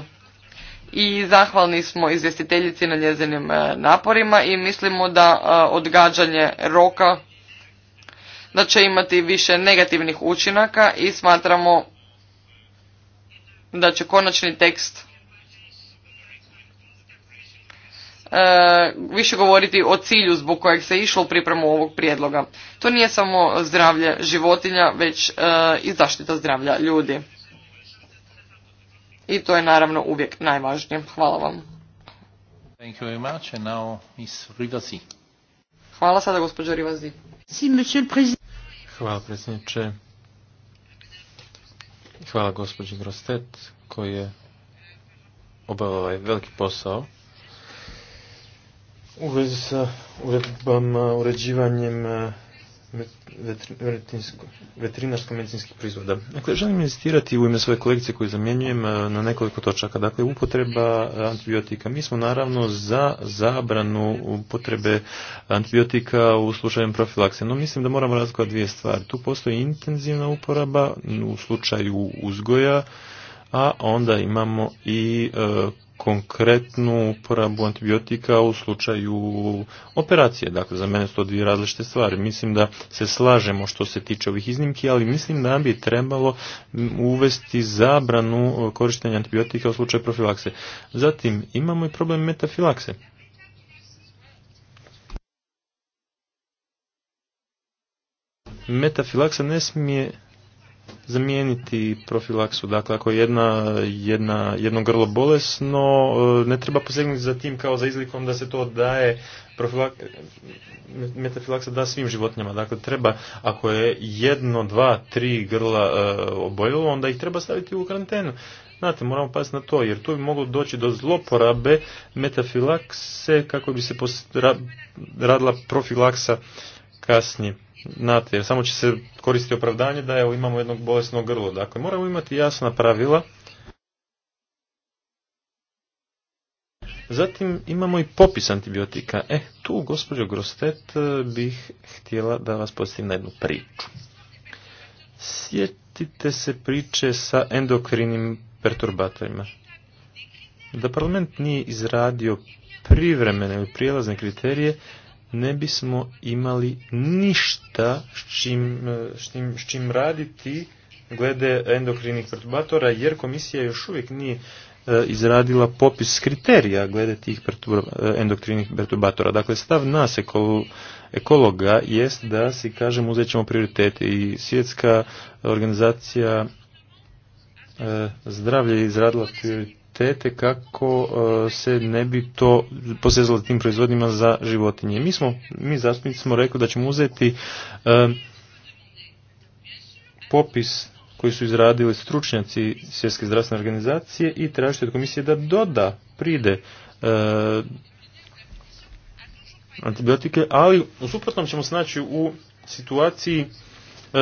i zahvalni smo izvjestiteljici na njezinim e, naporima i mislimo da e, odgađanje roka da će imati više negativnih učinaka i smatramo da će konačni tekst e, više govoriti o cilju zbog kojeg se išlo u pripremu ovog prijedloga. To nije samo zdravlje životinja, već e, i zaštita zdravlja ljudi. I to je naravno uvijek najvažnije. Hvala vam. Thank you very much. And now Ms. Hvala sada gospođo Rivazi. Hvala predsjedniče. Hvala gospođi Grostet koji je obavila ovaj veliki posao u vezi sa uredbama, uređivanjem eh, veterinarsko-medicinskih proizvoda. Dakle, želim investirati u ime svoje kolegice koju zamjenjujem e, na nekoliko točaka. Dakle, upotreba e, antibiotika. Mi smo naravno za zabranu upotrebe antibiotika u slučaju profilakse. No, mislim da moramo razlikovati dvije stvari. Tu postoji intenzivna uporaba u slučaju uzgoja, a onda imamo i e, konkretnu uporabu antibiotika u slučaju operacije. Dakle, za mene su to dvije različite stvari. Mislim da se slažemo što se tiče ovih iznimki, ali mislim da bi trebalo uvesti zabranu korištenja antibiotika u slučaju profilakse. Zatim, imamo i problem metafilakse. Metafilakse ne smije zamijeniti profilaksu. Dakle, ako je jedna, jedna, jedno grlo bolesno, e, ne treba posegnuti za tim kao za izlikom da se to daje profilak, metafilaksa da svim životinjama. Dakle, treba, ako je jedno, dva, tri grla e, onda ih treba staviti u karantenu. Znate, moramo paziti na to, jer tu bi moglo doći do zloporabe metafilakse kako bi se radila profilaksa kasnije znate, jer samo će se koristiti opravdanje da evo imamo jednog bolesnog grlo. Dakle, moramo imati jasna pravila. Zatim imamo i popis antibiotika. E, tu, gospođo Grostet, bih htjela da vas podsjetim na jednu priču. Sjetite se priče sa endokrinim perturbatorima. Da parlament nije izradio privremene ili prijelazne kriterije, ne bismo imali ništa s čim, e, s čim, raditi glede endokrinih perturbatora, jer komisija još uvijek nije e, izradila popis kriterija glede tih e, endokrinih perturbatora. Dakle, stav nas ekologa jest da si kažemo uzet ćemo prioritete i svjetska organizacija zdravlja je izradila kvalitete kako e, se ne bi to posezalo tim proizvodima za životinje. Mi smo, mi zastupnici smo rekli da ćemo uzeti e, popis koji su izradili stručnjaci svjetske zdravstvene organizacije i tražiti od komisije da doda, pride e, antibiotike, ali u suprotnom ćemo snaći u situaciji E,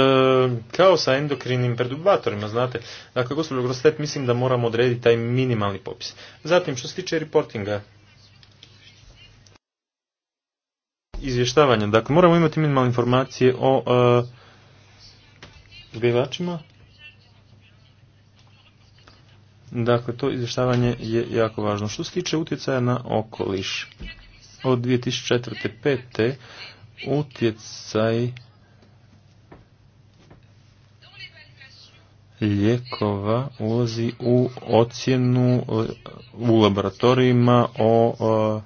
kao sa endokrinim perturbatorima, znate. Dakle, gospođo Grostet, mislim da moramo odrediti taj minimalni popis. Zatim, što se tiče reportinga, izvještavanja, dakle, moramo imati minimalne informacije o e, zbivačima. Dakle, to izvještavanje je jako važno. Što se tiče utjecaja na okoliš, od 2004. 5. utjecaj lijekova ulazi u ocjenu u laboratorijima o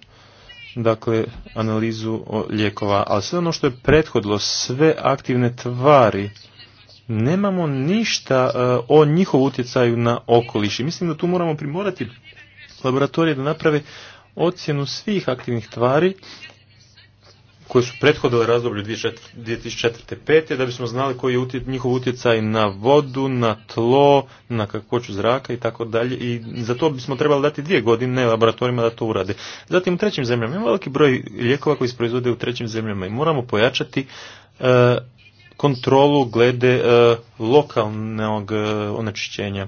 dakle analizu lijekova, ali sve ono što je prethodilo sve aktivne tvari nemamo ništa e, o njihovu utjecaju na okoliš i mislim da tu moramo primorati laboratorije da naprave ocjenu svih aktivnih tvari koje su prethodile razdoblju 2004-2005 da bismo znali koji je utje, njihov utjecaj na vodu, na tlo, na kakvoću zraka i tako dalje i za to bismo trebali dati dvije godine laboratorijima da to urade. Zatim u trećim zemljama Imamo veliki broj lijekova koji se proizvode u trećim zemljama i moramo pojačati e, kontrolu glede e, lokalnog e, onečišćenja.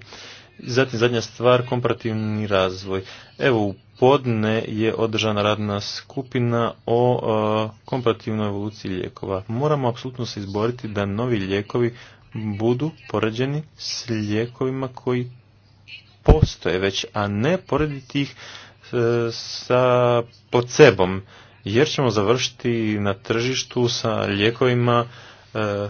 Zatim zadnja stvar, komparativni razvoj. Evo, u podne je održana radna skupina o e, komparativnoj evoluciji lijekova. Moramo apsolutno se izboriti da novi lijekovi budu poređeni s lijekovima koji postoje već, a ne porediti ih e, sa sebom. jer ćemo završiti na tržištu sa lijekovima e,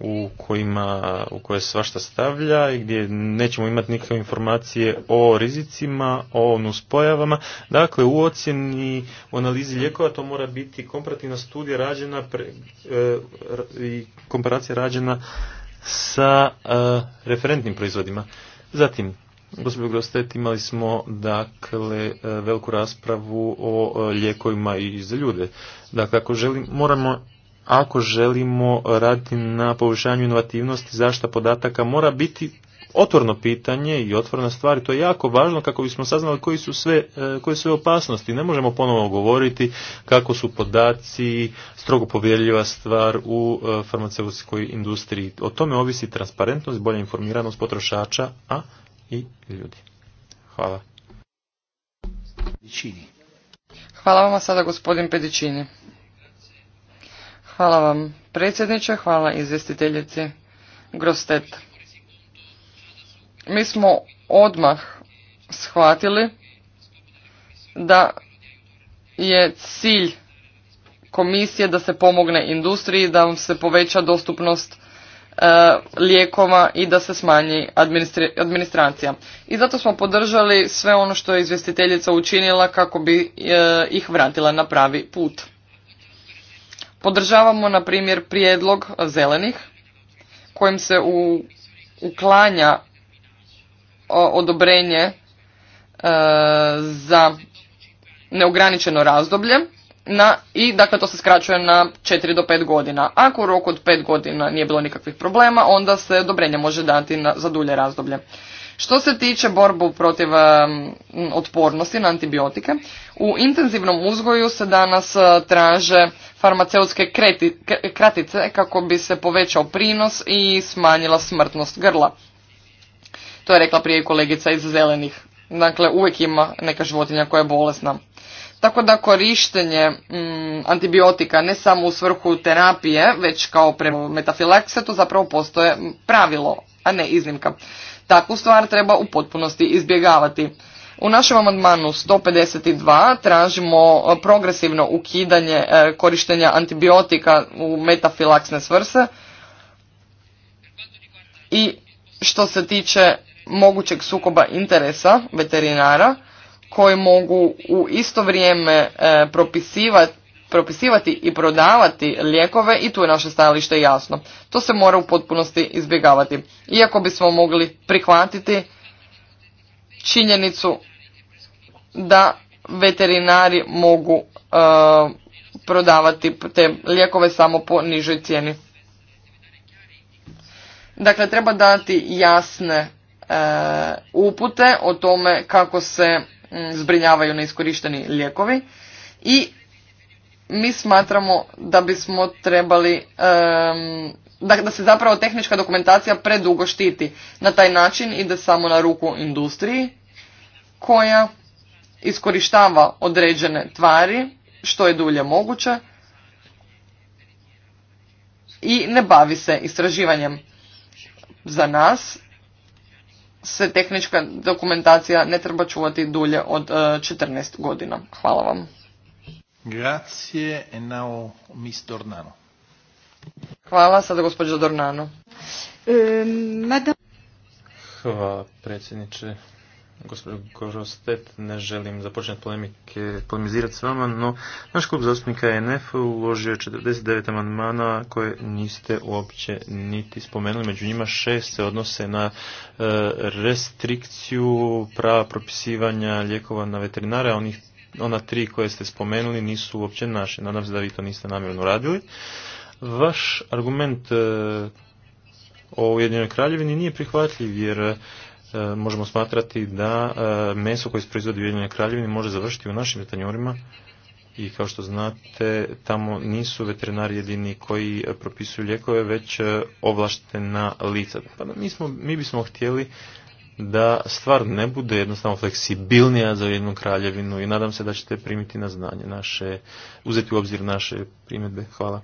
u, kojima, u koje svašta stavlja i gdje nećemo imati nikakve informacije o rizicima, o nuspojavama. Dakle, u ocjeni, u analizi lijekova to mora biti komparativna studija rađena e, i komparacija rađena sa e, referentnim proizvodima. Zatim, Gospodin Grostet, imali smo dakle e, veliku raspravu o lijekovima i za ljude. Dakle, ako želim, moramo ako želimo raditi na poboljšanju inovativnosti, zašta podataka mora biti otvorno pitanje i otvorna stvar i to je jako važno kako bismo saznali koji su sve, e, koje su sve opasnosti. Ne možemo ponovo govoriti kako su podaci strogo povjerljiva stvar u e, farmaceutskoj industriji. O tome ovisi transparentnost, bolja informiranost potrošača, a i ljudi. Hvala. Hvala vam sada gospodin Pedicini. Hvala vam predsjedniče, hvala izvjestiteljici Grostet. Mi smo odmah shvatili da je cilj komisije da se pomogne industriji, da vam se poveća dostupnost e, lijekova i da se smanji administracija. I zato smo podržali sve ono što je izvjestiteljica učinila kako bi e, ih vratila na pravi put. Podržavamo, na primjer, prijedlog zelenih kojim se u, uklanja odobrenje e, za neograničeno razdoblje na, i dakle to se skraćuje na 4 do 5 godina. Ako u roku od 5 godina nije bilo nikakvih problema, onda se odobrenje može dati na, za dulje razdoblje. Što se tiče borbu protiv e, otpornosti na antibiotike, u intenzivnom uzgoju se danas e, traže farmaceutske kratice kako bi se povećao prinos i smanjila smrtnost grla. To je rekla prije kolegica iz zelenih. Dakle, uvijek ima neka životinja koja je bolesna. Tako da korištenje mm, antibiotika ne samo u svrhu terapije, već kao prema metafilakse, to zapravo postoje pravilo, a ne iznimka. Takvu stvar treba u potpunosti izbjegavati. U našem amandmanu 152 tražimo e, progresivno ukidanje e, korištenja antibiotika u metafilaksne svrse i što se tiče mogućeg sukoba interesa veterinara koji mogu u isto vrijeme e, propisivati propisivati i prodavati lijekove i tu je naše stajalište jasno. To se mora u potpunosti izbjegavati. Iako bismo mogli prihvatiti činjenicu da veterinari mogu e, prodavati te lijekove samo po nižoj cijeni. Dakle, treba dati jasne e, upute o tome kako se zbrinjavaju neiskorišteni lijekovi i mi smatramo da bismo trebali da, da se zapravo tehnička dokumentacija predugo štiti na taj način ide samo na ruku industriji koja iskorištava određene tvari što je dulje moguće i ne bavi se istraživanjem. Za nas se tehnička dokumentacija ne treba čuvati dulje od 14 e, godina. Hvala vam. Grazie e Hvala, sada gospođo Dornano. Hvala predsjedniče gospodine Gorostet, ne želim započeti polemike, polemizirati s vama, no naš klub zastupnika NF uložio je 49 amandmana koje niste uopće niti spomenuli. Među njima šest se odnose na e, restrikciju prava propisivanja lijekova na veterinare, a ona tri koje ste spomenuli nisu uopće naše. Nadam se da vi to niste namjerno radili. Vaš argument e, o Ujedinjenoj kraljevini nije prihvatljiv jer E, možemo smatrati da e, meso koje se proizvodi u Ujedinjenoj kraljevini može završiti u našim vetanjorima i kao što znate tamo nisu veterinari jedini koji propisuju lijekove već e, ovlaštena lica. Pa mi, smo, mi bismo htjeli da stvar ne bude jednostavno fleksibilnija za jednu kraljevinu i nadam se da ćete primiti na znanje naše, uzeti u obzir naše primjedbe. Hvala.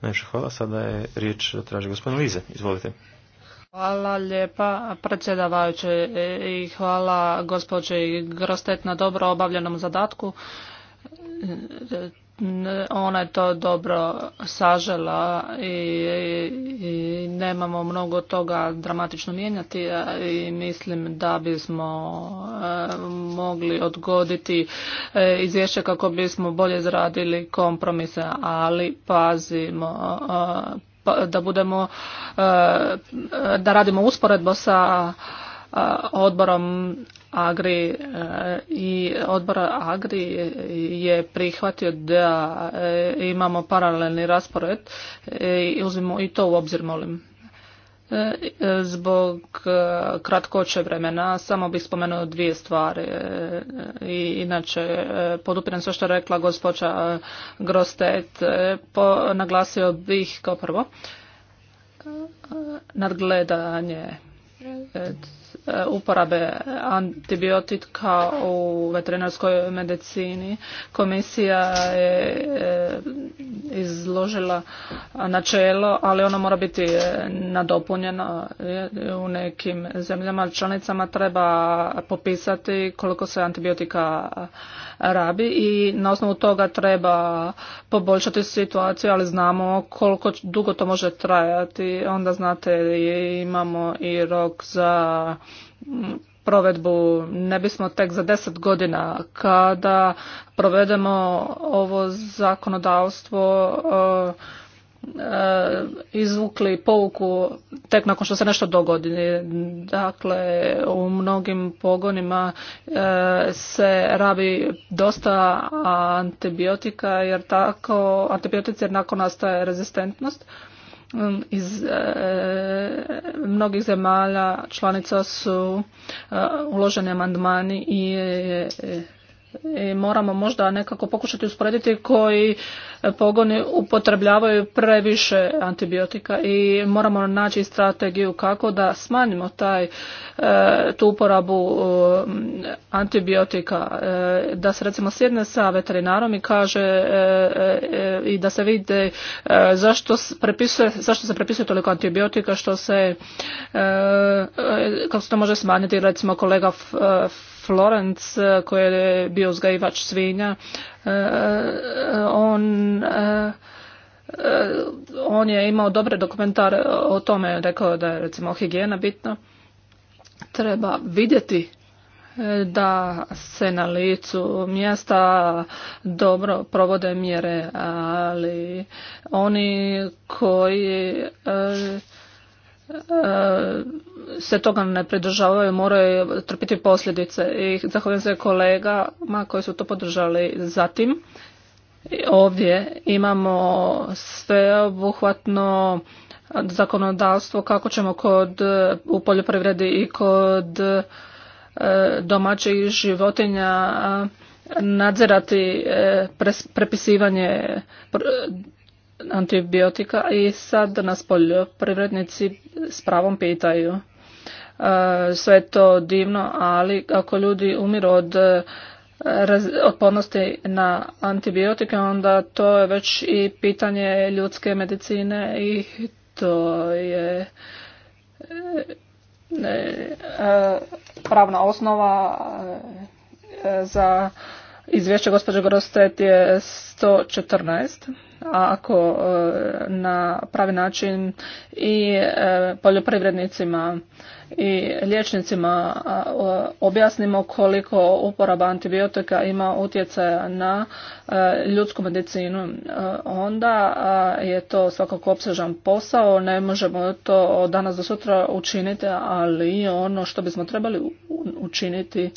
Najviše hvala. Sada je riječ traži gospodin Lize. Izvolite. Hvala lijepa predsjedavajuće i hvala gospođi Grostet na dobro obavljenom zadatku. Ona je to dobro sažela i, nemamo mnogo toga dramatično mijenjati i mislim da bismo e, mogli odgoditi e, izvješće kako bismo bolje zradili kompromise, ali pazimo, e, pa, da budemo eh, da radimo usporedbo sa eh, odborom Agri eh, i odbor Agri je prihvatio da imamo paralelni raspored i uzmimo i to u obzir molim. E, e, zbog e, kratkoće vremena samo bih spomenuo dvije stvari. I, inače, podupiram sve što je rekla gospođa Grostet. Po, naglasio bih kao prvo nadgledanje E, uporabe antibiotika u veterinarskoj medicini. Komisija je e, izložila načelo, ali ono mora biti e, nadopunjeno. U nekim zemljama članicama treba popisati koliko se antibiotika rabi i na osnovu toga treba poboljšati situaciju, ali znamo koliko dugo to može trajati. Onda znate, imamo i rok za mm, provedbu ne bismo tek za deset godina kada provedemo ovo zakonodavstvo E, izvukli pouku tek nakon što se nešto dogodi. Dakle, u mnogim pogonima e, se rabi dosta antibiotika jer tako, antibiotici jer nakon nastaje rezistentnost. Mm, iz e, mnogih zemalja članica su uloženi amandmani i i moramo možda nekako pokušati usporediti koji e, pogoni upotrebljavaju previše antibiotika i moramo naći strategiju kako da smanjimo taj e, tu uporabu e, antibiotika da se recimo sjedne sa veterinarom i kaže i da se vide zašto prepisuje zašto se prepisuje toliko antibiotika što se kako se to može smanjiti recimo kolega Florenc eh, koji je bio uzgajivač svinja eh, eh, on on je imao dobre dokumentare o tome, rekao da je recimo higijena bitna. Treba vidjeti da se na licu mjesta dobro provode mjere, ali oni koji se toga ne pridržavaju moraju trpiti posljedice i zahvaljujem se kolegama koji su to podržali zatim ovdje imamo sveobuhvatno zakonodavstvo kako ćemo kod u poljoprivredi i kod e, domaćih životinja e, nadzirati e, prepisivanje antibiotika i sad nas poljoprivrednici s pravom pitaju. E, sve je to divno, ali ako ljudi umiru od e, otpornosti na antibiotike, onda to je već i pitanje ljudske medicine i to je e, pravna osnova za izvješće gospođe Grostet je 114 ako e, na pravi način i e, poljoprivrednicima i liječnicima objasnimo koliko uporaba antibiotika ima utjecaja na e, ljudsku medicinu, onda je to svakako opsežan posao. Ne možemo to od danas do sutra učiniti, ali ono što bismo trebali učiniti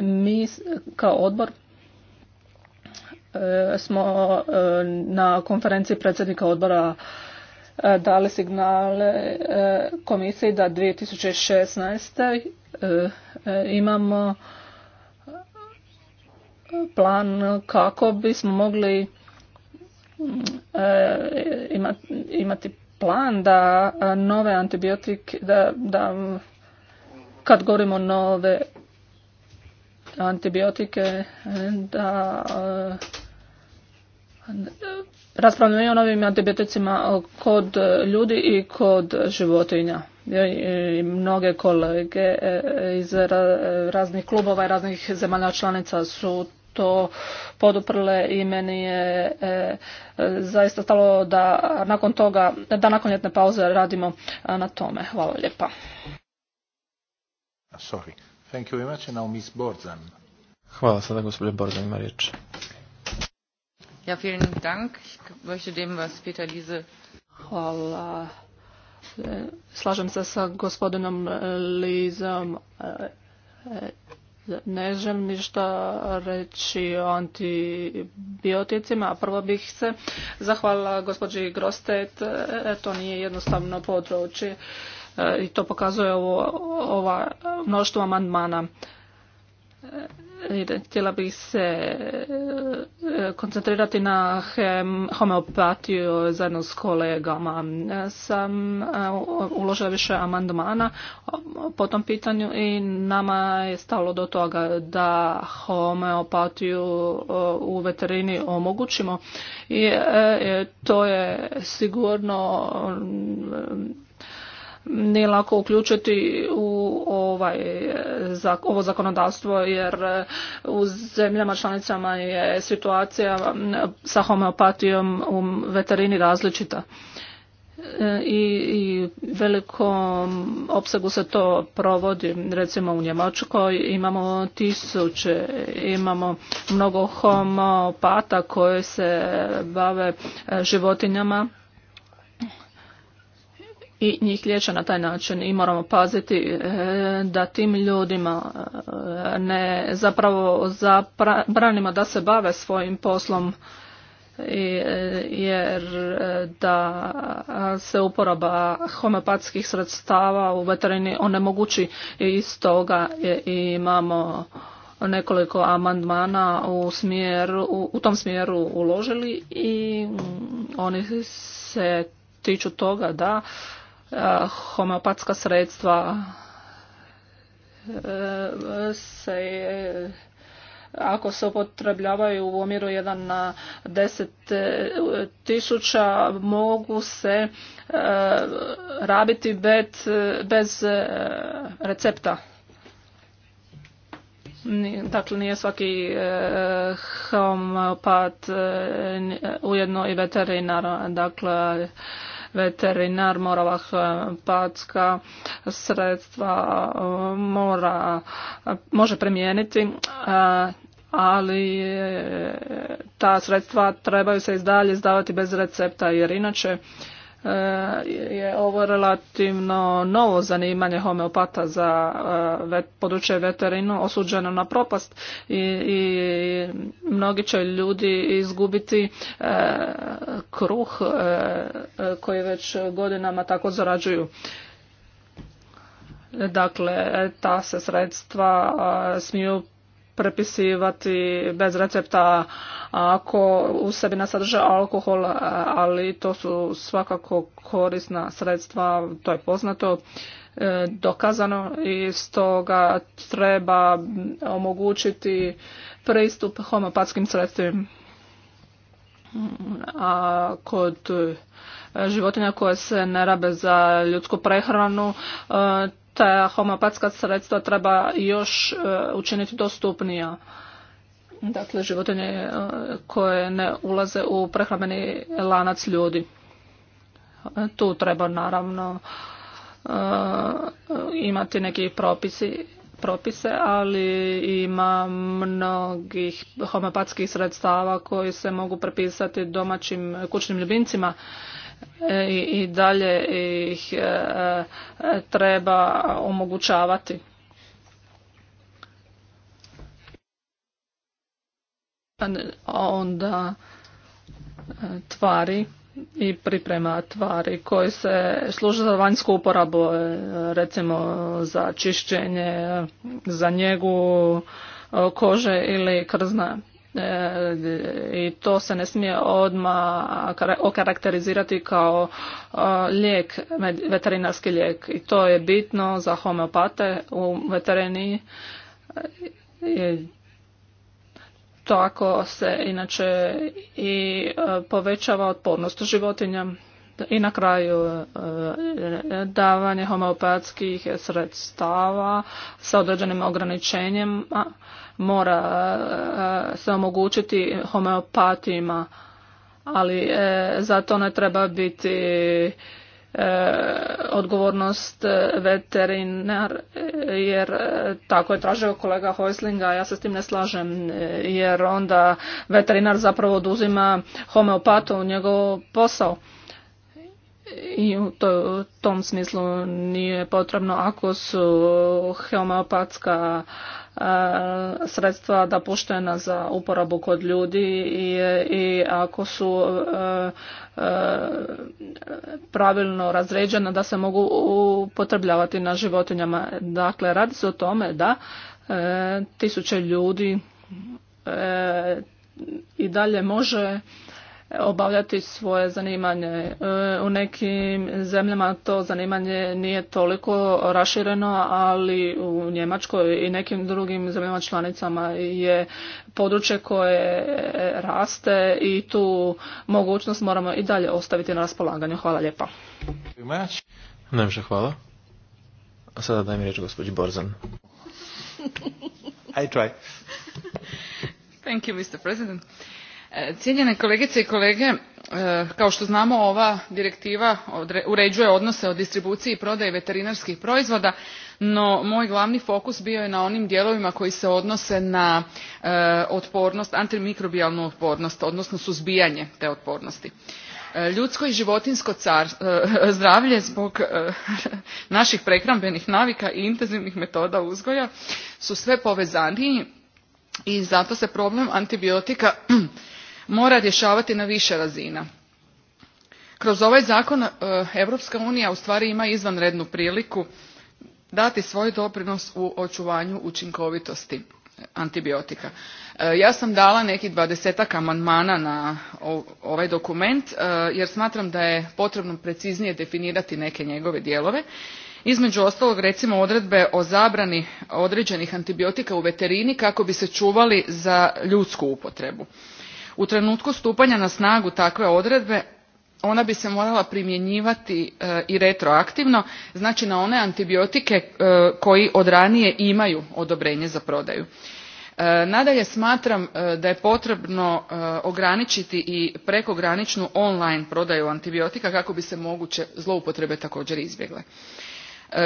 mi kao odbor E, smo e, na konferenciji predsjednika odbora e, dali signale komisiji da 2016. imamo plan kako bismo mogli imati plan da nove antibiotike, da, da kad govorimo nove antibiotike, da raspravljamo i o novim antibioticima kod e, ljudi i kod životinja. I mnoge kolege e, iz raznih klubova i raznih zemalja članica su to poduprle i meni je e, zaista stalo da nakon toga, da nakon ljetne pauze radimo na tome. Hvala lijepa. Sorry. Thank you very much. Miss Borzan. Hvala sada Borzan ima riječ. Hvala. Slažem se sa gospodinom e, Lizom. E, e, ne želim ništa reći o antibioticima. Prvo bih se zahvalila gospođi Grostet. To nije jednostavno područje i to pokazuje ovo, ova mnoštvo amandmana. Htjela bih se eh, koncentrirati na homeopatiju zajedno s kolegama. Sam eh, uložila više amandmana po tom pitanju i nama je stalo do toga da homeopatiju eh, u veterini omogućimo. I to je sigurno nije lako uključiti u ovaj, ovo zakonodavstvo jer eh, u zemljama članicama je situacija mm, sa homeopatijom u veterini različita. Eh, I, i velikom opsegu se to provodi. Recimo u Njemačkoj imamo tisuće, imamo mnogo homopata koje se bave eh, životinjama i njih liječe na taj način i moramo paziti e, da tim ljudima e, ne zapravo zabranimo da se bave svojim poslom e, jer da se uporaba homeopatskih sredstava u veterini onemogući i stoga imamo nekoliko amandmana u, smjeru, u tom smjeru uložili i mm, oni se tiču toga da homeopatska sredstva e, se ako se upotrebljavaju u omjeru jedan na 10 e, tisuća mogu se e, rabiti bez recepta. Dakle, nije svaki homeopat ujedno i veterinar. Dakle, veterinar morala e, patska sredstva e, mora, može premijeniti, e, ali ta sredstva trebaju se i izdavati bez recepta jer inače je ovo relativno novo zanimanje homeopata za e, područje veterinu osuđeno na propast i, i mnogi će ljudi izgubiti e, kruh e, koji već godinama tako zarađuju. Dakle, ta se sredstva smiju prepisivati bez recepta ako u sebi ne sadrže alkohol, ali to su svakako korisna sredstva, to je poznato e, dokazano i stoga treba omogućiti pristup homopatskim sredstvima. A kod životinja koje se ne rabe za ljudsku prehranu e, ta homopatska sredstva treba još e, učiniti dostupnija. Dakle, životinje e, koje ne ulaze u prehrambeni lanac ljudi. E, tu treba naravno imati neki propise, ali ima mnogih homopatskih sredstava koji se mogu prepisati domaćim kućnim ljubimcima E, i dalje ih e, e, treba omogućavati. Onda tvari i priprema tvari koje se služe za vanjsku uporabu, recimo za čišćenje, za njegu kože ili krzna. E, i to se ne smije odmah okarakterizirati kao e, lijek, veterinarski lijek i to je bitno za homeopate u veterini e, tako se inače i povećava otpornost životinja i na kraju davanje homeopatskih sredstava sa određenim ograničenjem mora e, e, se omogućiti homeopatima, ali e, za to ne treba biti odgovornost veterinar jer tako je tražio kolega Hojslinga ja se s tim ne slažem jer onda veterinar zapravo oduzima homeopatu u njegov posao i u tom smislu nije potrebno ako su homeopatska E, sredstva da poštena za uporabu kod ljudi i, i ako su e, e, pravilno razređena da se mogu upotrebljavati na životinjama. Dakle, radi se o tome da tisuće ljudi i dalje može obavljati svoje zanimanje. E, u nekim zemljama to zanimanje nije toliko rašireno, ali u Njemačkoj i nekim drugim zemljama članicama je područje koje raste i tu mogućnost moramo i dalje ostaviti na raspolaganju. Hvala lijepa. Najviše hvala. A sada dajem riječ gospođi Borzan. I try. Thank you, cijenjene kolegice i kolege e, kao što znamo ova direktiva uređuje odnose o distribuciji i prodaji veterinarskih proizvoda no moj glavni fokus bio je na onim dijelovima koji se odnose na e, otpornost antimikrobijalnu otpornost odnosno suzbijanje te otpornosti e, ljudsko i životinjsko zdravlje zbog naših prehrambenih navika i intenzivnih metoda uzgoja su sve povezaniji i zato se problem antibiotika mora rješavati na više razina. Kroz ovaj zakon Europska unija ustvari ima izvanrednu priliku dati svoj doprinos u očuvanju učinkovitosti antibiotika. E, ja sam dala nekih dvadesetak amandmana na ovaj dokument e, jer smatram da je potrebno preciznije definirati neke njegove dijelove. Između ostalog recimo odredbe o zabrani određenih antibiotika u veterini kako bi se čuvali za ljudsku upotrebu u trenutku stupanja na snagu takve odredbe ona bi se morala primjenjivati e, i retroaktivno znači na one antibiotike e, koji od ranije imaju odobrenje za prodaju e, nadalje smatram da je potrebno ograničiti i prekograničnu online prodaju antibiotika kako bi se moguće zloupotrebe također izbjegle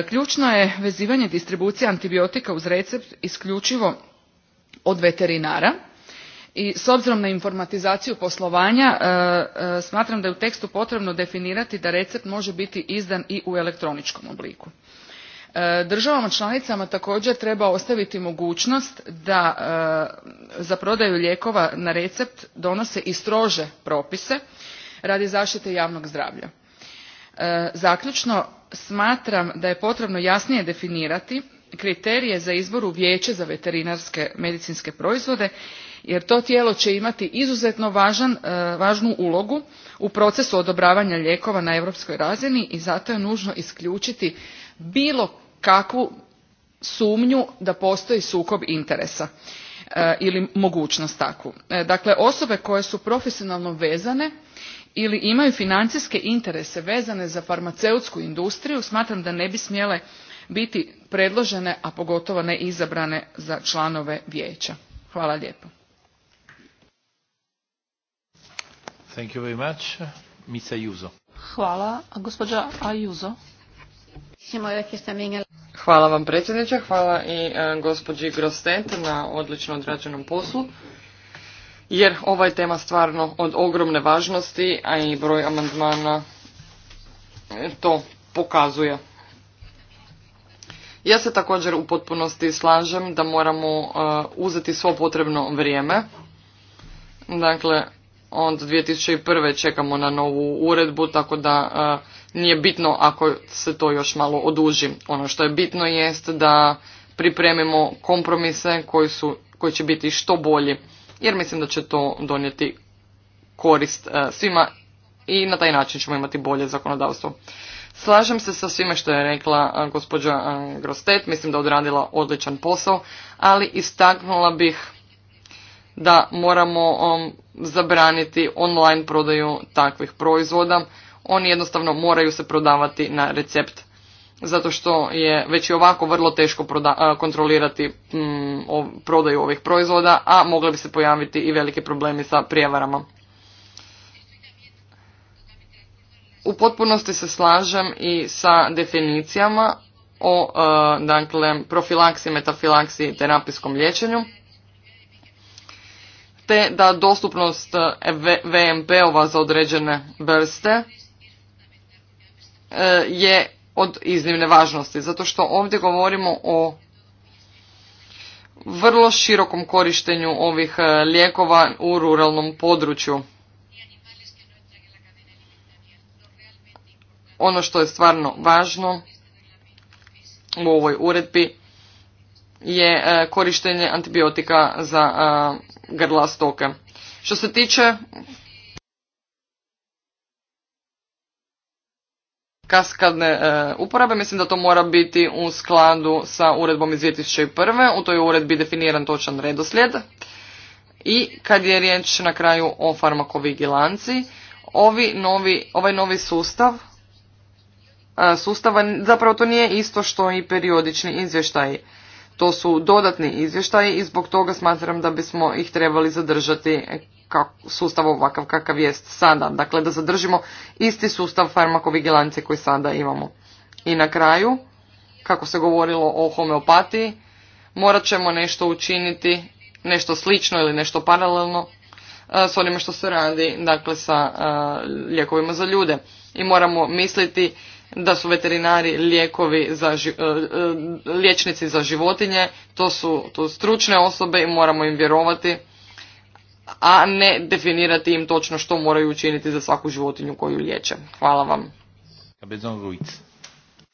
ključno je vezivanje distribucije antibiotika uz recept isključivo od veterinara i s obzirom na informatizaciju poslovanja e, e, smatram da je u tekstu potrebno definirati da recept može biti izdan i u elektroničkom obliku e, državama članicama također treba ostaviti mogućnost da za prodaju lijekova na recept donose i strože propise radi zaštite javnog zdravlja zaključno smatram da je potrebno jasnije definirati kriterije za izbor u vijeće za veterinarske medicinske proizvode jer to tijelo će imati izuzetno e, važnu ulogu u procesu odobravanja lijekova na europskoj razini i zato je nužno isključiti bilo kakvu sumnju da postoji sukob interesa e, ili mogućnost takvu. E, dakle, osobe koje su profesionalno vezane ili imaju financijske interese vezane za farmaceutsku industriju smatram da ne bi smjele biti predložene, a pogotovo ne izabrane za članove vijeća. Hvala lijepo. Thank you very much. Hvala. gospođa Hvala vam predsjedniče, hvala i e, gospođi Grostet na odlično odrađenom poslu. Jer ova je tema stvarno od ogromne važnosti, a i broj amandmana e, to pokazuje. Ja se također u potpunosti slažem da moramo e, uzeti svo potrebno vrijeme. Dakle, od 2001. čekamo na novu uredbu, tako da e, nije bitno ako se to još malo oduži. Ono što je bitno jest da pripremimo kompromise koji, su, koji će biti što bolji, jer mislim da će to donijeti korist e, svima i na taj način ćemo imati bolje zakonodavstvo. Slažem se sa svime što je rekla e, gospođa Grostet, mislim da odradila odličan posao, ali istaknula bih da moramo um, zabraniti online prodaju takvih proizvoda. Oni jednostavno moraju se prodavati na recept zato što je već i ovako vrlo teško uh, kontrolirati mm, prodaju ovih proizvoda, a mogli bi se pojaviti i veliki problemi sa prijevarama. U potpunosti se slažem i sa definicijama o uh, dakle, profilaksiji, metafilaksiji i terapijskom liječenju te da dostupnost e, VMP-ova za određene vrste e, je od iznimne važnosti, zato što ovdje govorimo o vrlo širokom korištenju ovih e, lijekova u ruralnom području. Ono što je stvarno važno u ovoj uredbi je korištenje antibiotika za grla Što se tiče kaskadne e, uporabe, mislim da to mora biti u skladu sa uredbom iz 2001. U toj uredbi definiran točan redoslijed. I kad je riječ na kraju o farmakovigilanci, ovi ovaj novi sustav e, sustava, zapravo to nije isto što i periodični izvještaj. To su dodatni izvještaji i zbog toga smatram da bismo ih trebali zadržati sustav ovakav kakav jest sada. Dakle, da zadržimo isti sustav farmakovigilancije koji sada imamo. I na kraju, kako se govorilo o homeopatiji, morat ćemo nešto učiniti, nešto slično ili nešto paralelno e, s onime što se radi dakle, sa e, lijekovima za ljude. I moramo misliti da su veterinari lijekovi za e, e, liječnici za životinje, to su to stručne osobe i moramo im vjerovati, a ne definirati im točno što moraju učiniti za svaku životinju koju liječe. Hvala vam. Ruiz.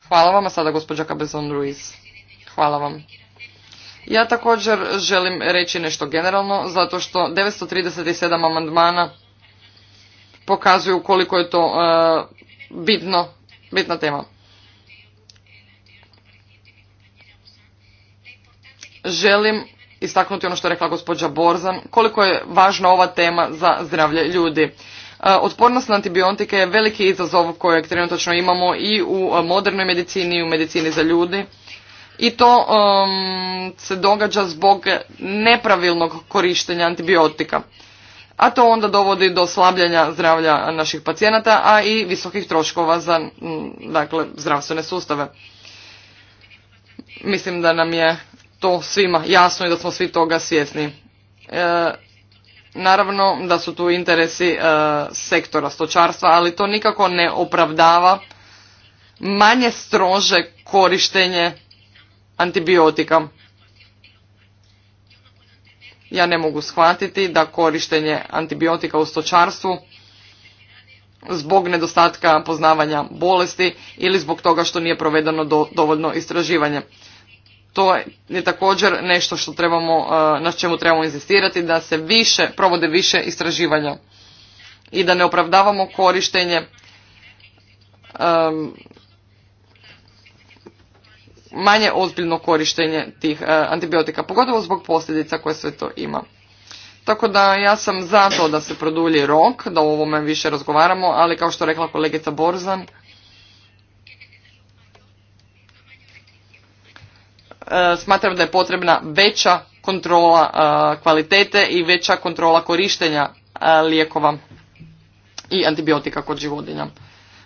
Hvala vam, a sada gospođa Cabezon Ruiz. Hvala vam. Ja također želim reći nešto generalno, zato što 937 amandmana pokazuju koliko je to e, bitno bitna tema. Želim istaknuti ono što je rekla gospođa Borzan, koliko je važna ova tema za zdravlje ljudi. E, otpornost na antibiotike je veliki izazov kojeg trenutno imamo i u e, modernoj medicini i u medicini za ljudi. I to se događa zbog nepravilnog korištenja antibiotika a to onda dovodi do slabljenja zdravlja naših pacijenata, a i visokih troškova za dakle, zdravstvene sustave. Mislim da nam je to svima jasno i da smo svi toga svjesni. E, naravno da su tu interesi e, sektora stočarstva, ali to nikako ne opravdava manje strože korištenje antibiotika. Ja ne mogu shvatiti da korištenje antibiotika u stočarstvu zbog nedostatka poznavanja bolesti ili zbog toga što nije provedeno do, dovoljno istraživanje. To je također nešto što trebamo, e, na čemu trebamo inzistirati da se više provode više istraživanja i da ne opravdavamo korištenje e, manje ozbiljno korištenje tih e, antibiotika, pogotovo zbog posljedica koje sve to ima. Tako da ja sam za to da se produlji rok, da o ovome više razgovaramo, ali kao što rekla kolegica Borzan, e, smatram da je potrebna veća kontrola e, kvalitete i veća kontrola korištenja lijekova i antibiotika kod životinja.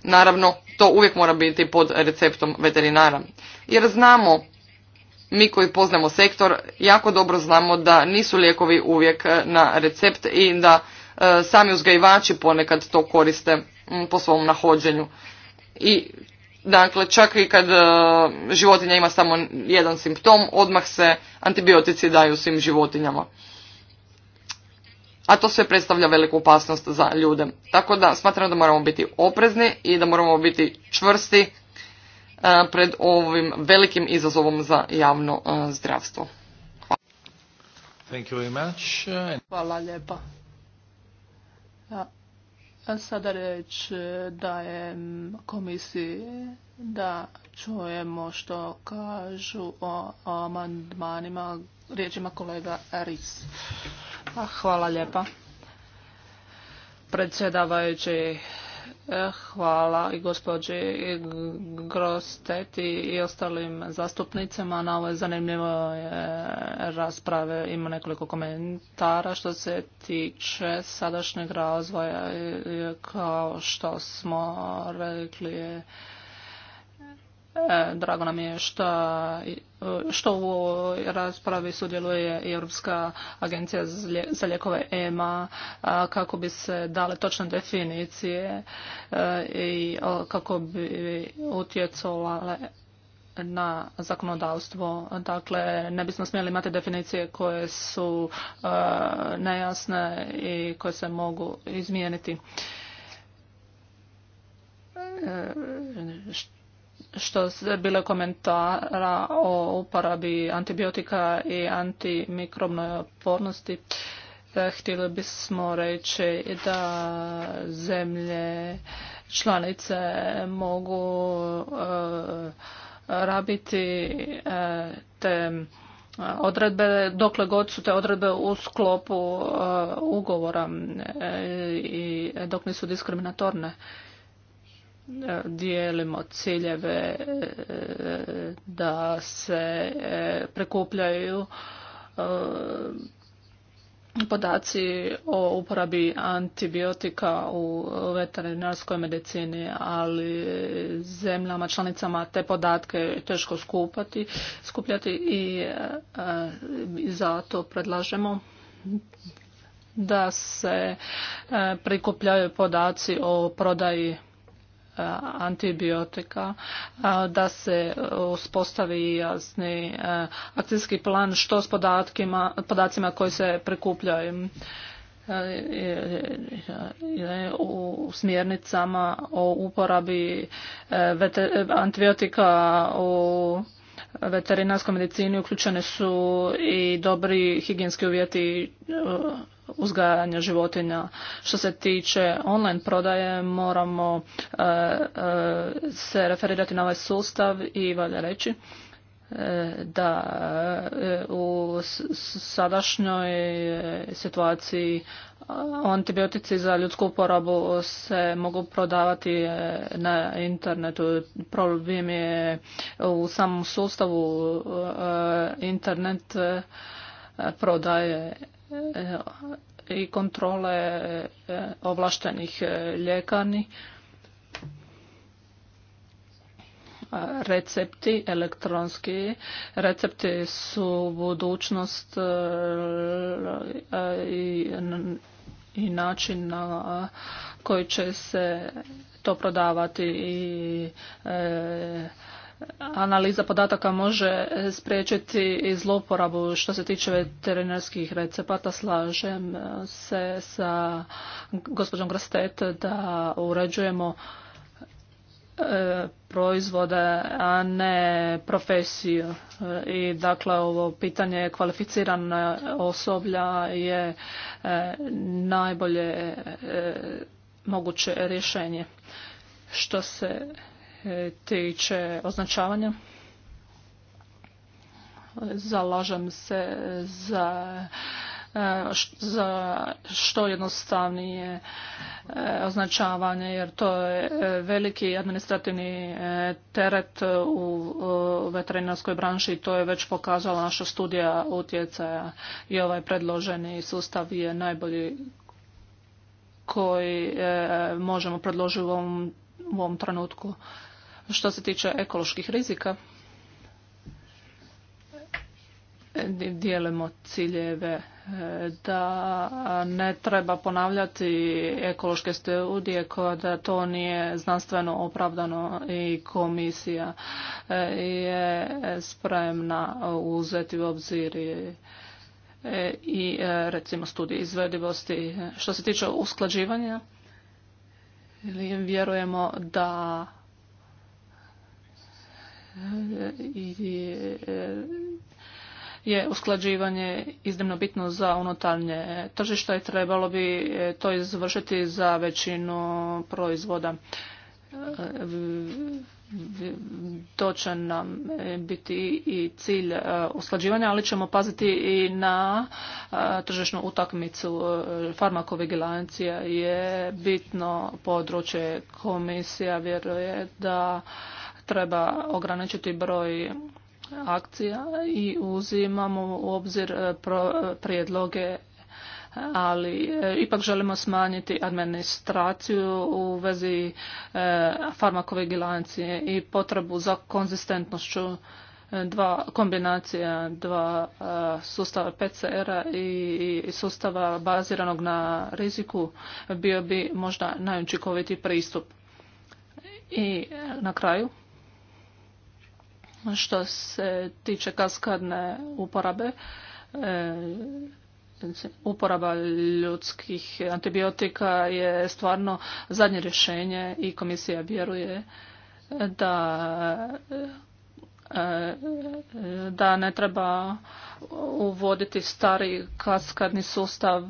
Naravno, to uvijek mora biti pod receptom veterinara. Jer znamo, mi koji poznamo sektor, jako dobro znamo da nisu lijekovi uvijek e, na recept i da e, sami uzgajivači ponekad to koriste po svom nahođenju. I Dakle, čak i kad e, životinja ima samo jedan simptom, odmah se antibiotici daju svim životinjama a to sve predstavlja veliku opasnost za ljude. Tako da smatram da moramo biti oprezni i da moramo biti čvrsti e, pred ovim velikim izazovom za javno e, zdravstvo. Hvala, Thank you lijepa. sada e, dajem komisiji da čujemo što kažu o amandmanima Riječ ima kolega Aris. Hvala lijepa. Predsjedavajući e, Hvala i gospođi Grosteti i ostalim zastupnicima na ovoj zanimljivoj e, rasprave. Ima nekoliko komentara što se tiče sadašnjeg razvoja. E, kao što smo rekli, je E, drago nam je e, što, u ovoj raspravi sudjeluje i Europska agencija za lijekove EMA kako bi se dale točne definicije e, i kako bi utjecovale na zakonodavstvo. Dakle, ne bismo smjeli imati definicije koje su nejasne i koje se mogu izmijeniti. Što što je bilo komentara o uporabi antibiotika i antimikrobnoj otpornosti. E, htjeli bismo reći da zemlje članice mogu e, rabiti e, te odredbe dokle god su te odredbe u sklopu ugovora i dok nisu diskriminatorne. E, dijelimo ciljeve e, da se e, prekupljaju podaci o uporabi antibiotika u veterinarskoj medicini, ali zemljama članicama te podatke je teško skupati, skupljati i, i zato predlažemo da se prikupljaju podaci o prodaji Eh, antibiotika, eh, da se eh, uspostavi jasni akcijski plan što s podacima koji se prikupljaju u smjernicama o uporabi antibiotika u veterinarskoj medicini uključene su i dobri higijenski uvjeti e, uzgajanja životinja. Što se tiče online prodaje, moramo e, e, se referirati na ovaj sustav i valja reći da e, u sadašnjoj e, situaciji e, antibiotici za ljudsku uporabu se mogu prodavati na internetu. Problem je u samom sustavu internet prodaje i kontrole ovlaštenih ljekarni recepti, elektronski recepti su budućnost e, i način na koji će se to prodavati i e, analiza podataka može spriječiti i zlouporabu što se tiče veterinarskih recepata. Slažem se sa gospođom Grastet da uređujemo E, proizvode, a ne profesiju. E, I dakle ovo pitanje kvalificirane osoblja je e, najbolje moguće rješenje. Što se tiče označavanja, zalažem se za E, za što jednostavnije e, označavanje jer to je e, veliki administrativni teret u veterinarskoj branši i to je već pokazala naša studija utjecaja i ovaj predloženi sustav je najbolji koji možemo predložiti u ovom, trenutku. Što se tiče ekoloških rizika, dijelimo ciljeve e, da ne treba ponavljati ekološke studije da to nije znanstveno opravdano i komisija e, je spremna uzeti u obzir i e, recimo studije izvedivosti. Što se tiče usklađivanja, vjerujemo da i je usklađivanje iznimno bitno za unutarnje tržište i trebalo bi e, to izvršiti za većinu proizvoda. E, to će nam e, biti i cilj usklađivanja, ali ćemo paziti i na tržišnu utakmicu. Farmakovigilancija je bitno područje komisija, vjeruje da treba ograničiti broj akcija i uzimamo u obzir e, e, prijedloge e, ali ipak želimo smanjiti administraciju u vezi farmakovigilancije i potrebu za konzistentnošću dva kombinacija dva sustava PCR-a i sustava baziranog na riziku bio bi možda najučinkovitiji pristup. I na kraju što se tiče kaskadne uporabe, e, uporaba ljudskih antibiotika je stvarno zadnje rješenje i komisija vjeruje da e, e, da ne treba uvoditi stari kaskadni sustav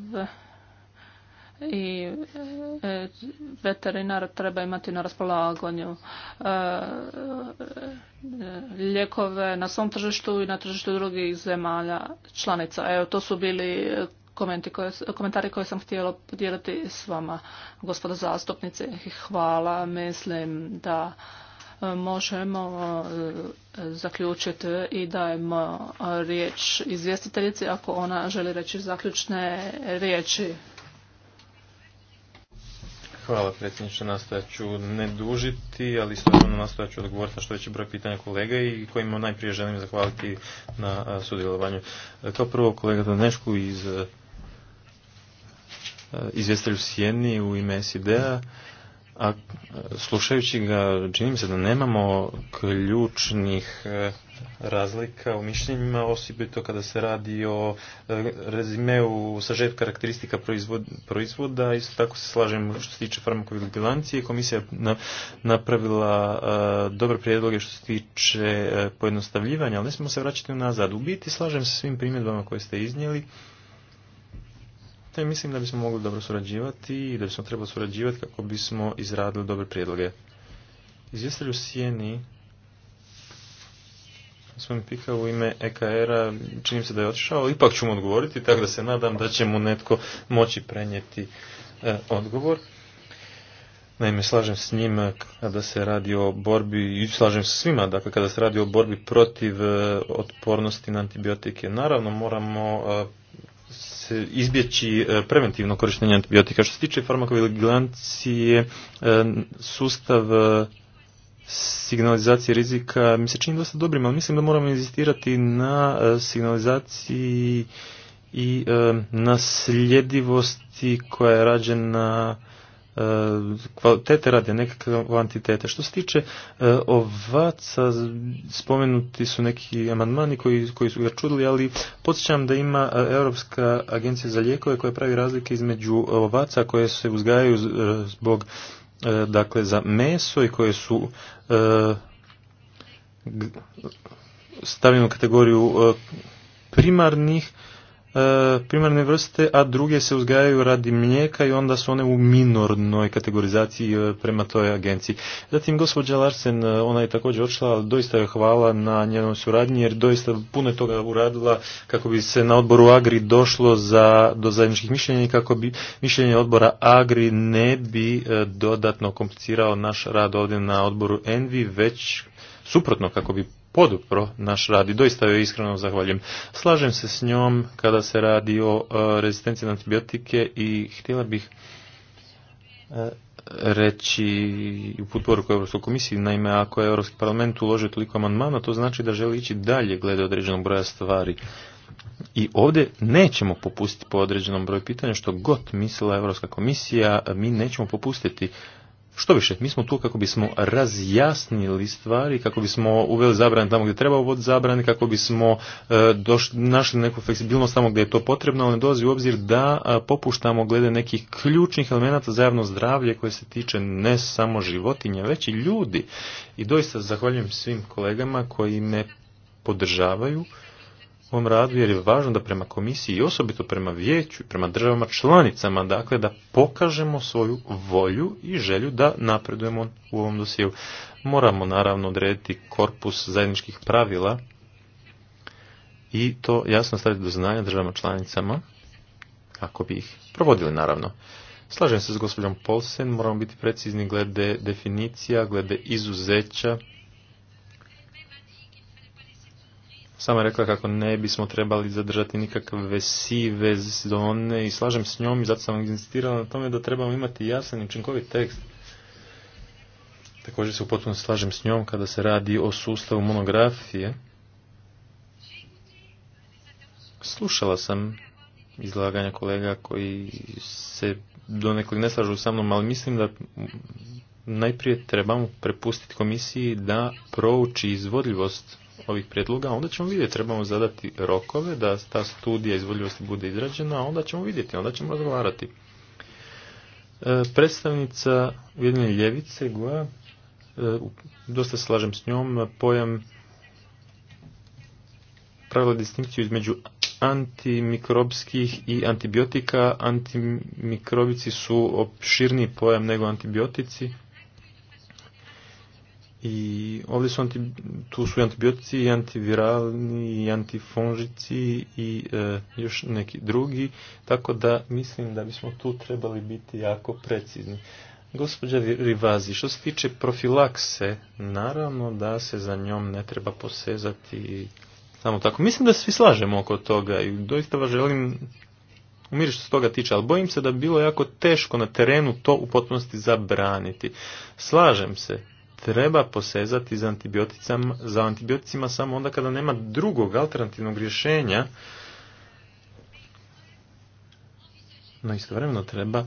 i e, veterinar treba imati na raspolaganju e, e, ljekove na svom tržištu i na tržištu drugih zemalja članica. Evo, to su bili komentari koje sam htjela podijeliti s vama, gospoda zastupnice. Hvala, mislim da možemo zaključiti i dajemo riječ izvjestiteljici ako ona želi reći zaključne riječi. Hvala predsjedniče, nastojat ću ne dužiti, ali stvarno nastojat ću odgovoriti na što veći broj pitanja kolega i kojima najprije želim zahvaliti na sudjelovanju. E, kao prvo kolega Donešku iz e, izvjestelju Sjeni u ime SID-a a e, slušajući ga čini mi se da nemamo ključnih e, razlika u mišljenjima, osobito kada se radi o e, rezimeu sažet karakteristika proizvoda. Isto tako se slažem što se tiče farmakovigilancije. Komisija je napravila dobre prijedloge što se tiče pojednostavljivanja, ali ne se vraćati u nazad. U biti slažem se svim primjedbama koje ste iznijeli te mislim da bismo mogli dobro surađivati i da bismo trebali surađivati kako bismo izradili dobre prijedloge. Izvjestelj u Sijeni gospodin Pika u ime EKR-a, činim se da je otišao, ipak ću mu odgovoriti, tako da se nadam da će mu netko moći prenijeti e, odgovor. Naime, slažem s njim kada se radi o borbi, i slažem se svima, dakle, kada se radi o borbi protiv e, otpornosti na antibiotike. Naravno, moramo e, se izbjeći e, preventivno korištenje antibiotika. Što se tiče farmakovigilancije, e, sustav e, signalizacije rizika mi se čini dosta dobrim, ali mislim da moramo inzistirati na signalizaciji i na sljedivosti koja je rađena E, kvalitete radi nekakve kvantitete. Što se tiče e, ovaca, spomenuti su neki amandmani koji, koji su ga čudili, ali podsjećam da ima e, Europska agencija za lijekove koja pravi razlike između ovaca koje se uzgajaju zbog dakle za meso i koje su stavljene u kategoriju primarnih E, primarne vrste, a druge se uzgajaju radi mlijeka i onda su one u minornoj kategorizaciji e, prema toj agenciji. Zatim gospođa Larsen, e, ona je također odšla, ali doista je hvala na njenoj suradnji jer doista puno je toga uradila kako bi se na odboru Agri došlo za, do zajedničkih mišljenja i kako bi mišljenje odbora Agri ne bi dodatno komplicirao naš rad ovdje na odboru Envi, već suprotno kako bi podupro naš radi, doista joj iskreno zahvaljujem. Slažem se s njom kada se radi o e, rezistenciji na antibiotike i htjela bih e, reći u potporu Europskoj komisiji. Naime, ako je Europski parlament uložio toliko amandmana, to znači da želi ići dalje glede određenog broja stvari. I ovdje nećemo popustiti po određenom broju pitanja, što god mislila Europska komisija, mi nećemo popustiti. Što više, mi smo tu kako bismo razjasnili stvari, kako bismo uveli zabrane tamo gdje treba uvod zabrane, kako bismo e, našli neku fleksibilnost tamo gdje je to potrebno, ali ne dolazi u obzir da popuštamo glede nekih ključnih elemenata za javno zdravlje koje se tiče ne samo životinja, već i ljudi. I doista zahvaljujem svim kolegama koji me podržavaju svom radu jer je važno da prema komisiji i osobito prema vijeću, i prema državama članicama, dakle da pokažemo svoju volju i želju da napredujemo u ovom dosjeu. Moramo naravno odrediti korpus zajedničkih pravila i to jasno staviti do znanja državama članicama kako bi ih provodili naravno. Slažem se s gospođom Polsen, moramo biti precizni glede definicija, glede izuzeća sama rekla kako ne bismo trebali zadržati nikakve sive zone i slažem s njom i zato sam insistirala na tome da trebamo imati jasan i učinkovit tekst. Također se u potpuno slažem s njom kada se radi o sustavu monografije. Slušala sam izlaganja kolega koji se nekog ne slažu sa mnom, ali mislim da najprije trebamo prepustiti komisiji da prouči izvodljivost ovih prijedloga, onda ćemo vidjeti, trebamo zadati rokove da ta studija izvoljivosti bude izrađena, onda ćemo vidjeti, onda ćemo razgovarati. E, predstavnica Ujedinjene ljevice, Goja, e, dosta slažem s njom, pojam pravila distinkciju između antimikrobskih i antibiotika. Antimikrobici su opširni pojam nego antibiotici. I ovdje su anti, tu su antibiotici i antiviralni i antifonžici i e, još neki drugi, tako da mislim da bismo tu trebali biti jako precizni. Gospođa Rivazi, što se tiče profilakse, naravno da se za njom ne treba posezati samo tako. Mislim da svi slažemo oko toga i doista vas želim umiri što se toga tiče, ali bojim se da bi bilo jako teško na terenu to u potpunosti zabraniti. Slažem se treba posezati za antibioticama, za antibioticima samo onda kada nema drugog alternativnog rješenja. No istovremeno treba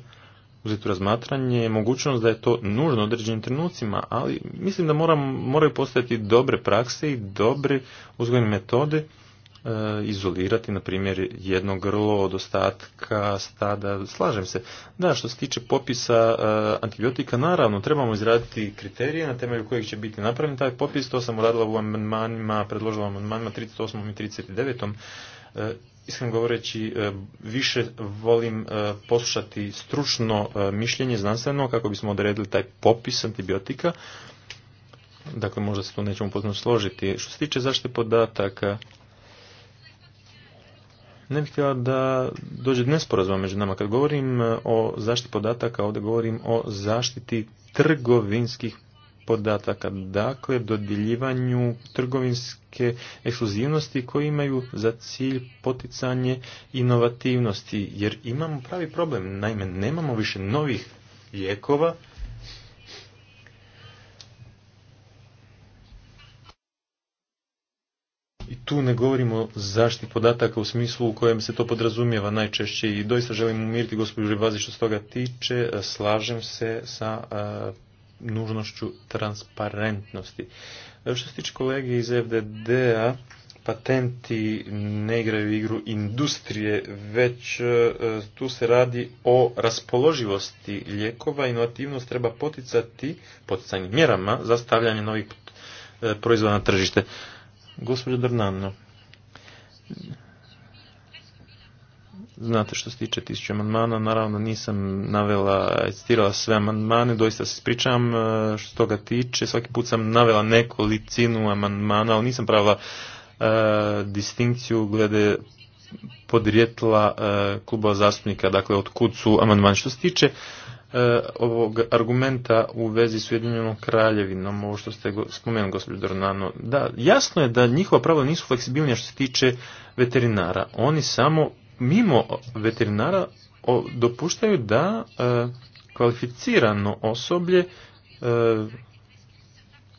uzeti u razmatranje mogućnost da je to nužno određenim trenucima, ali mislim da moram, moraju postojati dobre prakse i dobre uzgojne metode E, izolirati, na primjer, jedno grlo od ostatka stada. Slažem se. Da, što se tiče popisa e, antibiotika, naravno, trebamo izraditi kriterije na temelju kojih će biti napravljen taj popis. To sam uradila u amandmanima, predložila amandmanima 38. i 39. E, iskreno govoreći, više volim poslušati stručno mišljenje znanstveno kako bismo odredili taj popis antibiotika. Dakle, možda se tu nećemo pozno složiti. Što se tiče zaštite podataka, ne bih htjela da dođe nesporazuma među nama. Kad govorim e, o zaštiti podataka, ovdje govorim o zaštiti trgovinskih podataka, dakle dodjeljivanju trgovinske ekskluzivnosti koji imaju za cilj poticanje inovativnosti, jer imamo pravi problem, naime nemamo više novih lijekova tu ne govorimo o zaštiti podataka u smislu u kojem se to podrazumijeva najčešće i doista želim umiriti gospođu Rebazi što se toga tiče, slažem se sa nužnošću transparentnosti. E, što se tiče kolege iz FDD-a, patenti ne igraju igru industrije, već e, tu se radi o raspoloživosti lijekova, inovativnost treba poticati poticanjem mjerama za stavljanje novih e, proizvoda na tržište. Gospođo znate što se tiče tisuću amandmana, naravno nisam navela, citirala sve amandmane, doista se ispričavam e, što toga tiče, svaki put sam navela nekolicinu amandmana, ali nisam pravila e, distinkciju glede podrijetla e, kluba zastupnika, dakle od kud su amandmani. Što se tiče E, ovog argumenta u vezi s Ujedinjenom kraljevinom, ovo što ste spomenuli, gospođo Dornano, da, jasno je da njihova pravila nisu fleksibilnija što se tiče veterinara. Oni samo mimo veterinara dopuštaju da e, kvalificirano osoblje e,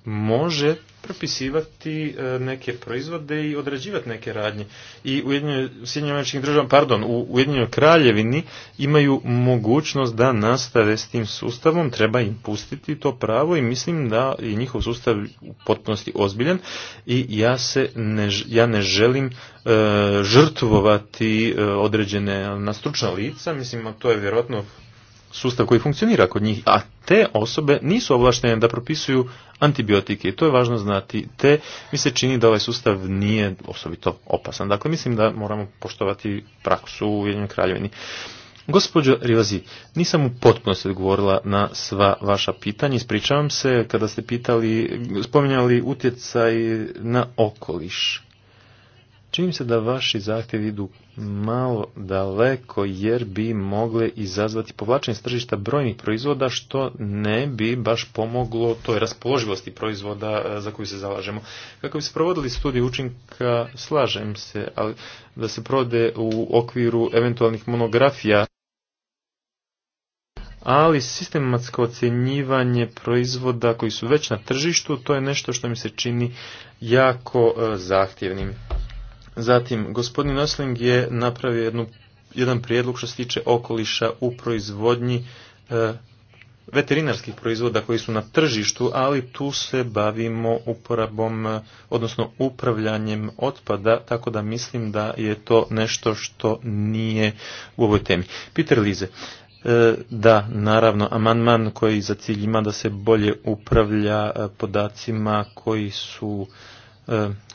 može propisivati e, neke proizvode i određivati neke radnje. I u Sjedinjenim državama, pardon, u Ujedinjenoj kraljevini imaju mogućnost da nastave s tim sustavom, treba im pustiti to pravo i mislim da je njihov sustav u potpunosti ozbiljan i ja se ne, ja ne želim e, žrtvovati e, određene na stručna lica, mislim to je vjerojatno sustav koji funkcionira kod njih, a te osobe nisu ovlaštene da propisuju antibiotike i to je važno znati. Te mi se čini da ovaj sustav nije osobito opasan. Dakle, mislim da moramo poštovati praksu u Ujedinjenoj kraljevini. Gospođo Rivazi, nisam u potpunosti odgovorila na sva vaša pitanja. Ispričavam se kada ste pitali, spominjali utjecaj na okoliš. Čini se da vaši zahtjevi idu malo daleko jer bi mogle izazvati povlačenje s tržišta brojnih proizvoda što ne bi baš pomoglo toj raspoloživosti proizvoda e, za koju se zalažemo. Kako bi se provodili studije učinka, slažem se, ali da se provode u okviru eventualnih monografija ali sistematsko ocjenjivanje proizvoda koji su već na tržištu, to je nešto što mi se čini jako e, zahtjevnim. Zatim, gospodin Osling je napravio jednu, jedan prijedlog što se tiče okoliša u proizvodnji e, veterinarskih proizvoda koji su na tržištu, ali tu se bavimo uporabom, e, odnosno upravljanjem otpada, tako da mislim da je to nešto što nije u ovoj temi. Peter Lize, e, da, naravno, amandman koji za cilj ima da se bolje upravlja podacima koji su,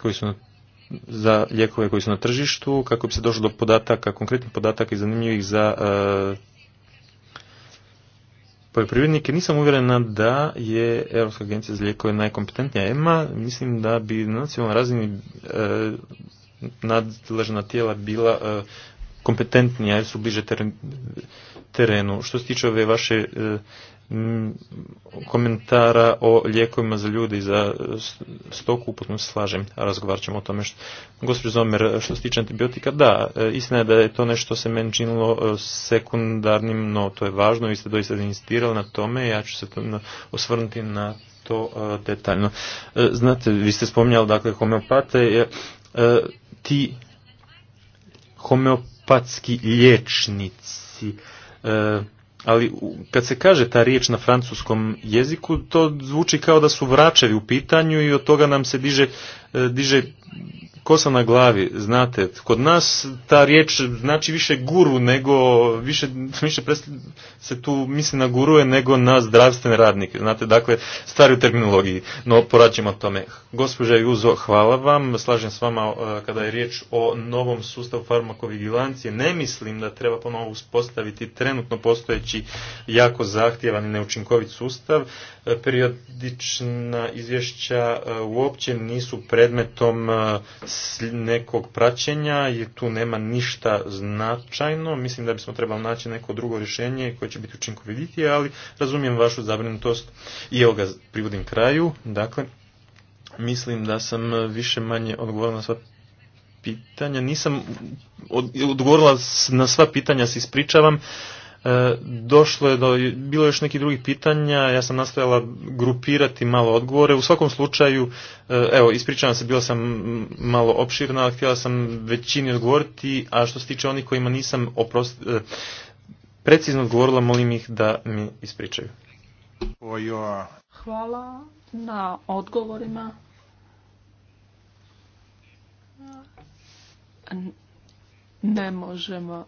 koji su na za lijekove koji su na tržištu, kako bi se došlo do podataka, konkretnih podataka i zanimljivih za e, poljoprivrednike. Nisam uvjerena da je Europska agencija za lijekove najkompetentnija EMA. Mislim da bi na nacionalnoj razini e, nadležna tijela bila e, kompetentnija jer su bliže terenu. Što se tiče ove vaše e, Mm, komentara o lijekovima za ljude i za e, stoku uputno se slažem, a razgovarat ćemo o tome. Što, gospođo Zomer, što se tiče antibiotika, da, e, istina je da je to nešto se meni činilo e, sekundarnim, no to je važno, vi ste doista insistirali na tome, ja ću se osvrnuti na to detaljno. Znate, vi ste spominjali, dakle, homeopate, ti homeopatski liječnici, ali kad se kaže ta riječ na francuskom jeziku, to zvuči kao da su vračevi u pitanju i od toga nam se diže, e, diže kosa na glavi, znate, kod nas ta riječ znači više guru nego, više, više se tu misli na guruje nego na zdravstvene radnike, znate, dakle, stari u terminologiji, no poraćemo o tome. Gospođa Juzo, hvala vam, slažem s vama e, kada je riječ o novom sustavu farmakovigilancije, ne mislim da treba ponovo uspostaviti trenutno postojeći jako zahtjevan i neučinkovit sustav, e, periodična izvješća e, uopće nisu predmetom nekog praćenja i tu nema ništa značajno. Mislim da bismo trebali naći neko drugo rješenje koje će biti učinkovitije, ali razumijem vašu zabrinutost i evo ga privodim kraju. Dakle, mislim da sam više manje odgovorila na sva pitanja. Nisam odgovorila na sva pitanja, se ispričavam. E, došlo je do, bilo je još nekih drugih pitanja, ja sam nastojala grupirati malo odgovore. U svakom slučaju, e, evo, ispričavam se, bila sam malo opširna, ali htjela sam većini odgovoriti, a što se tiče onih kojima nisam oprost, e, precizno odgovorila, molim ih da mi ispričaju. Hvala na odgovorima. Ne možemo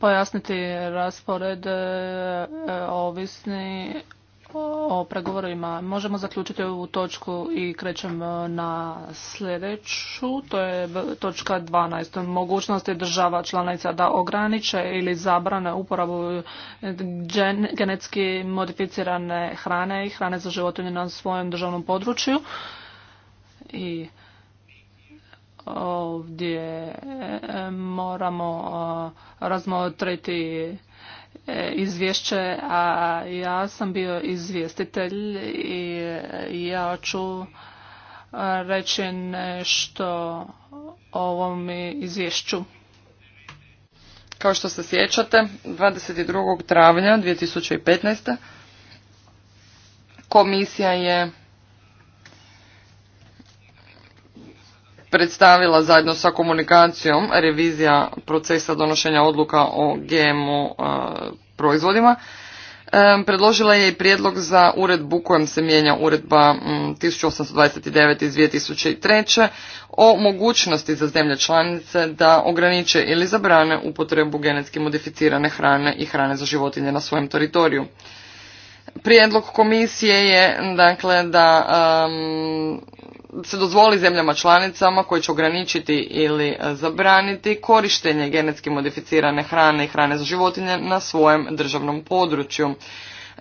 pojasniti raspored e, ovisni o pregovorima. Možemo zaključiti ovu točku i krećemo e, na sljedeću. To je točka 12. Mogućnosti država članica da ograniče ili zabrane uporabu genetski modificirane hrane i hrane za životinje na svojem državnom području. I ovdje e, moramo e, razmotriti e, izvješće, a ja sam bio izvjestitelj i ja ću reći nešto o ovom izvješću. Kao što se sjećate, 22. travnja 2015. komisija je predstavila zajedno sa komunikacijom revizija procesa donošenja odluka o GMO e, proizvodima. E, predložila je i prijedlog za uredbu kojom se mijenja uredba 1829 iz 2003. o mogućnosti za zemlje članice da ograniče ili zabrane upotrebu genetski modificirane hrane i hrane za životinje na svojem teritoriju. Prijedlog komisije je dakle, da um, se dozvoli zemljama članicama koje će ograničiti ili e, zabraniti korištenje genetski modificirane hrane i hrane za životinje na svojem državnom području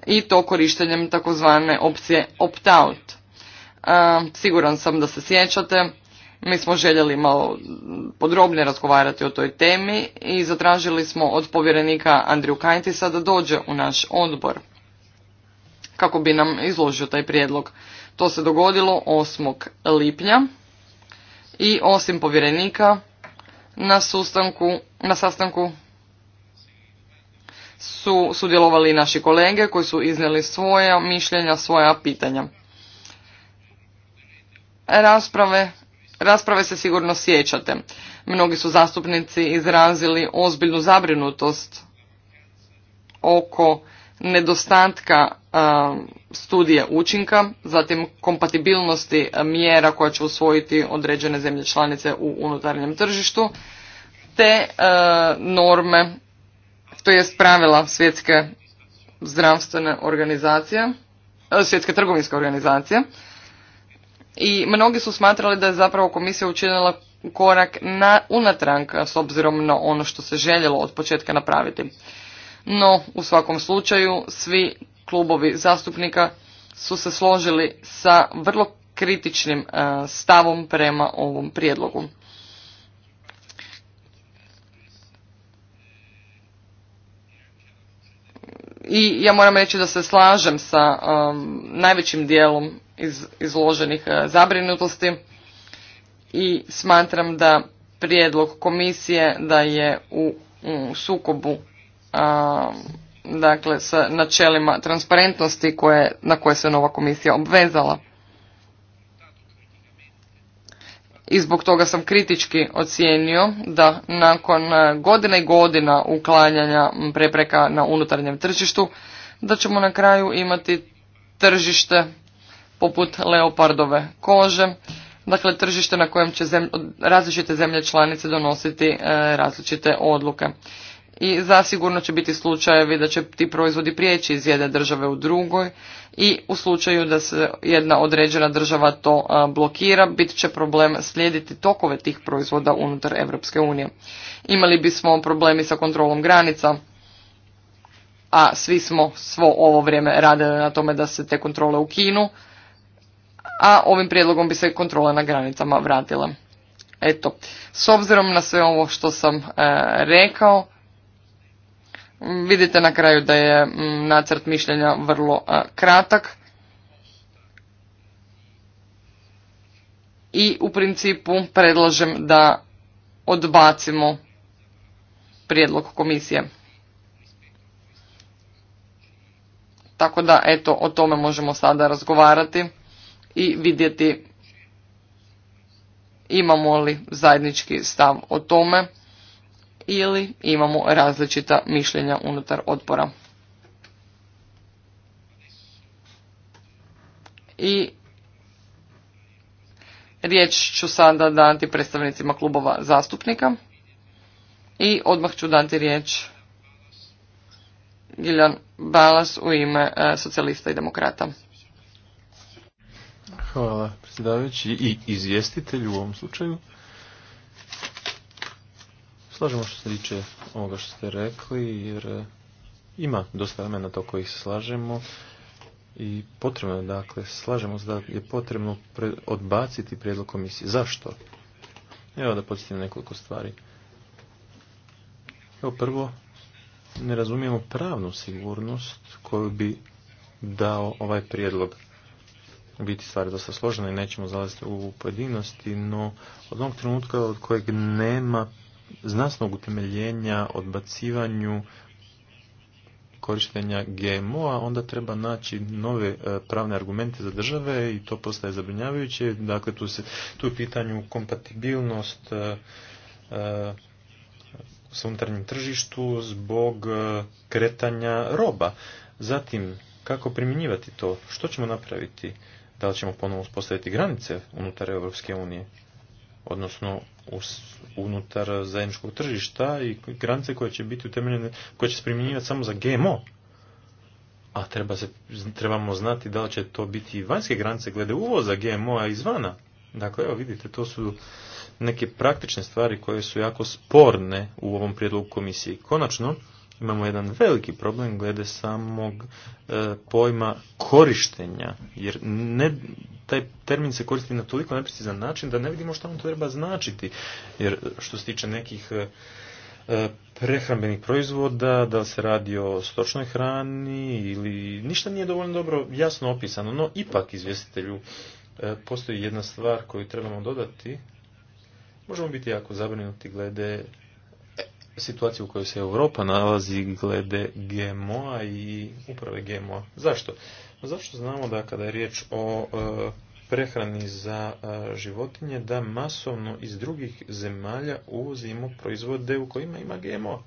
i to korištenjem takozvane opcije opt-out. E, siguran sam da se sjećate, mi smo željeli malo podrobnije razgovarati o toj temi i zatražili smo od povjerenika Andriju Kajtisa da dođe u naš odbor kako bi nam izložio taj prijedlog. To se dogodilo 8. lipnja i osim povjerenika na, na sastanku su sudjelovali naši kolege koji su iznijeli svoja mišljenja, svoja pitanja. Rasprave, rasprave se sigurno sjećate. Mnogi su zastupnici izrazili ozbiljnu zabrinutost oko nedostatka studije učinka, zatim kompatibilnosti mjera koja će usvojiti određene zemlje članice u unutarnjem tržištu, te norme, to jest pravila svjetske zdravstvene organizacije, svjetske trgovinske organizacije. I mnogi su smatrali da je zapravo komisija učinila korak na unatrank s obzirom na ono što se željelo od početka napraviti. No, u svakom slučaju, svi klubovi zastupnika su se složili sa vrlo kritičnim e, stavom prema ovom prijedlogu. I ja moram reći da se slažem sa e, najvećim dijelom iz, izloženih e, zabrinutosti i smatram da prijedlog komisije da je u sukobu dakle s načelima transparentnosti koje, na koje se nova komisija obvezala. I zbog toga sam kritički ocijenio da nakon e, godine i godina uklanjanja prepreka na unutarnjem tržištu, da ćemo na kraju imati tržište poput leopardove kože, dakle tržište na kojem će zemlje, različite zemlje članice donositi e, različite odluke i zasigurno će biti slučajevi da će ti proizvodi prijeći iz jedne države u drugoj i u slučaju da se jedna određena država to blokira, bit će problem slijediti tokove tih proizvoda unutar Europske unije. Imali bismo problemi sa kontrolom granica, a svi smo svo ovo vrijeme radili na tome da se te kontrole ukinu, a ovim prijedlogom bi se kontrole na granicama vratile. Eto, s obzirom na sve ovo što sam e, rekao, Vidite na kraju da je mm, nacrt mišljenja vrlo kratak i u principu predlažem da odbacimo prijedlog komisije. Tako da, eto, o tome možemo sada razgovarati i vidjeti imamo li zajednički stav o tome ili imamo različita mišljenja unutar odbora. I riječ ću sada dati predstavnicima klubova zastupnika i odmah ću dati riječ Giljan Balas u ime e, socijalista i demokrata. Hvala predsjedavajući i izvjestitelju u ovom slučaju slažemo što se tiče ovoga što ste rekli, jer e, ima dosta elemenata o kojih se slažemo i potrebno je, dakle, slažemo se da je potrebno odbaciti prijedlog komisije. Zašto? Evo da podsjetim nekoliko stvari. Evo prvo, ne razumijemo pravnu sigurnost koju bi dao ovaj prijedlog. Biti stvari dosta složene i nećemo zalaziti u pojedinosti, no od onog trenutka od kojeg nema znanstvenog utemeljenja odbacivanju korištenja GMO-a, onda treba naći nove e, pravne argumente za države i to postaje zabrinjavajuće. Dakle, tu, se, tu je pitanju kompatibilnost e, e, sa unutarnjim tržištu zbog kretanja roba. Zatim, kako primjenjivati to? Što ćemo napraviti? Da li ćemo ponovno uspostaviti granice unutar Europske unije? Odnosno, unutar zajedničkog tržišta i granice koje će biti utemeljene, koje će se primjenjivati samo za GMO. A treba se, trebamo znati da li će to biti vanjske granice glede uvoza GMO-a izvana. Dakle, evo vidite, to su neke praktične stvari koje su jako sporne u ovom prijedlogu komisije. Konačno, imamo jedan veliki problem glede samog e, pojma korištenja, jer ne, taj termin se koristi na toliko neprecizan način da ne vidimo što on treba značiti. Jer e, što se tiče nekih e, e, prehrambenih proizvoda, da li se radi o stočnoj hrani ili ništa nije dovoljno dobro jasno opisano, no ipak izvjestitelju postoji jedna stvar koju trebamo dodati. Možemo biti jako zabrinuti glede situacije u kojoj se Europa nalazi glede GMO-a i uprave GMO-a. Zašto? Pa Zašto znamo da kada je riječ o e, prehrani za e, životinje, da masovno iz drugih zemalja uvozimo proizvode u kojima ima GMO?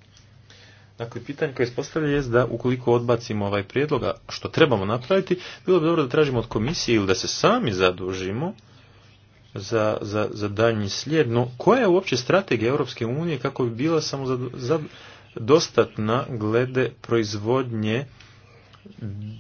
Dakle, pitanje koje ispostavlja je da ukoliko odbacimo ovaj prijedlog, što trebamo napraviti, bilo bi dobro da tražimo od komisije ili da se sami zadužimo za, za, za daljnji slijed. No, koja je uopće strategija Europske unije kako bi bila samo za, za dostatna glede proizvodnje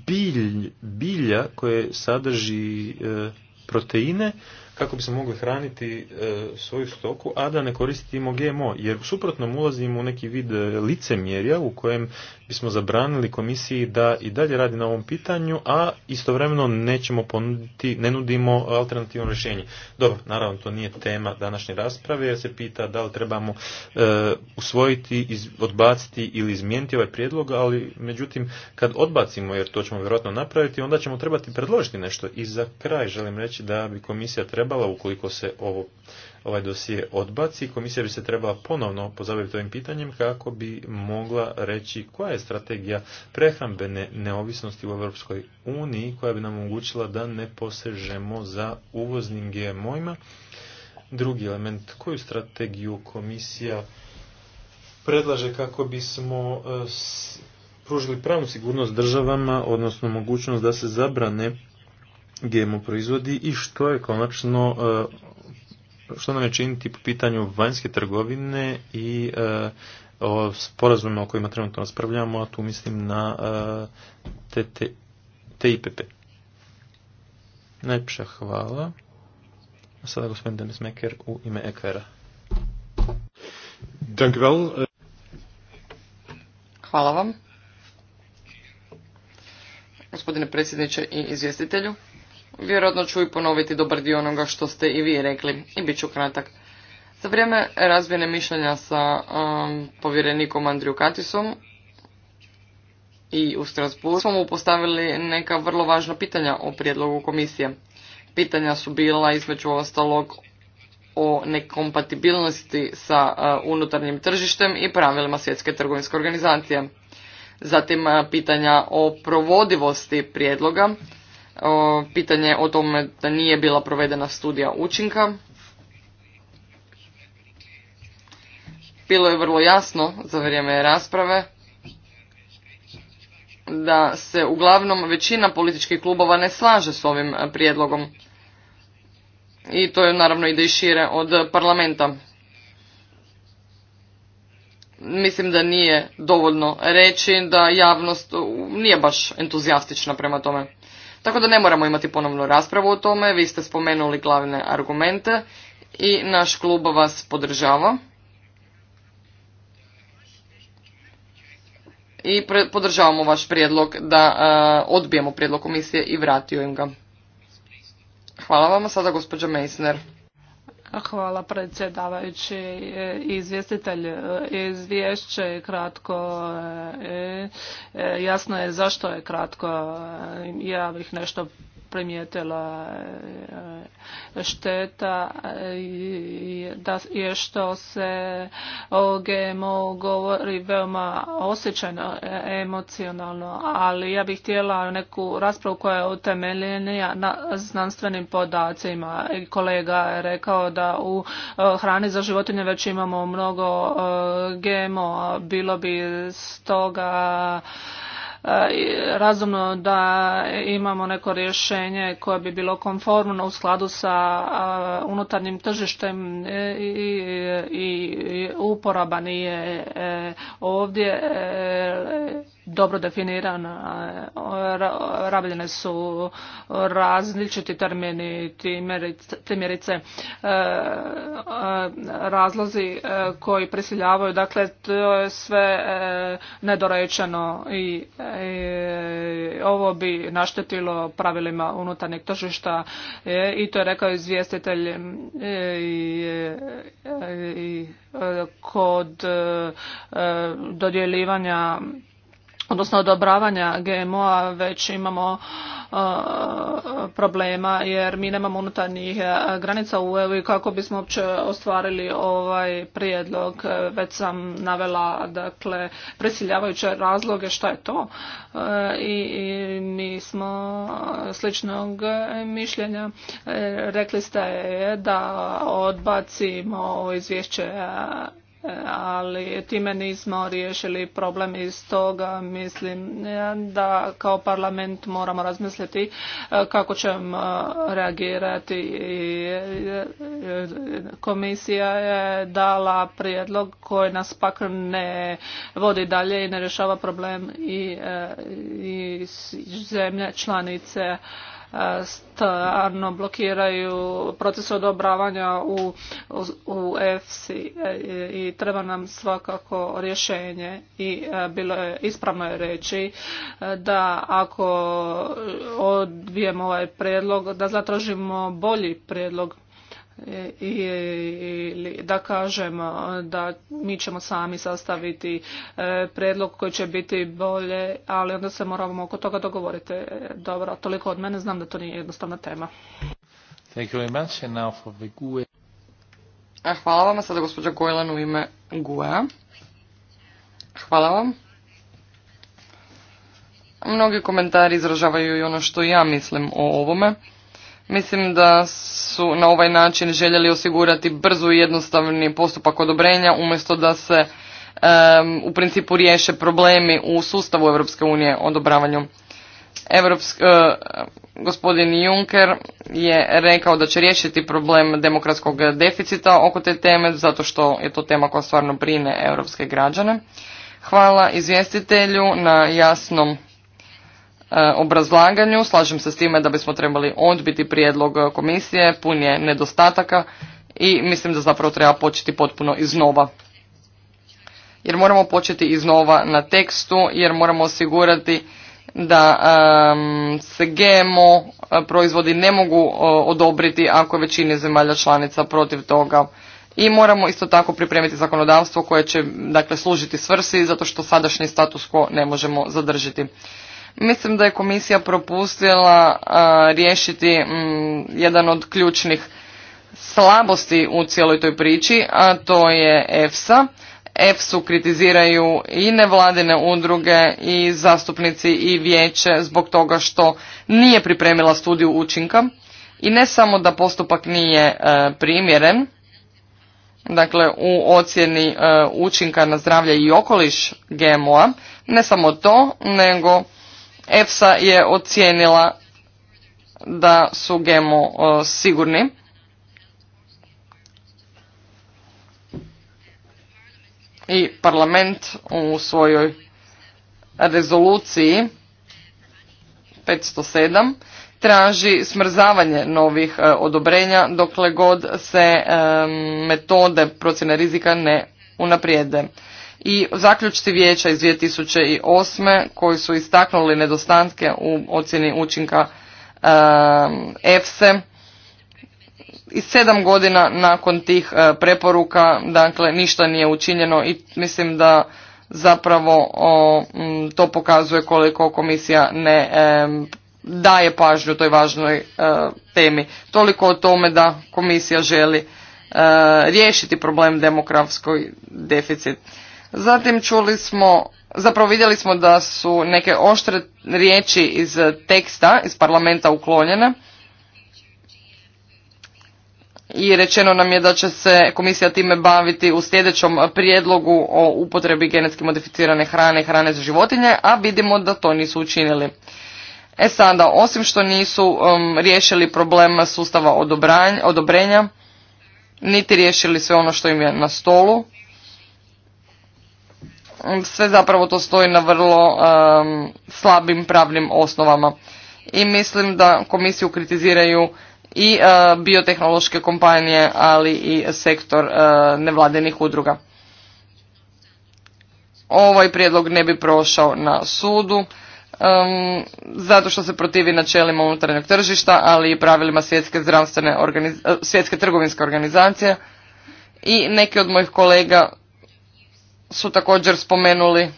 bilj, bilja koje sadrži e, proteine kako se mogli hraniti e, svoju stoku, a da ne koristimo GMO, jer suprotno ulazimo u neki vid e, licemjerja u kojem bismo zabranili komisiji da i dalje radi na ovom pitanju, a istovremeno nećemo ponuditi, ne nudimo alternativno rješenje. Dobro, naravno to nije tema današnje rasprave jer se pita da li trebamo e, usvojiti, odbaciti ili izmijeniti ovaj prijedlog, ali međutim kad odbacimo, jer to ćemo vjerojatno napraviti, onda ćemo trebati predložiti nešto. I za kraj želim reći da bi komisija trebala trebala, ukoliko se ovo, ovaj dosije odbaci, komisija bi se trebala ponovno pozabaviti ovim pitanjem kako bi mogla reći koja je strategija prehrambene neovisnosti u Europskoj uniji koja bi nam omogućila da ne posežemo za uvoznim GMO-ima. Drugi element, koju strategiju komisija predlaže kako bismo e, pružili pravnu sigurnost državama, odnosno mogućnost da se zabrane GMO proizvodi i što je konačno, e, što nam je činiti po pitanju vanjske trgovine i e, o sporazumima o kojima trenutno raspravljamo, a tu mislim na e, TIPP. Najpša hvala. A sada gospodin Denis Meker u ime ekr Hvala vam. Gospodine predsjedniče i izvjestitelju. Vjerojatno ću i ponoviti dobar dio onoga što ste i vi rekli i bit ću kratak. Za vrijeme razmjene mišljenja sa um, povjerenikom Andriju Katisom i u strasbourgu smo mu postavili neka vrlo važna pitanja o prijedlogu komisije. Pitanja su bila između ostalog o nekompatibilnosti sa uh, unutarnjim tržištem i pravilima svjetske trgovinske organizacije. Zatim uh, pitanja o provodivosti prijedloga pitanje o tome da nije bila provedena studija učinka. Bilo je vrlo jasno za vrijeme rasprave da se uglavnom većina političkih klubova ne slaže s ovim prijedlogom. I to je naravno ide i šire od parlamenta. Mislim da nije dovoljno reći da javnost nije baš entuzijastična prema tome. Tako da ne moramo imati ponovnu raspravu o tome, vi ste spomenuli glavne argumente i naš klub vas podržava. I podržavamo vaš prijedlog da e, odbijemo prijedlog komisije i vratio im ga. Hvala vama sada gospođa Meissner. Hvala predsjedavajući e, izvjestitelj. E, izvješće je kratko, e, jasno je zašto je kratko. Ja bih nešto primijetila e, e, šteta e, je što se o GMO govori veoma osjećajno, emocionalno, ali ja bih htjela neku raspravu koja je utemeljenija na znanstvenim podacima. Kolega je rekao da u hrani za životinje već imamo mnogo GMO, bilo bi stoga razumno da imamo neko rješenje koje bi bilo konformno u skladu sa unutarnjim tržištem e, i uporaba nije e, ovdje e, dobro definirana. Rabljene su različiti termini, timjerice e, e, razlozi e, koji prisiljavaju. Dakle, to je sve nedorečeno i ovo bi naštetilo pravilima unutarnjeg tržišta i to je rekao izvjestitelj kod dodjeljivanja odnosno odobravanja GMO-a već imamo e, problema jer mi nemamo unutarnjih e, granica u EU i kako bismo uopće ostvarili ovaj prijedlog. E, već sam navela dakle presiljavajuće razloge šta je to i, mi smo sličnog mišljenja. Rekli ste da odbacimo izvješće ali time nismo riješili problem i stoga mislim da kao parlament moramo razmisliti e, kako ćemo e, reagirati e, komisija je dala prijedlog koji nas pak ne vodi dalje i ne rješava problem i, i zemlje članice stvarno blokiraju proces odobravanja u, u, EFSI i treba nam svakako rješenje i e, bilo je ispravno je reći e, da ako odbijemo ovaj prijedlog da zatražimo bolji prijedlog i da kažem da mi ćemo sami sastaviti e, predlog koji će biti bolje, ali onda se moramo oko toga dogovoriti. E, dobro, toliko od mene znam da to nije jednostavna tema. Thank you very now the e. Hvala vam, sada gospođa Gojlan u ime GUE. Hvala vam. Mnogi komentari izražavaju i ono što ja mislim o ovome. Mislim da su na ovaj način željeli osigurati brzu i jednostavni postupak odobrenja umjesto da se u principu riješe problemi u sustavu Europske unije odobravanju. Evropsk, e, gospodin Juncker je rekao da će riješiti problem demokratskog deficita oko te teme zato što je to tema koja stvarno brine europske građane. Hvala izvjestitelju na jasnom E, obrazlaganju. Slažem se s time da bismo trebali odbiti prijedlog e, komisije, pun je nedostataka i mislim da zapravo treba početi potpuno iznova. Jer moramo početi iznova na tekstu, jer moramo osigurati da se GMO e, proizvodi ne mogu odobriti ako je većina zemalja članica protiv toga. I moramo isto tako pripremiti zakonodavstvo koje će dakle, služiti svrsi zato što sadašnji status quo ne možemo zadržiti. Mislim da je komisija propustila riješiti mm, jedan od ključnih slabosti u cijeloj toj priči, a to je EFSA. EFSU kritiziraju i nevladine udruge i zastupnici i vijeće zbog toga što nije pripremila studiju učinka. I ne samo da postupak nije e, primjeren, dakle u ocjeni e, učinka na zdravlje i okoliš GMO-a, ne samo to, nego EFSA je ocijenila da su GMO e, sigurni. I parlament u svojoj rezoluciji 507 traži smrzavanje novih e, odobrenja dokle god se e, metode procjene rizika ne unaprijede i zaključci vijeća iz 2008. koji su istaknuli nedostatke u ocjeni učinka EFSE i sedam godina nakon tih e, preporuka dakle ništa nije učinjeno i mislim da zapravo to pokazuje koliko komisija ne daje pažnju toj važnoj e, temi. Toliko o tome da komisija želi e, riješiti problem demografskoj deficit. Zatim čuli smo, zapravo vidjeli smo da su neke oštre riječi iz teksta iz parlamenta uklonjene i rečeno nam je da će se komisija time baviti u sljedećom prijedlogu o upotrebi genetski modificirane hrane i hrane za životinje, a vidimo da to nisu učinili. E sada, osim što nisu um, riješili problem sustava odobrenja, niti riješili sve ono što im je na stolu, sve zapravo to stoji na vrlo slabim pravnim osnovama. I mislim da komisiju kritiziraju i e, biotehnološke kompanije, ali i sektor uh, nevladinih udruga. Ovaj prijedlog ne bi prošao na sudu, zato što se protivi načelima unutarnjeg tržišta, ali i pravilima svjetske, e, svjetske trgovinske organizacije. I neki od mojih kolega su također spomenuli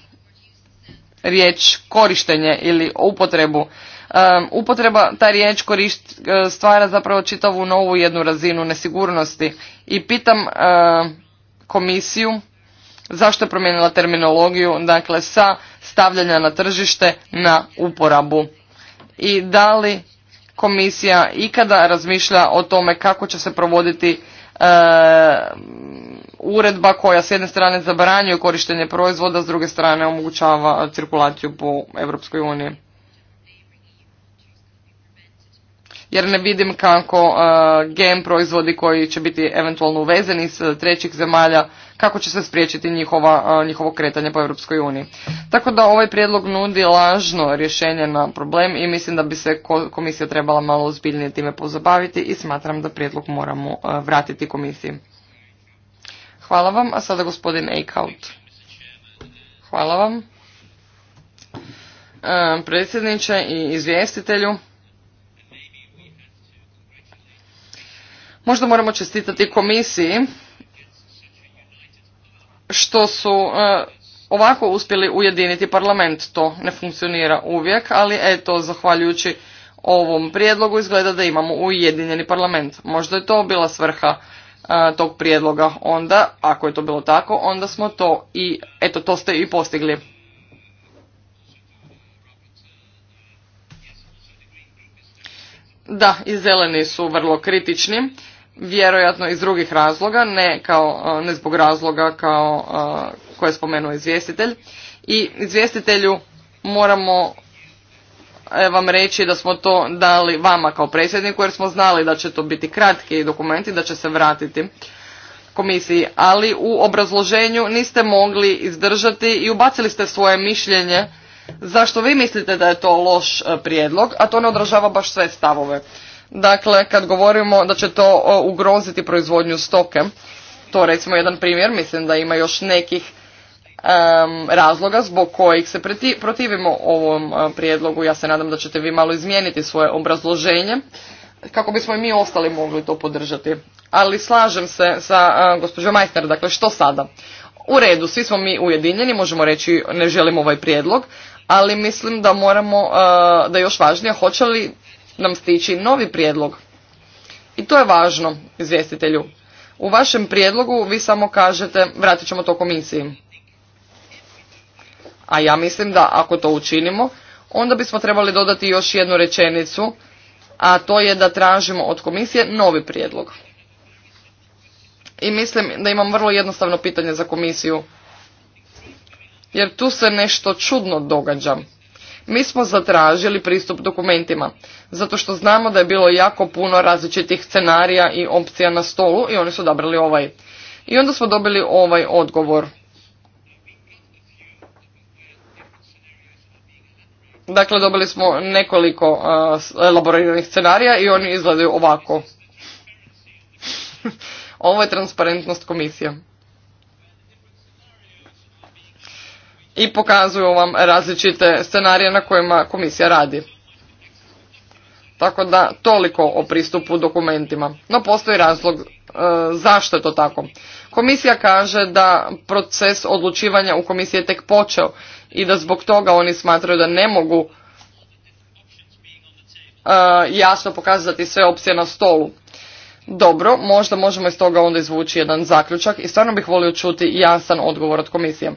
riječ korištenje ili upotrebu. E, upotreba, ta riječ e, stvara zapravo čitavu novu jednu razinu nesigurnosti. I pitam e, komisiju zašto je promijenila terminologiju, dakle sa stavljanja na tržište na uporabu. I da li komisija ikada razmišlja o tome kako će se provoditi uredba koja s jedne strane zabranjuje korištenje proizvoda, s druge strane omogućava cirkulaciju po Europskoj uniji. Jer ne vidim kako uh, gen proizvodi koji će biti eventualno uvezeni iz uh, trećih zemalja, kako će se spriječiti uh, njihovo kretanje po Europskoj uniji. Tako da ovaj prijedlog nudi lažno rješenje na problem i mislim da bi se komisija trebala malo ozbiljnije time pozabaviti i smatram da prijedlog moramo vratiti komisiji. Hvala vam, a sada gospodin Eichhout. Hvala vam. E, predsjedniče i izvjestitelju. Možda moramo čestitati komisiji što su e, ovako uspjeli ujediniti parlament. To ne funkcionira uvijek, ali eto, zahvaljujući ovom prijedlogu izgleda da imamo ujedinjeni parlament. Možda je to bila svrha tog prijedloga onda, ako je to bilo tako, onda smo to i, eto, to ste i postigli. Da, i zeleni su vrlo kritični, vjerojatno iz drugih razloga, ne, kao, ne zbog razloga kao koje je spomenuo izvjestitelj. I izvjestitelju moramo E, vam reći da smo to dali vama kao predsjedniku jer smo znali da će to biti kratki dokumenti, da će se vratiti komisiji, ali u obrazloženju niste mogli izdržati i ubacili ste svoje mišljenje zašto vi mislite da je to loš e, prijedlog, a to ne odražava baš sve stavove. Dakle, kad govorimo da će to e, ugroziti proizvodnju stoke, to recimo jedan primjer, mislim da ima još nekih razloga zbog kojih se protivimo ovom prijedlogu. Ja se nadam da ćete vi malo izmijeniti svoje obrazloženje kako bismo i mi ostali mogli to podržati. Ali slažem se sa gospođom Majsner, dakle što sada? U redu, svi smo mi ujedinjeni, možemo reći ne želimo ovaj prijedlog, ali mislim da moramo, e, da je još važnije, hoće li nam stići novi prijedlog. I to je važno, izvjestitelju. U vašem prijedlogu vi samo kažete, vratit ćemo to komisiji a ja mislim da ako to učinimo, onda bismo trebali dodati još jednu rečenicu, a to je da tražimo od komisije novi prijedlog. I mislim da imam vrlo jednostavno pitanje za komisiju, jer tu se nešto čudno događa. Mi smo zatražili pristup dokumentima, zato što znamo da je bilo jako puno različitih scenarija i opcija na stolu i oni su odabrali ovaj. I onda smo dobili ovaj odgovor Dakle, dobili smo nekoliko elaboriranih scenarija i oni izgledaju ovako. Ovo je transparentnost komisije. I pokazuju vam različite scenarije na kojima komisija radi. Tako da toliko o pristupu dokumentima. No postoji razlog e, zašto je to tako. Komisija kaže da proces odlučivanja u komisiji je tek počeo i da zbog toga oni smatraju da ne mogu uh, jasno pokazati sve opcije na stolu. Dobro, možda možemo iz toga onda izvući jedan zaključak i stvarno bih volio čuti jasan odgovor od komisije.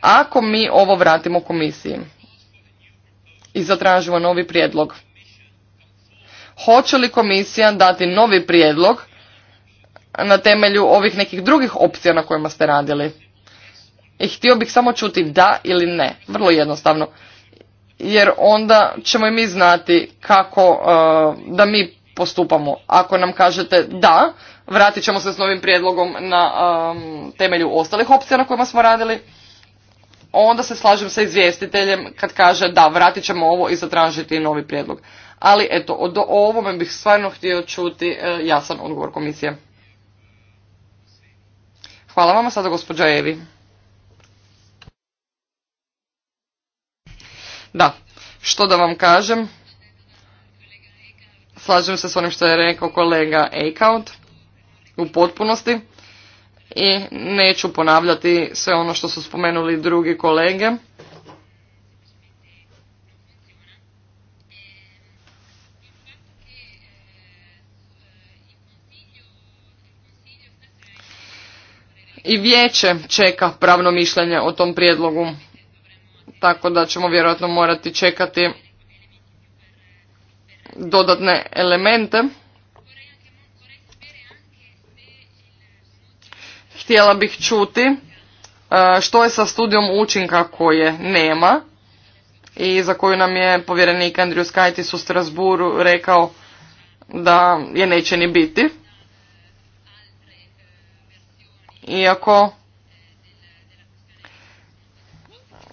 Ako mi ovo vratimo komisiji i zatražimo novi prijedlog, hoće li komisija dati novi prijedlog na temelju ovih nekih drugih opcija na kojima ste radili? I e, htio bih samo čuti da ili ne, vrlo jednostavno. Jer onda ćemo i mi znati kako e, da mi postupamo. Ako nam kažete da, vratit ćemo se s novim prijedlogom na e, temelju ostalih opcija na kojima smo radili. Onda se slažem sa izvjestiteljem kad kaže da, vratit ćemo ovo i zatražiti novi prijedlog. Ali eto, o, ovome bih stvarno htio čuti jasan odgovor komisije. Hvala vam, sada gospođa Evi. Da, što da vam kažem? Slažem se s onim što je rekao kolega Eikaut u potpunosti i neću ponavljati sve ono što su spomenuli drugi kolege. I vijeće čeka pravno mišljenje o tom prijedlogu tako da ćemo vjerojatno morati čekati dodatne elemente. Htjela bih čuti e, što je sa studijom učinka koje nema i za koju nam je povjerenik Andrew Skytis u Strasburu rekao da je neće ni biti. Iako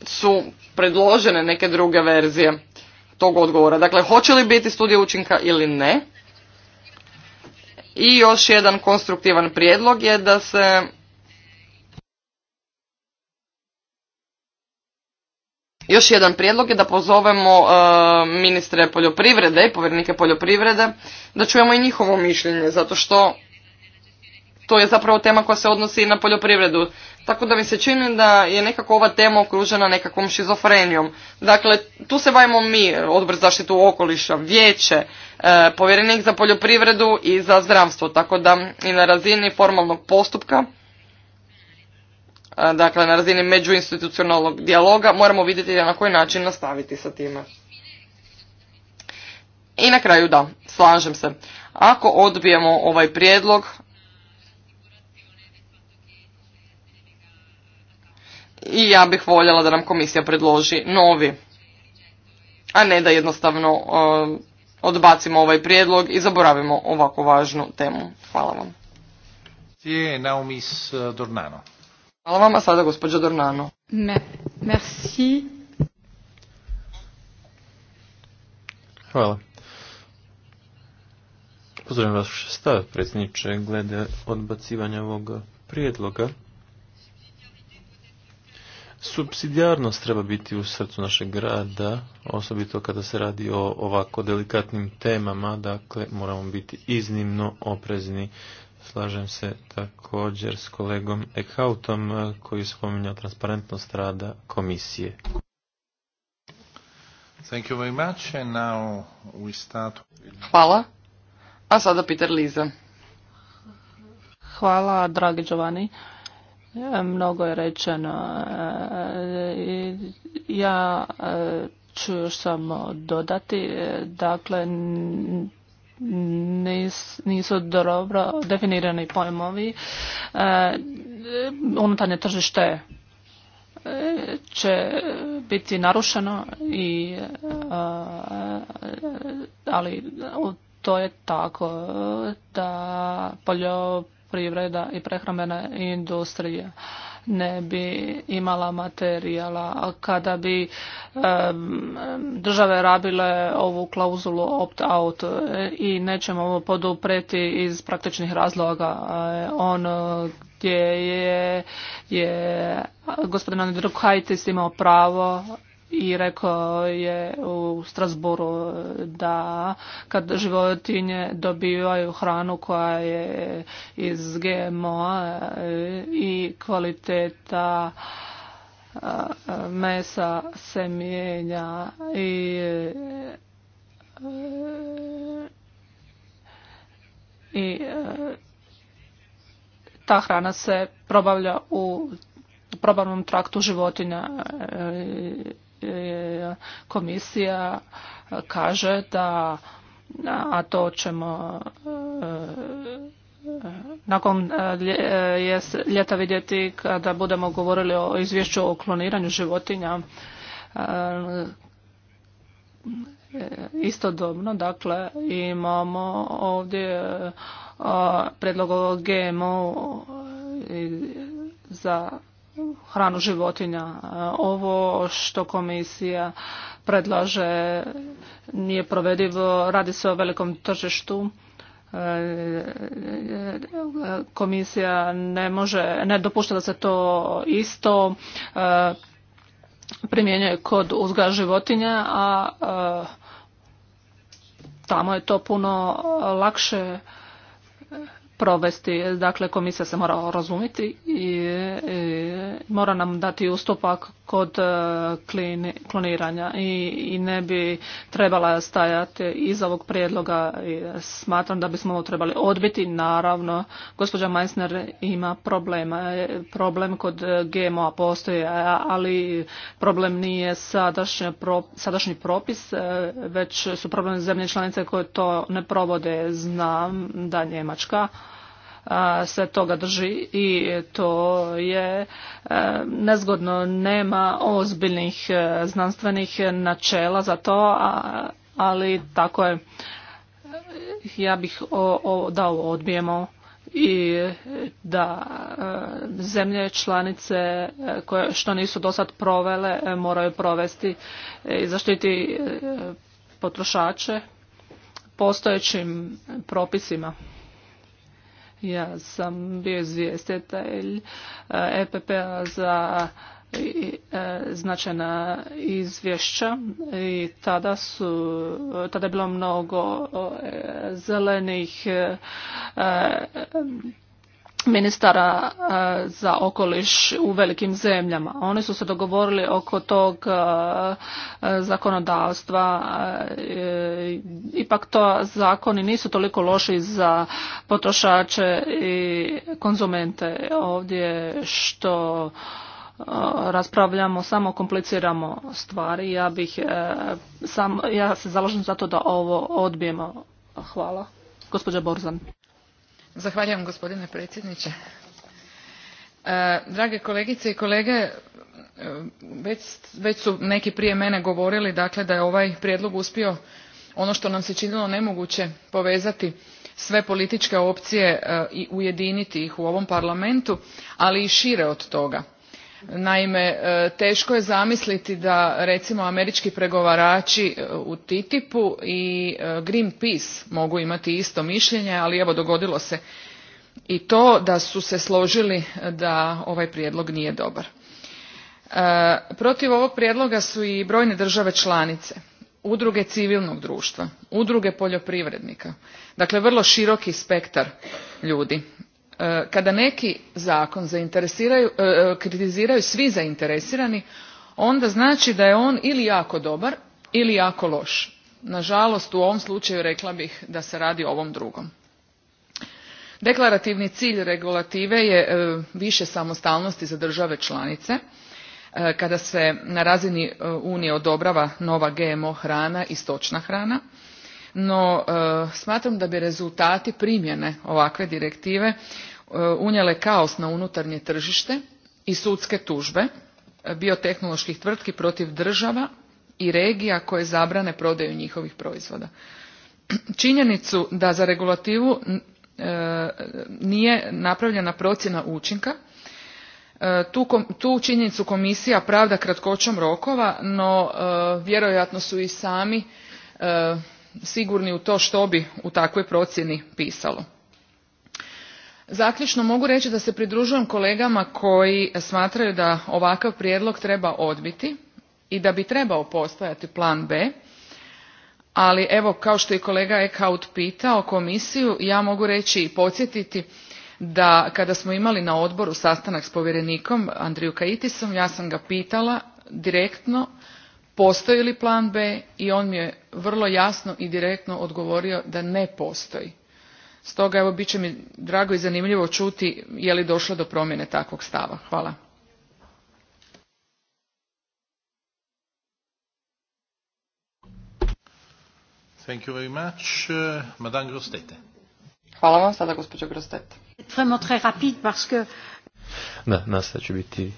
su predložene neke druge verzije tog odgovora. Dakle, hoće li biti studija učinka ili ne? I još jedan konstruktivan prijedlog je da se Još jedan prijedlog je da pozovemo e, ministre poljoprivrede i povjernike poljoprivrede da čujemo i njihovo mišljenje, zato što to je zapravo tema koja se odnosi i na poljoprivredu. Tako da mi se čini da je nekako ova tema okružena nekakvom šizofrenijom. Dakle, tu se bavimo mi, odbor zaštitu okoliša, vijeće, e, povjerenik za poljoprivredu i za zdravstvo. Tako da i na razini formalnog postupka, e, dakle na razini međuinstitucionalnog dijaloga, moramo vidjeti na koji način nastaviti sa time. I na kraju da, slažem se. Ako odbijemo ovaj prijedlog, i ja bih voljela da nam komisija predloži novi, a ne da jednostavno e, odbacimo ovaj prijedlog i zaboravimo ovako važnu temu. Hvala vam. Naumis e, Hvala vam, a sada gospođa Dornano. Merci. Hvala. Pozdravim vaš predsjedniče, glede odbacivanja ovog prijedloga. Subsidijarnost treba biti u srcu našeg grada, osobito kada se radi o ovako delikatnim temama, dakle moramo biti iznimno oprezni. Slažem se također s kolegom Ekhautom koji spominja transparentnost rada komisije. Thank you very much and now we start... Hvala. A sada Peter Liza. Hvala, dragi Giovanni. Mnogo je rečeno. E, ja e, ću još samo dodati. E, dakle, nisu dobro definirani pojmovi. Unutarnje tržište će biti narušeno i ali to je tako da vreda i prehrambena industrija ne bi imala materijala. A kada bi države rabile ovu klauzulu opt-out e, i nećemo podupreti iz praktičnih razloga. E, on gdje je, je gospodin Andrew imao pravo i rekao je u Strasboru da kad životinje dobivaju hranu koja je iz gmo e, i kvaliteta mesa se mijenja i e, i e, ta hrana se probavlja u probavnom traktu životinja komisija kaže da, a to ćemo e, nakon e, e, ljeta vidjeti kada budemo govorili o izvješću o kloniranju životinja istodobno dakle imamo ovdje predlog GMO za hranu životinja. E, ovo što komisija predlaže nije provedivo, radi se o velikom tržištu. E, komisija ne može, ne dopušta da se to isto e, primjenjuje kod uzgaja životinja, a tamo je to puno lakše provesti. Dakle, komisija se mora razumjeti i, mora nam dati ustupak kod e, kloniranja i, i ne bi trebala stajati iz ovog prijedloga. I smatram da bismo ovo trebali odbiti. Naravno, gospođa Meissner ima problema. E, problem kod e, GMO-a postoji, ali problem nije sadašnji, sadašnji propis, već su problem zemlje članice koje to ne provode. Znam da Njemačka se toga drži i to je e, nezgodno. Nema ozbiljnih e, znanstvenih načela za to, ali tako je. Ja bih da ovo odbijemo i da e, zemlje članice koje što nisu do sad provele moraju provesti i zaštiti potrošače postojećim propisima. Ja sam bio izvjestitelj EPP-a e za e, značajna izvješća i tada su tada je bilo mnogo e, zelenih ministara eh, za okoliš u velikim zemljama. Oni su se dogovorili oko tog eh, zakonodavstva. Eh, ipak to zakoni nisu toliko loši za potrošače i konzumente. Ovdje što raspravljamo, samo kompliciramo stvari. Ja, bih, sam, ja se zalažem za to da ovo odbijemo. Hvala. Gospođa Borzan. Zahvaljujem gospodine predsjedniče. E, drage kolegice i kolege, e, već, su neki prije mene govorili dakle da je ovaj prijedlog uspio ono što nam se činilo nemoguće povezati sve političke opcije e, i ujediniti ih u ovom parlamentu, ali i šire od toga naime e, teško je zamisliti da recimo američki pregovarači e, u TTIP-u i e, Greenpeace mogu imati isto mišljenje ali evo dogodilo se i to da su se složili da ovaj prijedlog nije dobar. protiv ovog prijedloga su i brojne države članice, udruge civilnog društva, udruge poljoprivrednika, dakle vrlo široki spektar ljudi. Eh, kada neki zakon eh, eh, kritiziraju svi zainteresirani onda znači da je on ili jako dobar ili jako loš. nažalost u ovom slučaju rekla bih da se radi o ovom drugom. deklarativni cilj regulative je više samostalnosti za države članice kada se na razini unije odobrava nova gmo hrana i stočna hrana no e, smatram da bi rezultati primjene ovakve direktive e, unijele kaos na unutarnje tržište i sudske tužbe e, biotehnoloških tvrtki protiv država i regija koje zabrane prodaju njihovih proizvoda. Činjenicu da za regulativu nije napravljena procjena učinka tu, činjenicu komisija pravda kratkoćom rokova no vjerojatno su i sami sigurni u to što bi u takvoj procjeni pisalo. Zaključno mogu reći da se pridružujem kolegama koji smatraju da ovakav prijedlog treba odbiti i da bi trebao postojati plan B, ali evo kao što je kolega Eckhout pitao komisiju, ja mogu reći i podsjetiti da kada smo imali na odboru sastanak s povjerenikom Andriju Kajitisom, ja sam ga pitala direktno postoji li plan b i on mi je vrlo jasno i direktno odgovorio da ne postoji. stoga evo bit će mi drago i zanimljivo čuti je li došlo do promjene takvog stava. hvala. Thank you uh, Hvala vam sada, gospođo Grostete. Da, nastavit ću biti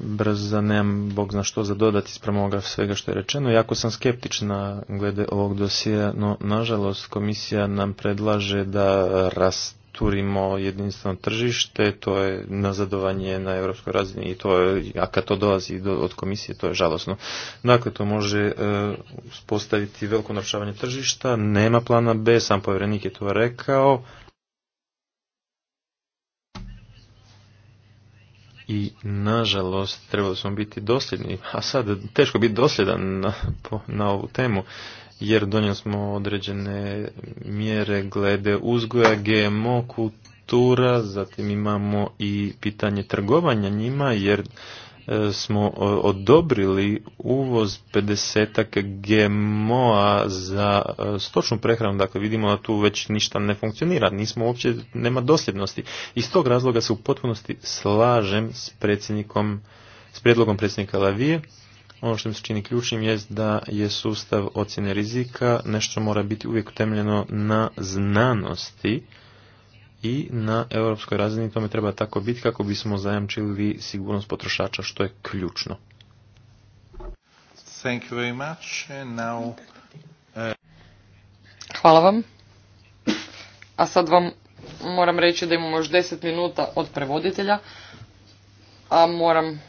brza, nemam bog zna što za dodati sprem ovoga svega što je rečeno. Jako sam skeptična glede ovog dosija, no nažalost komisija nam predlaže da rasturimo jedinstveno tržište, to je nazadovanje na europskoj razini i to je, a kad to dolazi od komisije, to je žalosno. Dakle, to može postaviti e, uspostaviti veliko narušavanje tržišta, nema plana B, sam povjerenik je to rekao, i nažalost trebali smo biti dosljedni, a sad teško biti dosljedan na, po, na ovu temu, jer donijeli smo određene mjere glede uzgoja GMO kultura, zatim imamo i pitanje trgovanja njima, jer E, smo e, odobrili uvoz 50 GMO-a za e, stočnu prehranu, dakle vidimo da tu već ništa ne funkcionira, nismo uopće, nema dosljednosti. Iz tog razloga se u potpunosti slažem s predsjednikom, s prijedlogom predsjednika Lavije. Ono što mi se čini ključnim je da je sustav ocjene rizika nešto mora biti uvijek utemljeno na znanosti i na europskoj razini tome treba tako biti kako bismo zajamčili sigurnost potrošača što je ključno. Thank you very much. now, uh, Hvala vam. A sad vam moram reći da imamo još 10 minuta od prevoditelja, a moram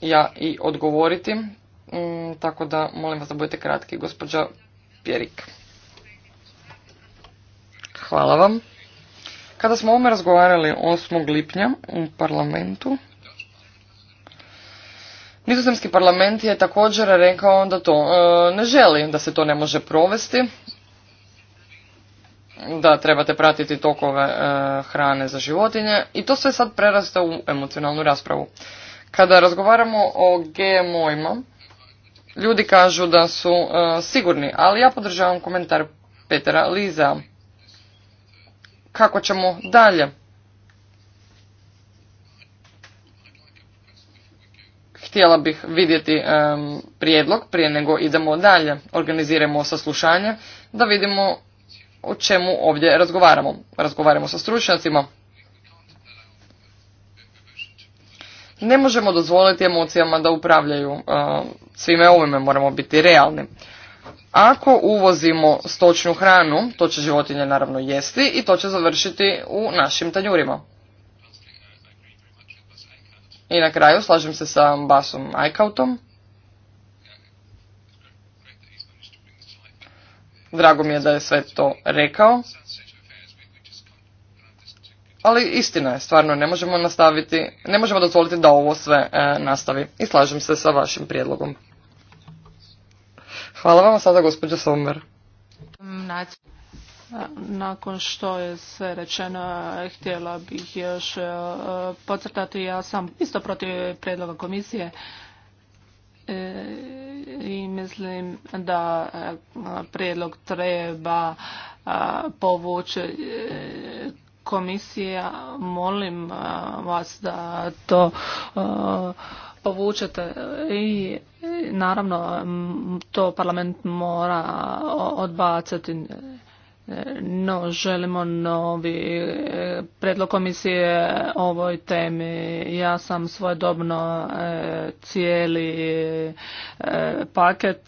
ja i odgovoriti, mm, tako da molim vas da budete kratki, gospođa Pjerik. Hvala vam. Kada smo ovome razgovarali 8. lipnja u parlamentu, Nizozemski parlament je također rekao da to e, ne želi, da se to ne može provesti, da trebate pratiti tokove e, hrane za životinje i to sve sad prerasta u emocionalnu raspravu. Kada razgovaramo o GMO-ima, ljudi kažu da su e, sigurni, ali ja podržavam komentar Petera Liza kako ćemo dalje. Htjela bih vidjeti prijedlog prije nego idemo dalje. Organiziramo saslušanje da vidimo o čemu ovdje razgovaramo. Razgovaramo sa stručnjacima. Ne možemo dozvoliti emocijama da upravljaju svime ovime, moramo biti realni. Ako uvozimo stočnu hranu, to će životinje naravno jesti i to će završiti u našim tanjurima. I na kraju slažem se sa Basom Eichautom. Drago mi je da je sve to rekao. Ali istina je, stvarno ne možemo nastaviti, ne možemo dozvoliti da ovo sve e, nastavi. I slažem se sa vašim prijedlogom. Hvala vam sada gospođa Sommer. Nakon što je sve rečeno, htjela bih još e, podcrtati, ja sam isto protiv predloga komisije e, i mislim da e, prijedlog treba povući komisija. Molim vas da to povučete i naravno to parlament mora odbacati e, no želimo novi e, predlog komisije ovoj temi. Ja sam svojedobno e, cijeli paket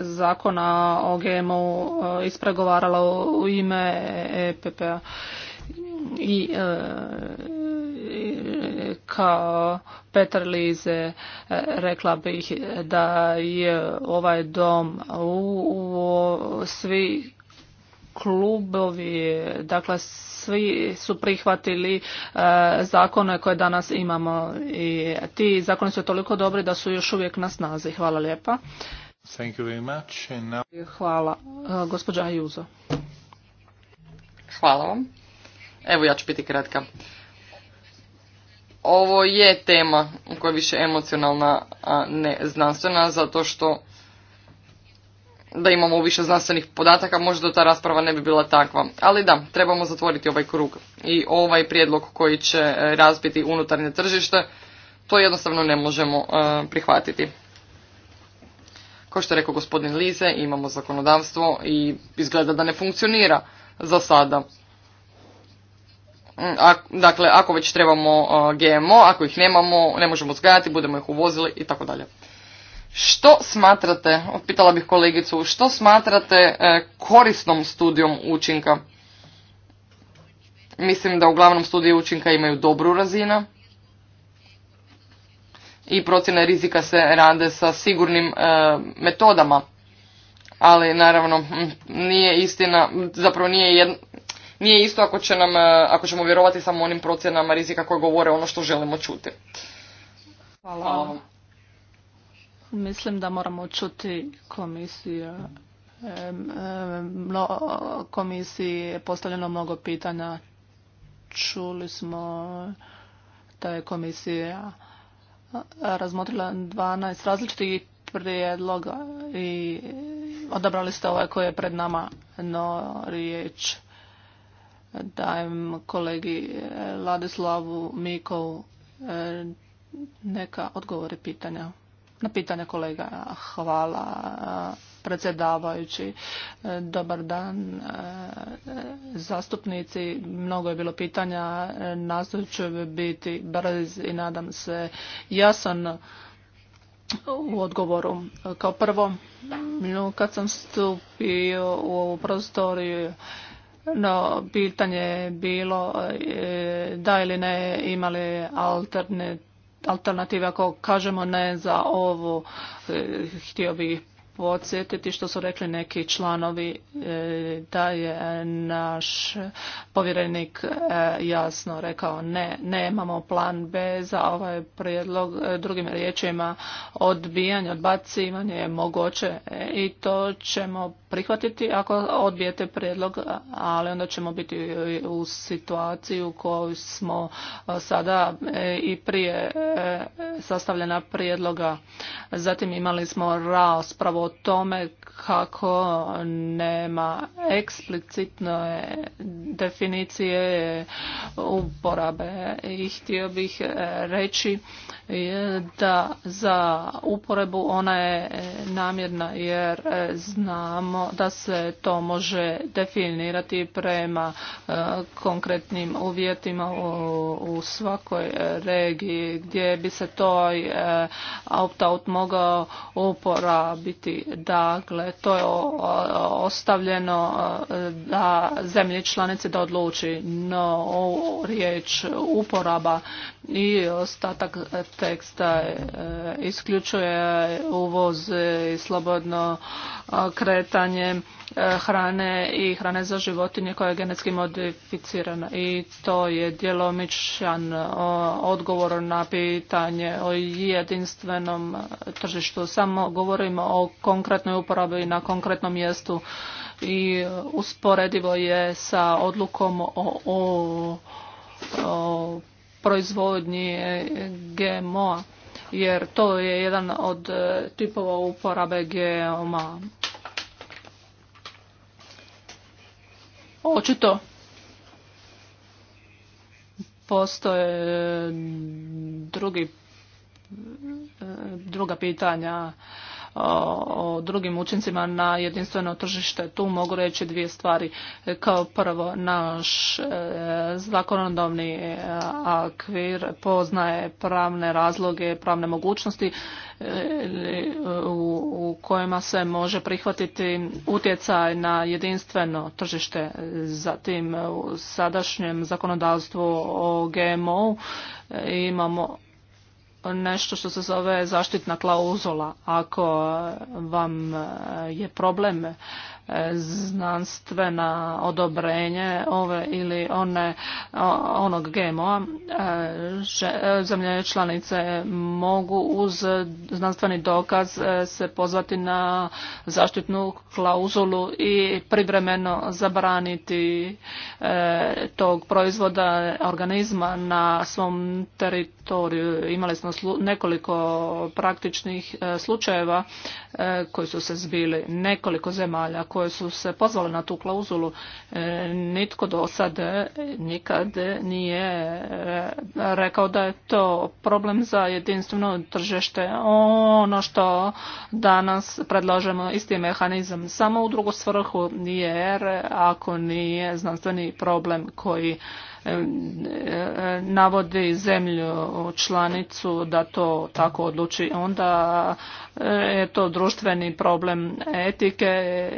zakona o GMO ispregovarala u ime EPP-a i kao Petar Lize e, rekla bih da je ovaj dom u, svi klubovi, dakle svi su prihvatili e, zakone koje danas imamo i ti zakoni su toliko dobri da su još uvijek na snazi. Hvala lijepa. Thank you very much. Hvala. E, gospođa Juzo. Hvala vam. Evo ja ću biti kratka. Ovo je tema koja je više emocionalna, a ne znanstvena, zato što da imamo više znanstvenih podataka, možda ta rasprava ne bi bila takva. Ali da, trebamo zatvoriti ovaj krug i ovaj prijedlog koji će e, razbiti unutarnje tržište, to jednostavno ne možemo e, prihvatiti. Kao što je rekao gospodin Lize, imamo zakonodavstvo i izgleda da ne funkcionira za sada. Mm, dakle ako već trebamo GMO, ako ih nemamo, ne možemo uzgajati, budemo ih uvozili i tako dalje. Što smatrate, pitala bih kolegicu, što smatrate e, korisnom studijom učinka? Mislim da uglavnom studije učinka imaju dobru razinu i procjene rizika se rade sa sigurnim e, metodama ali naravno mm, nije istina, zapravo nije jedna... Nije isto ako, će nam, e, ako ćemo vjerovati samo onim procjenama rizika koje govore ono što želimo čuti. Hvala. Mislim da moramo čuti komisiju. Komisiji je postavljeno mnogo pitanja. Čuli smo da je komisija razmotrila 12 različitih prijedloga i odabrali ste ovaj koji je pred nama, no riječ dajem kolegi e, Ladislavu Mikovu e, neka odgovore pitanja. Na pitanja kolega hvala predsjedavajući. E, dobar dan zastupnici. Mnogo je bilo pitanja. Nastavit ću biti brz i nadam se jasan u odgovoru. Kao prvo, kad sam stupio u ovu prostoriju no, pitanje je bilo e, da ili ne imali alternativa Ako kažemo ne za ovu, e, htio bih podsjetiti što su rekli neki članovi e, da je naš povjerenik e, jasno rekao ne, nemamo plan B za ovaj prijedlog. E, drugim riječima odbijanje, odbacivanje je moguće i to ćemo prihvatiti ako odbijete prijedlog, ali onda ćemo biti u situaciju koju smo sada i prije sastavljena prijedloga. Zatim imali smo raspravu o tome kako nema eksplicitne definicije uporabe i htio bih e, reći da za uporabu ona je e, namjerna jer e, znamo da se to može definirati prema konkretnim uvjetima u svakoj regiji gdje bi se to opt-out mogao uporabiti Dakle, to je ostavljeno e, da zemlje članice da odluči, no riječ uporaba i ostatak teksta e, isključuje uvoz i slobodno e, kretanje e, hrane i hrane za životinje koja je genetski modificirana i to je djelomičan odgovor na pitanje o jedinstvenom tržištu. Samo govorimo o konkretnoj uporabi na konkretnom mjestu i usporedivo je sa odlukom o, o proizvodnje GMO-a jer to je jedan od e, tipova uporabe GMO-a. Očito postoje e, drugi e, druga pitanja o drugim učincima na jedinstveno tržište. Tu mogu reći dvije stvari. Kao prvo, naš e, zakonodavni e, akvir poznaje pravne razloge, pravne mogućnosti e, u kojima se može prihvatiti utjecaj na jedinstveno tržište. Zatim u sadašnjem zakonodavstvu o GMO imamo nešto što se zove zaštitna klauzula. Ako vam e, je problem E, znanstvena odobrenje ove ili one onog GMO-a e, e, zemlje članice mogu uz znanstveni dokaz se pozvati na zaštitnu klauzulu i privremeno zabraniti tog proizvoda organizma na svom teritoriju. Imali smo nekoliko praktičnih slučajeva koji su se zbili nekoliko zemalja koje su se pozvale na tu klauzulu. E, nitko do sad e, nikad nije e, rekao da je to problem za jedinstveno tržište. Ono što danas predlažemo isti mehanizam samo u drugu svrhu jer ako nije znanstveni problem koji navodi zemlju članicu da to tako odluči onda je to društveni problem etike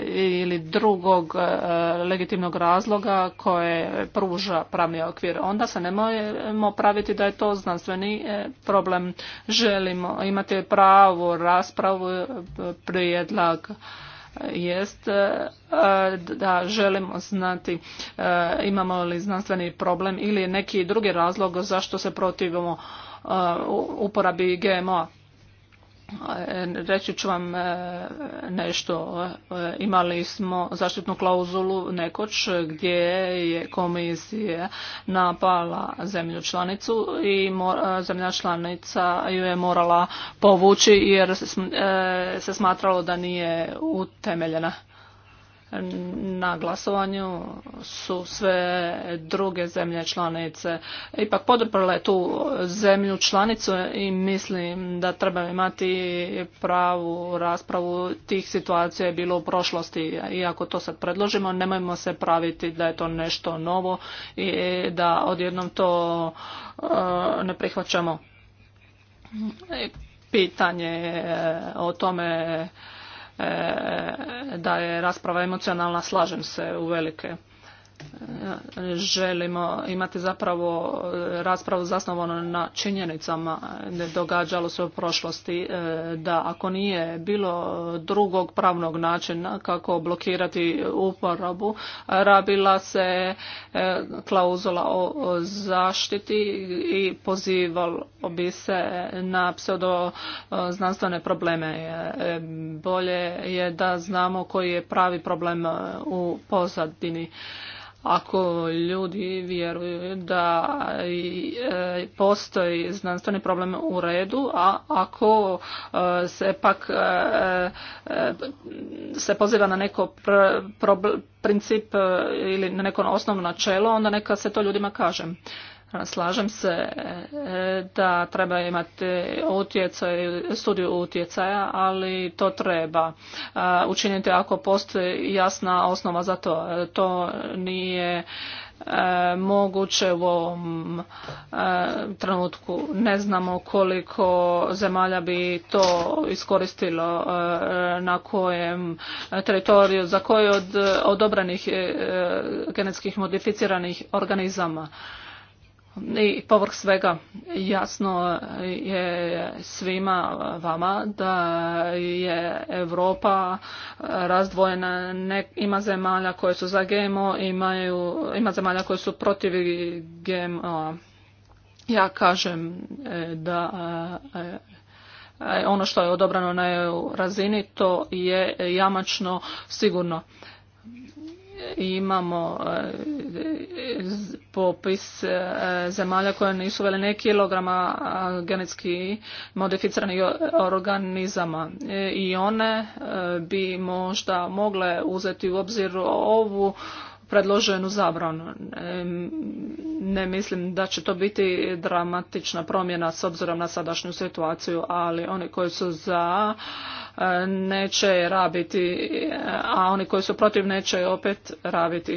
ili drugog e, legitimnog razloga koje pruža pravni okvir. Onda se ne nemojmo praviti da je to znanstveni e, problem. Želimo imati pravu raspravu, prijedlag jest e, da želimo znati e, imamo li znanstveni problem ili neki drugi razlog zašto se protivimo e, uporabi GMO-a. E, reći ću vam e, nešto. E, imali smo zaštitnu klauzulu nekoć gdje je komisija napala zemlju članicu i zemlja članica ju je morala povući jer se smatralo da nije utemeljena na glasovanju su sve druge zemlje članice. Ipak podrprle tu zemlju članicu i mislim da treba imati pravu raspravu tih situacija je bilo u prošlosti. Iako to sad predložimo, nemojmo se praviti da je to nešto novo i da odjednom to e, ne prihvaćamo. E, pitanje o tome E, da je rasprava emocionalna, slažem se u velike želimo imati zapravo e, raspravu zasnovanu na činjenicama. Ne događalo se u prošlosti e, da ako nije bilo drugog pravnog načina kako blokirati uporabu, rabila se e, klauzula o zaštiti i pozivalo bi se na pseudo znanstvene probleme. Bolje je da znamo koji je pravi problem u pozadini ako ljudi vjeruju da e, postoji znanstveni problem u redu, a ako e, se pak e, se poziva na neko princip ili na neko osnovno načelo, onda neka se to ljudima kaže. Slažem se e, da treba imati utjecaj, studiju utjecaja, ali to treba e, učiniti ako postoji jasna osnova za to. E, to nije moguće u ovom trenutku. Ne znamo koliko zemalja bi to iskoristilo na kojem teritoriju, za koje od odobranih genetskih modificiranih organizama. I povrh svega jasno je svima vama da je Europa razdvojena, ne, ima zemalja koje su za GMO, imaju, ima zemalja koje su protiv GMO. Ja kažem e, da e, e, ono što je odobrano na EU razini to je jamačno sigurno imamo eh, popis eh, zemalja koje nisu vele ne kilograma genetski modificiranih organizama eh, i one bi možda mogle uzeti u obzir ovu predloženu zabranu. Ne mislim da će to biti dramatična promjena s obzirom na sadašnju situaciju, ali oni koji su za e, neće rabiti, a oni koji su protiv neće opet rabiti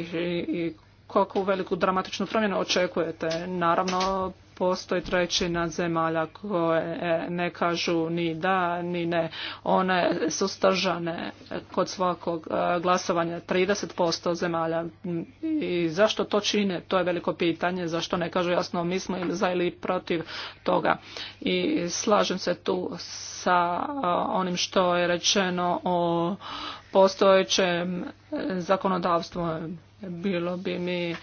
i koliko veliku dramatičnu promjenu očekujete. Naravno, postoji trećina zemalja koje e, ne kažu ni da ni ne. One su stržane kod svakog e, glasovanja 30% zemalja. I zašto to čine? To je veliko pitanje. Zašto ne kažu jasno mi smo ili za ili protiv toga. I slažem se tu sa e, onim što je rečeno o postojećem e, zakonodavstvu. Bilo bi mi,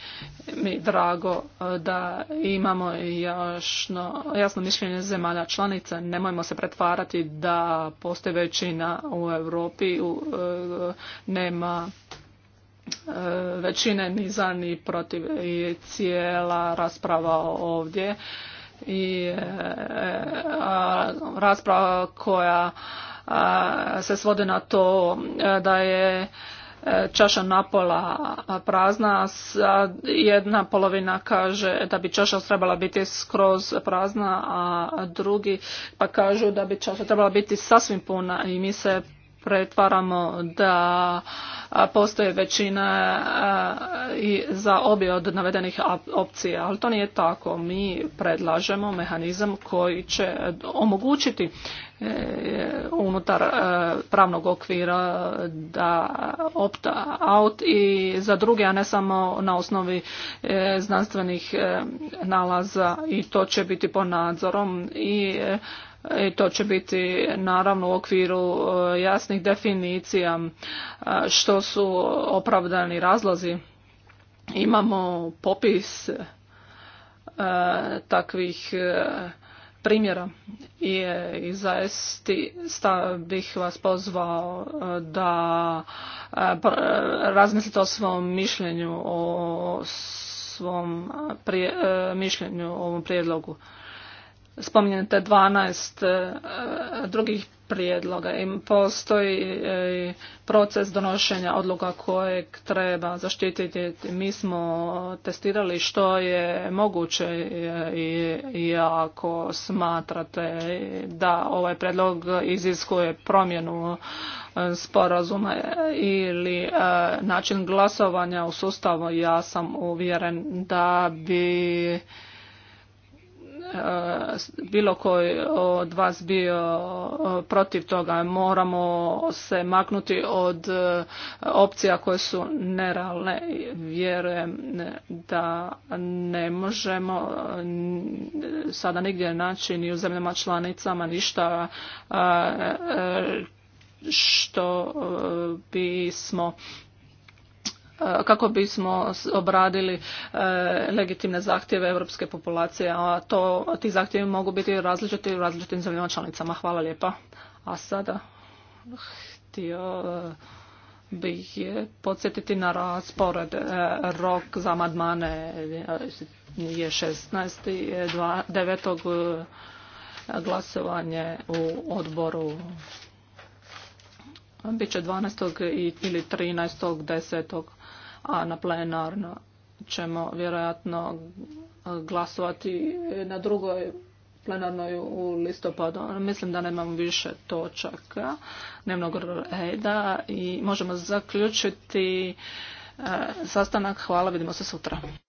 mi drago e, da imamo još jasno mišljenje zemalja članica. Nemojmo se pretvarati da postoji većina u Europi, u, e, nema većine ni za ni protiv i cijela rasprava ovdje i a, rasprava koja se svode na to e, da je e, čaša napola prazna, a jedna polovina kaže da bi čaša trebala biti skroz prazna, a drugi pa kažu da bi čaša trebala biti sasvim puna i mi se pretvaramo da postoje većina e, i za obje od navedenih opcije, ali to nije tako. Mi predlažemo mehanizam koji će omogućiti e, unutar e, pravnog okvira da opta out i za druge, a ne samo na osnovi znanstvenih nalaza i to će biti po nadzorom i i to će biti naravno u okviru e, jasnih definicija e, što su opravdani razlozi. Imamo popis e, takvih primjera i, zaista bih vas pozvao da razmislite o svom mišljenju o svom mišljenju o ovom prijedlogu spominjete 12 e, drugih prijedloga e, i postoji proces donošenja odluka kojeg treba zaštititi. Mi smo testirali što je moguće e, i ako smatrate da ovaj predlog iziskuje promjenu sporazuma ili način glasovanja u sustavu, ja sam uvjeren da bi bilo koji od vas bio e, protiv toga. Moramo se maknuti od e, opcija koje su nerealne. Vjerujem da ne možemo e, sada nigdje naći ni u zemljama članicama ništa što bismo kako bismo obradili e, legitimne zahtjeve europske populacije, a to, ti zahtjevi mogu biti različiti u različitim zemljama članicama. Hvala lijepa. A sada htio e, bih podsjetiti na raspored. E, rok za amandmane je 16. 9. glasovanje u odboru Biće 12. ili 13. 10 a na plenarno ćemo vjerojatno e, glasovati na drugoj plenarnoj u listopadu. Mislim da nemamo više točaka dnevnog reda i možemo zaključiti e, sastanak. Hvala, vidimo se sutra.